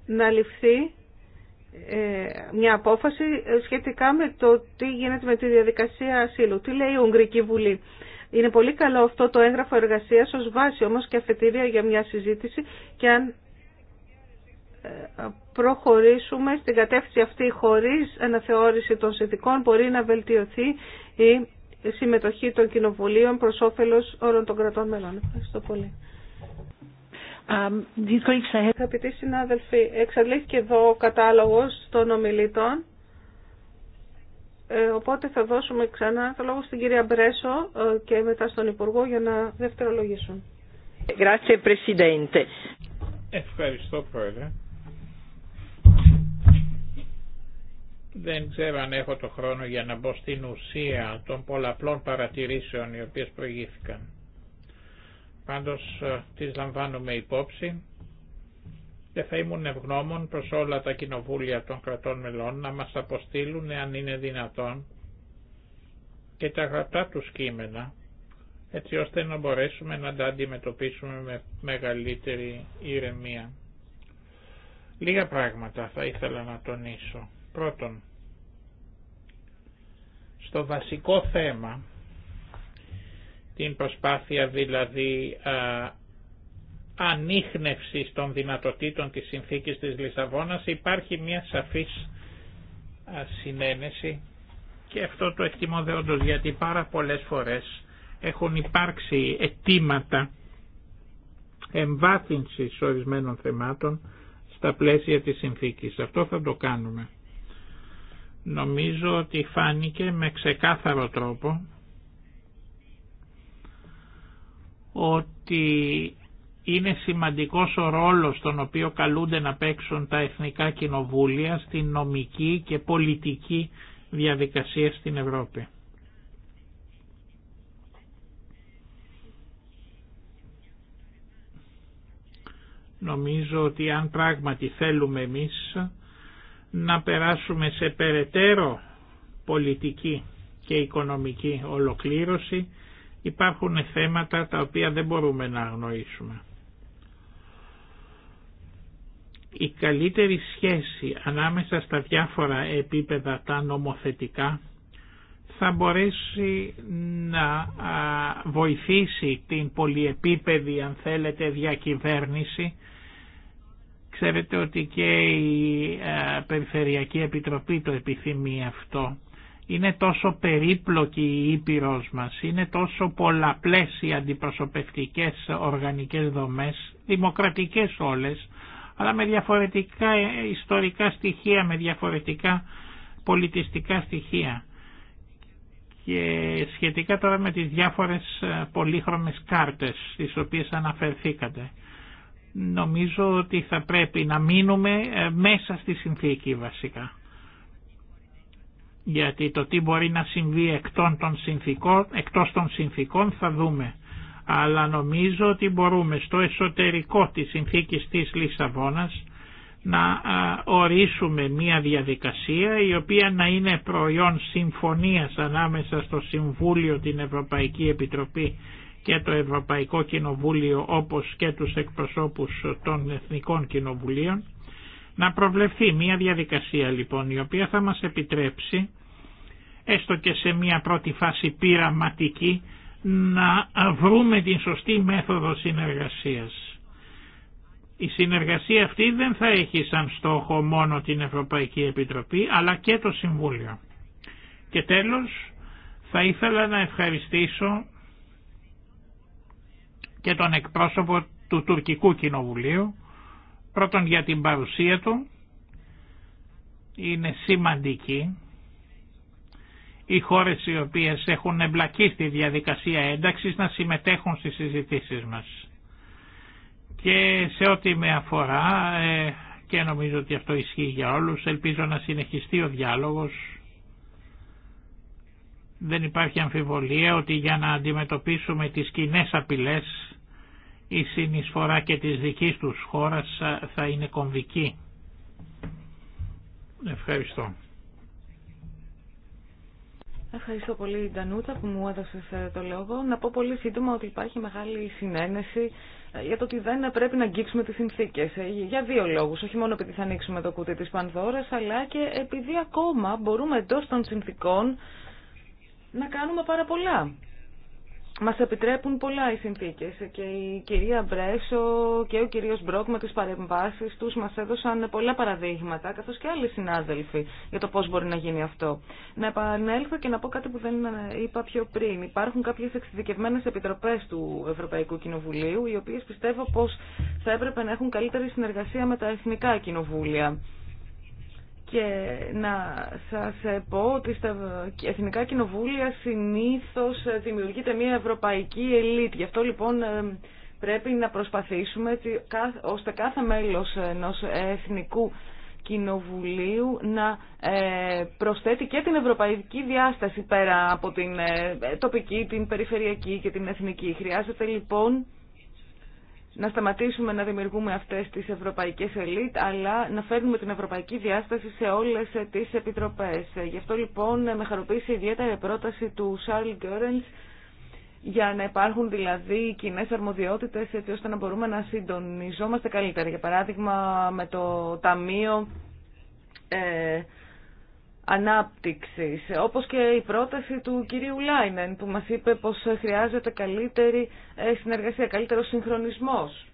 να ληφθεί ε, μια απόφαση ε, σχετικά με το τι γίνεται με τη διαδικασία ασύλου. Τι λέει η Ουγγρική Βουλή. Είναι πολύ καλό αυτό το έγγραφο εργασία ως βάση όμως και αφετηρία για μια συζήτηση και αν ε, προχωρήσουμε στην κατεύθυνση αυτή χωρίς αναθεώρηση των συνθηκών μπορεί να βελτιωθεί η συμμετοχή των κοινοβουλίων προς όφελος όλων των κρατών μελών. Ευχαριστώ πολύ. Um, Αγαπητοί συνάδελφοι, εξαλείφθηκε εδώ ο κατάλογος των ομιλητών. Ε, οπότε θα δώσουμε ξανά το λόγο στην κυρία Μπρέσο ε, και μετά στον Υπουργό για να δευτερολογήσουν. Ευχαριστώ Πρόεδρε. Δεν ξέρω αν έχω το χρόνο για να μπω στην ουσία των πολλαπλών παρατηρήσεων οι οποίες προηγήθηκαν. Πάντως ε, τις λαμβάνουμε υπόψη και θα ήμουν ευγνώμων προς όλα τα κοινοβούλια των κρατών μελών να μας αποστείλουν αν είναι δυνατόν και τα γραπτά του κείμενα έτσι ώστε να μπορέσουμε να τα αντιμετωπίσουμε με μεγαλύτερη ηρεμία. Λίγα πράγματα θα ήθελα να τονίσω. Πρώτον, στο βασικό θέμα την προσπάθεια δηλαδή α, ανείχνευσης των δυνατοτήτων της συνθήκης της Λισαβόνας υπάρχει μια σαφής συνένεση και αυτό το εκτιμώ δεόντως γιατί πάρα πολλές φορές έχουν υπάρξει αιτήματα εμβάθυνσης ορισμένων θεμάτων στα πλαίσια της συνθήκης. Αυτό θα το κάνουμε. Νομίζω ότι φάνηκε με ξεκάθαρο τρόπο ότι είναι σημαντικός ο ρόλος τον οποίο καλούνται να παίξουν τα εθνικά κοινοβούλια στην νομική και πολιτική διαδικασία στην Ευρώπη. Νομίζω ότι αν πράγματι θέλουμε εμείς να περάσουμε σε περαιτέρω πολιτική και οικονομική ολοκλήρωση, υπάρχουν θέματα τα οποία δεν μπορούμε να αγνοήσουμε. Η καλύτερη σχέση ανάμεσα στα διάφορα επίπεδα τα νομοθετικά θα μπορέσει να βοηθήσει την πολυεπίπεδη αν θέλετε διακυβέρνηση. Ξέρετε ότι και η Περιφερειακή Επιτροπή το επιθυμεί αυτό είναι τόσο περίπλοκη η Ήπειρος μας, είναι τόσο πολλαπλές οι αντιπροσωπευτικές οργανικές δομές, δημοκρατικές όλες, αλλά με διαφορετικά ιστορικά στοιχεία, με διαφορετικά πολιτιστικά στοιχεία. Και σχετικά τώρα με τις διάφορες πολύχρωμες κάρτες στις οποίες αναφερθήκατε. Νομίζω ότι θα πρέπει να μείνουμε ε, μέσα στη συνθήκη βασικά γιατί το τι μπορεί να συμβεί εκτός των συνθήκων, εκτός θα δούμε. Αλλά νομίζω ότι μπορούμε στο εσωτερικό της συνθήκης της Λισαβόνας να ορίσουμε μία διαδικασία η οποία να είναι προϊόν συμφωνίας ανάμεσα στο Συμβούλιο, την Ευρωπαϊκή Επιτροπή και το Ευρωπαϊκό Κοινοβούλιο όπως και τους εκπροσώπους των Εθνικών Κοινοβουλίων να προβλεφθεί μια διαδικασία λοιπόν η οποία θα μας επιτρέψει έστω και σε μια πρώτη φάση πειραματική να βρούμε την σωστή μέθοδο συνεργασίας. Η συνεργασία αυτή δεν θα έχει σαν στόχο μόνο την Ευρωπαϊκή Επιτροπή αλλά και το Συμβούλιο. Και τέλος θα ήθελα να ευχαριστήσω και τον εκπρόσωπο του Τουρκικού Κοινοβουλίου Πρώτον για την παρουσία του είναι σημαντική. Οι χώρες οι οποίες έχουν εμπλακεί στη διαδικασία ένταξης να συμμετέχουν στις συζητήσεις μας. Και σε ό,τι με αφορά, ε, και νομίζω ότι αυτό ισχύει για όλους, ελπίζω να συνεχιστεί ο διάλογος. Δεν υπάρχει αμφιβολία ότι για να αντιμετωπίσουμε τις κοινέ απειλές η συνεισφορά και της δικής τους χώρας θα είναι κομβική. Ευχαριστώ. Ευχαριστώ πολύ Ντανούτα που μου έδωσε ε, το λόγο. Να πω πολύ σύντομα ότι υπάρχει μεγάλη συνένεση ε, για το ότι δεν πρέπει να αγγίξουμε τις συνθήκες. Ε, για δύο λόγους, όχι μόνο επειδή θα ανοίξουμε το κούτι της Πανδώρας, αλλά και επειδή ακόμα μπορούμε εντό των συνθήκων να κάνουμε πάρα πολλά. Μας επιτρέπουν πολλά οι συνθήκες και η κυρία Μπρέσο και ο κυρίος Μπρόκ με τις παρεμβάσεις τους μας έδωσαν πολλά παραδείγματα, καθώς και άλλοι συνάδελφοι, για το πώς μπορεί να γίνει αυτό. Να επανέλθω και να πω κάτι που δεν είπα πιο πριν. Υπάρχουν κάποιες εξειδικευμένες επιτροπές του Ευρωπαϊκού Κοινοβουλίου, οι οποίες πιστεύω πως θα έπρεπε να έχουν καλύτερη συνεργασία με τα εθνικά κοινοβούλια. Και να σας πω ότι στα εθνικά κοινοβούλια συνήθως δημιουργείται μια ευρωπαϊκή ελίτ. Γι' αυτό λοιπόν ε, πρέπει να προσπαθήσουμε ώστε κάθε μέλος ενός εθνικού κοινοβουλίου να ε, προσθέτει και την ευρωπαϊκή διάσταση πέρα από την ε, τοπική, την περιφερειακή και την εθνική. Χρειάζεται λοιπόν να σταματήσουμε να δημιουργούμε αυτές τις ευρωπαϊκές ελίτ, αλλά να φέρνουμε την ευρωπαϊκή διάσταση σε όλες τις επιτροπές. Γι' αυτό λοιπόν με χαροποίησε ιδιαίτερα η πρόταση του Σάρλ Γκέρενς για να υπάρχουν δηλαδή κοινέ αρμοδιότητες έτσι ώστε να μπορούμε να συντονιζόμαστε καλύτερα. Για παράδειγμα με το Ταμείο ε, ανάπτυξης, όπως και η πρόταση του κυρίου Λάινεν που μας είπε πως χρειάζεται καλύτερη ε, συνεργασία, καλύτερο συγχρονισμός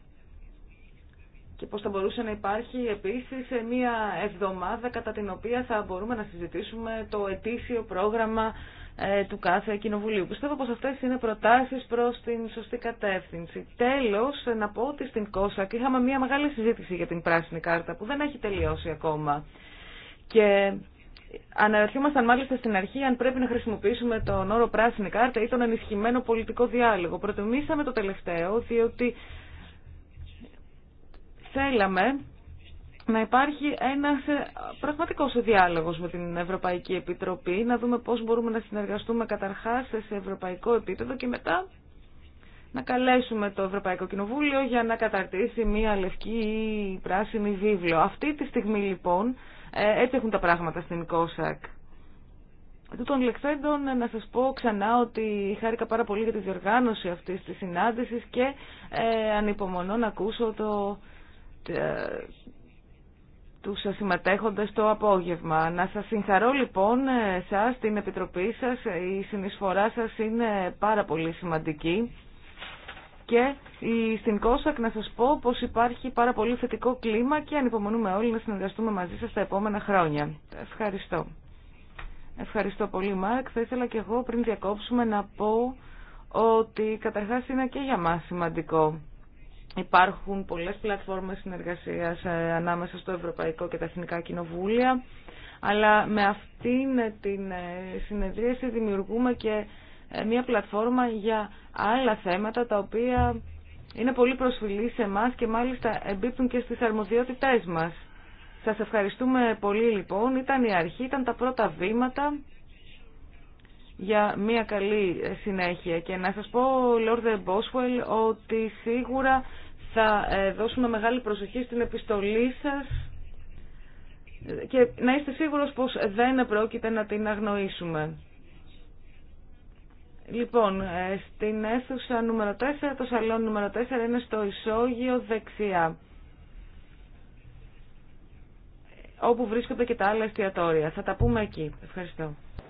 και πως θα μπορούσε να υπάρχει επίσης ε, μία εβδομάδα κατά την οποία θα μπορούμε να συζητήσουμε το ετήσιο πρόγραμμα ε, του κάθε κοινοβουλίου. Πιστεύω πως αυτές είναι προτάσεις προς την σωστή κατεύθυνση. Τέλος, να πω ότι στην Κόσακ είχαμε μία μεγάλη συζήτηση για την πράσινη κάρτα που δεν έχει τελειώσει ακόμα. Και Αναρωτιόμασταν μάλιστα στην αρχή αν πρέπει να χρησιμοποιήσουμε τον όρο πράσινη κάρτα ή τον ενισχυμένο πολιτικό διάλογο. Προτιμήσαμε το τελευταίο διότι θέλαμε να υπάρχει ένας ε, πραγματικό διάλογος με την Ευρωπαϊκή Επιτροπή, να δούμε πώς μπορούμε να συνεργαστούμε καταρχάς σε ευρωπαϊκό επίπεδο και μετά να καλέσουμε το Ευρωπαϊκό Κοινοβούλιο για να καταρτήσει μία λευκή ή πράσινη βίβλο. Αυτή τη στιγμή λοιπόν ε, έτσι έχουν τα πράγματα στην ΚΟΣΑΚ. Του των λεξέντων ε, να σας πω ξανά ότι χάρηκα πάρα πολύ για τη διοργάνωση αυτής της συνάντησης και ε, ανυπομονώ να ακούσω το, τους συμμετέχοντες το απόγευμα. Να σας συγχαρώ λοιπόν ε, σας, την Επιτροπή σας, η συνεισφορά σας είναι πάρα πολύ σημαντική και στην Κόσακ να σας πω πως υπάρχει πάρα πολύ θετικό κλίμα και ανυπομονούμε όλοι να συνεργαστούμε μαζί σας τα επόμενα χρόνια. Ευχαριστώ. Ευχαριστώ πολύ Μάρκ. Θα ήθελα και εγώ πριν διακόψουμε να πω ότι καταρχάς είναι και για μας σημαντικό. Υπάρχουν πολλές πλατφόρμες συνεργασίας ε, ανάμεσα στο Ευρωπαϊκό και τα Εθνικά Κοινοβούλια, αλλά με αυτήν την ε, συνεδρίαση δημιουργούμε και ε, μια πλατφόρμα για άλλα θέματα τα οποία είναι πολύ προσφυλή σε εμά και μάλιστα εμπίπτουν και στις αρμοδιότητές μας. Σας ευχαριστούμε πολύ λοιπόν. Ήταν η αρχή, ήταν τα πρώτα βήματα για μια καλή συνέχεια. Και να σας πω, Λόρδε Μπόσουελ, ότι σίγουρα θα ε, δώσουμε μεγάλη προσοχή στην επιστολή σας και να είστε σίγουρος πως δεν πρόκειται να την αγνοήσουμε. Λοιπόν, ε, στην αίθουσα νούμερο 4, το σαλόν νούμερο 4 είναι στο ισόγειο δεξιά. Όπου βρίσκονται και τα άλλα εστιατόρια. Θα τα πούμε εκεί. Ευχαριστώ.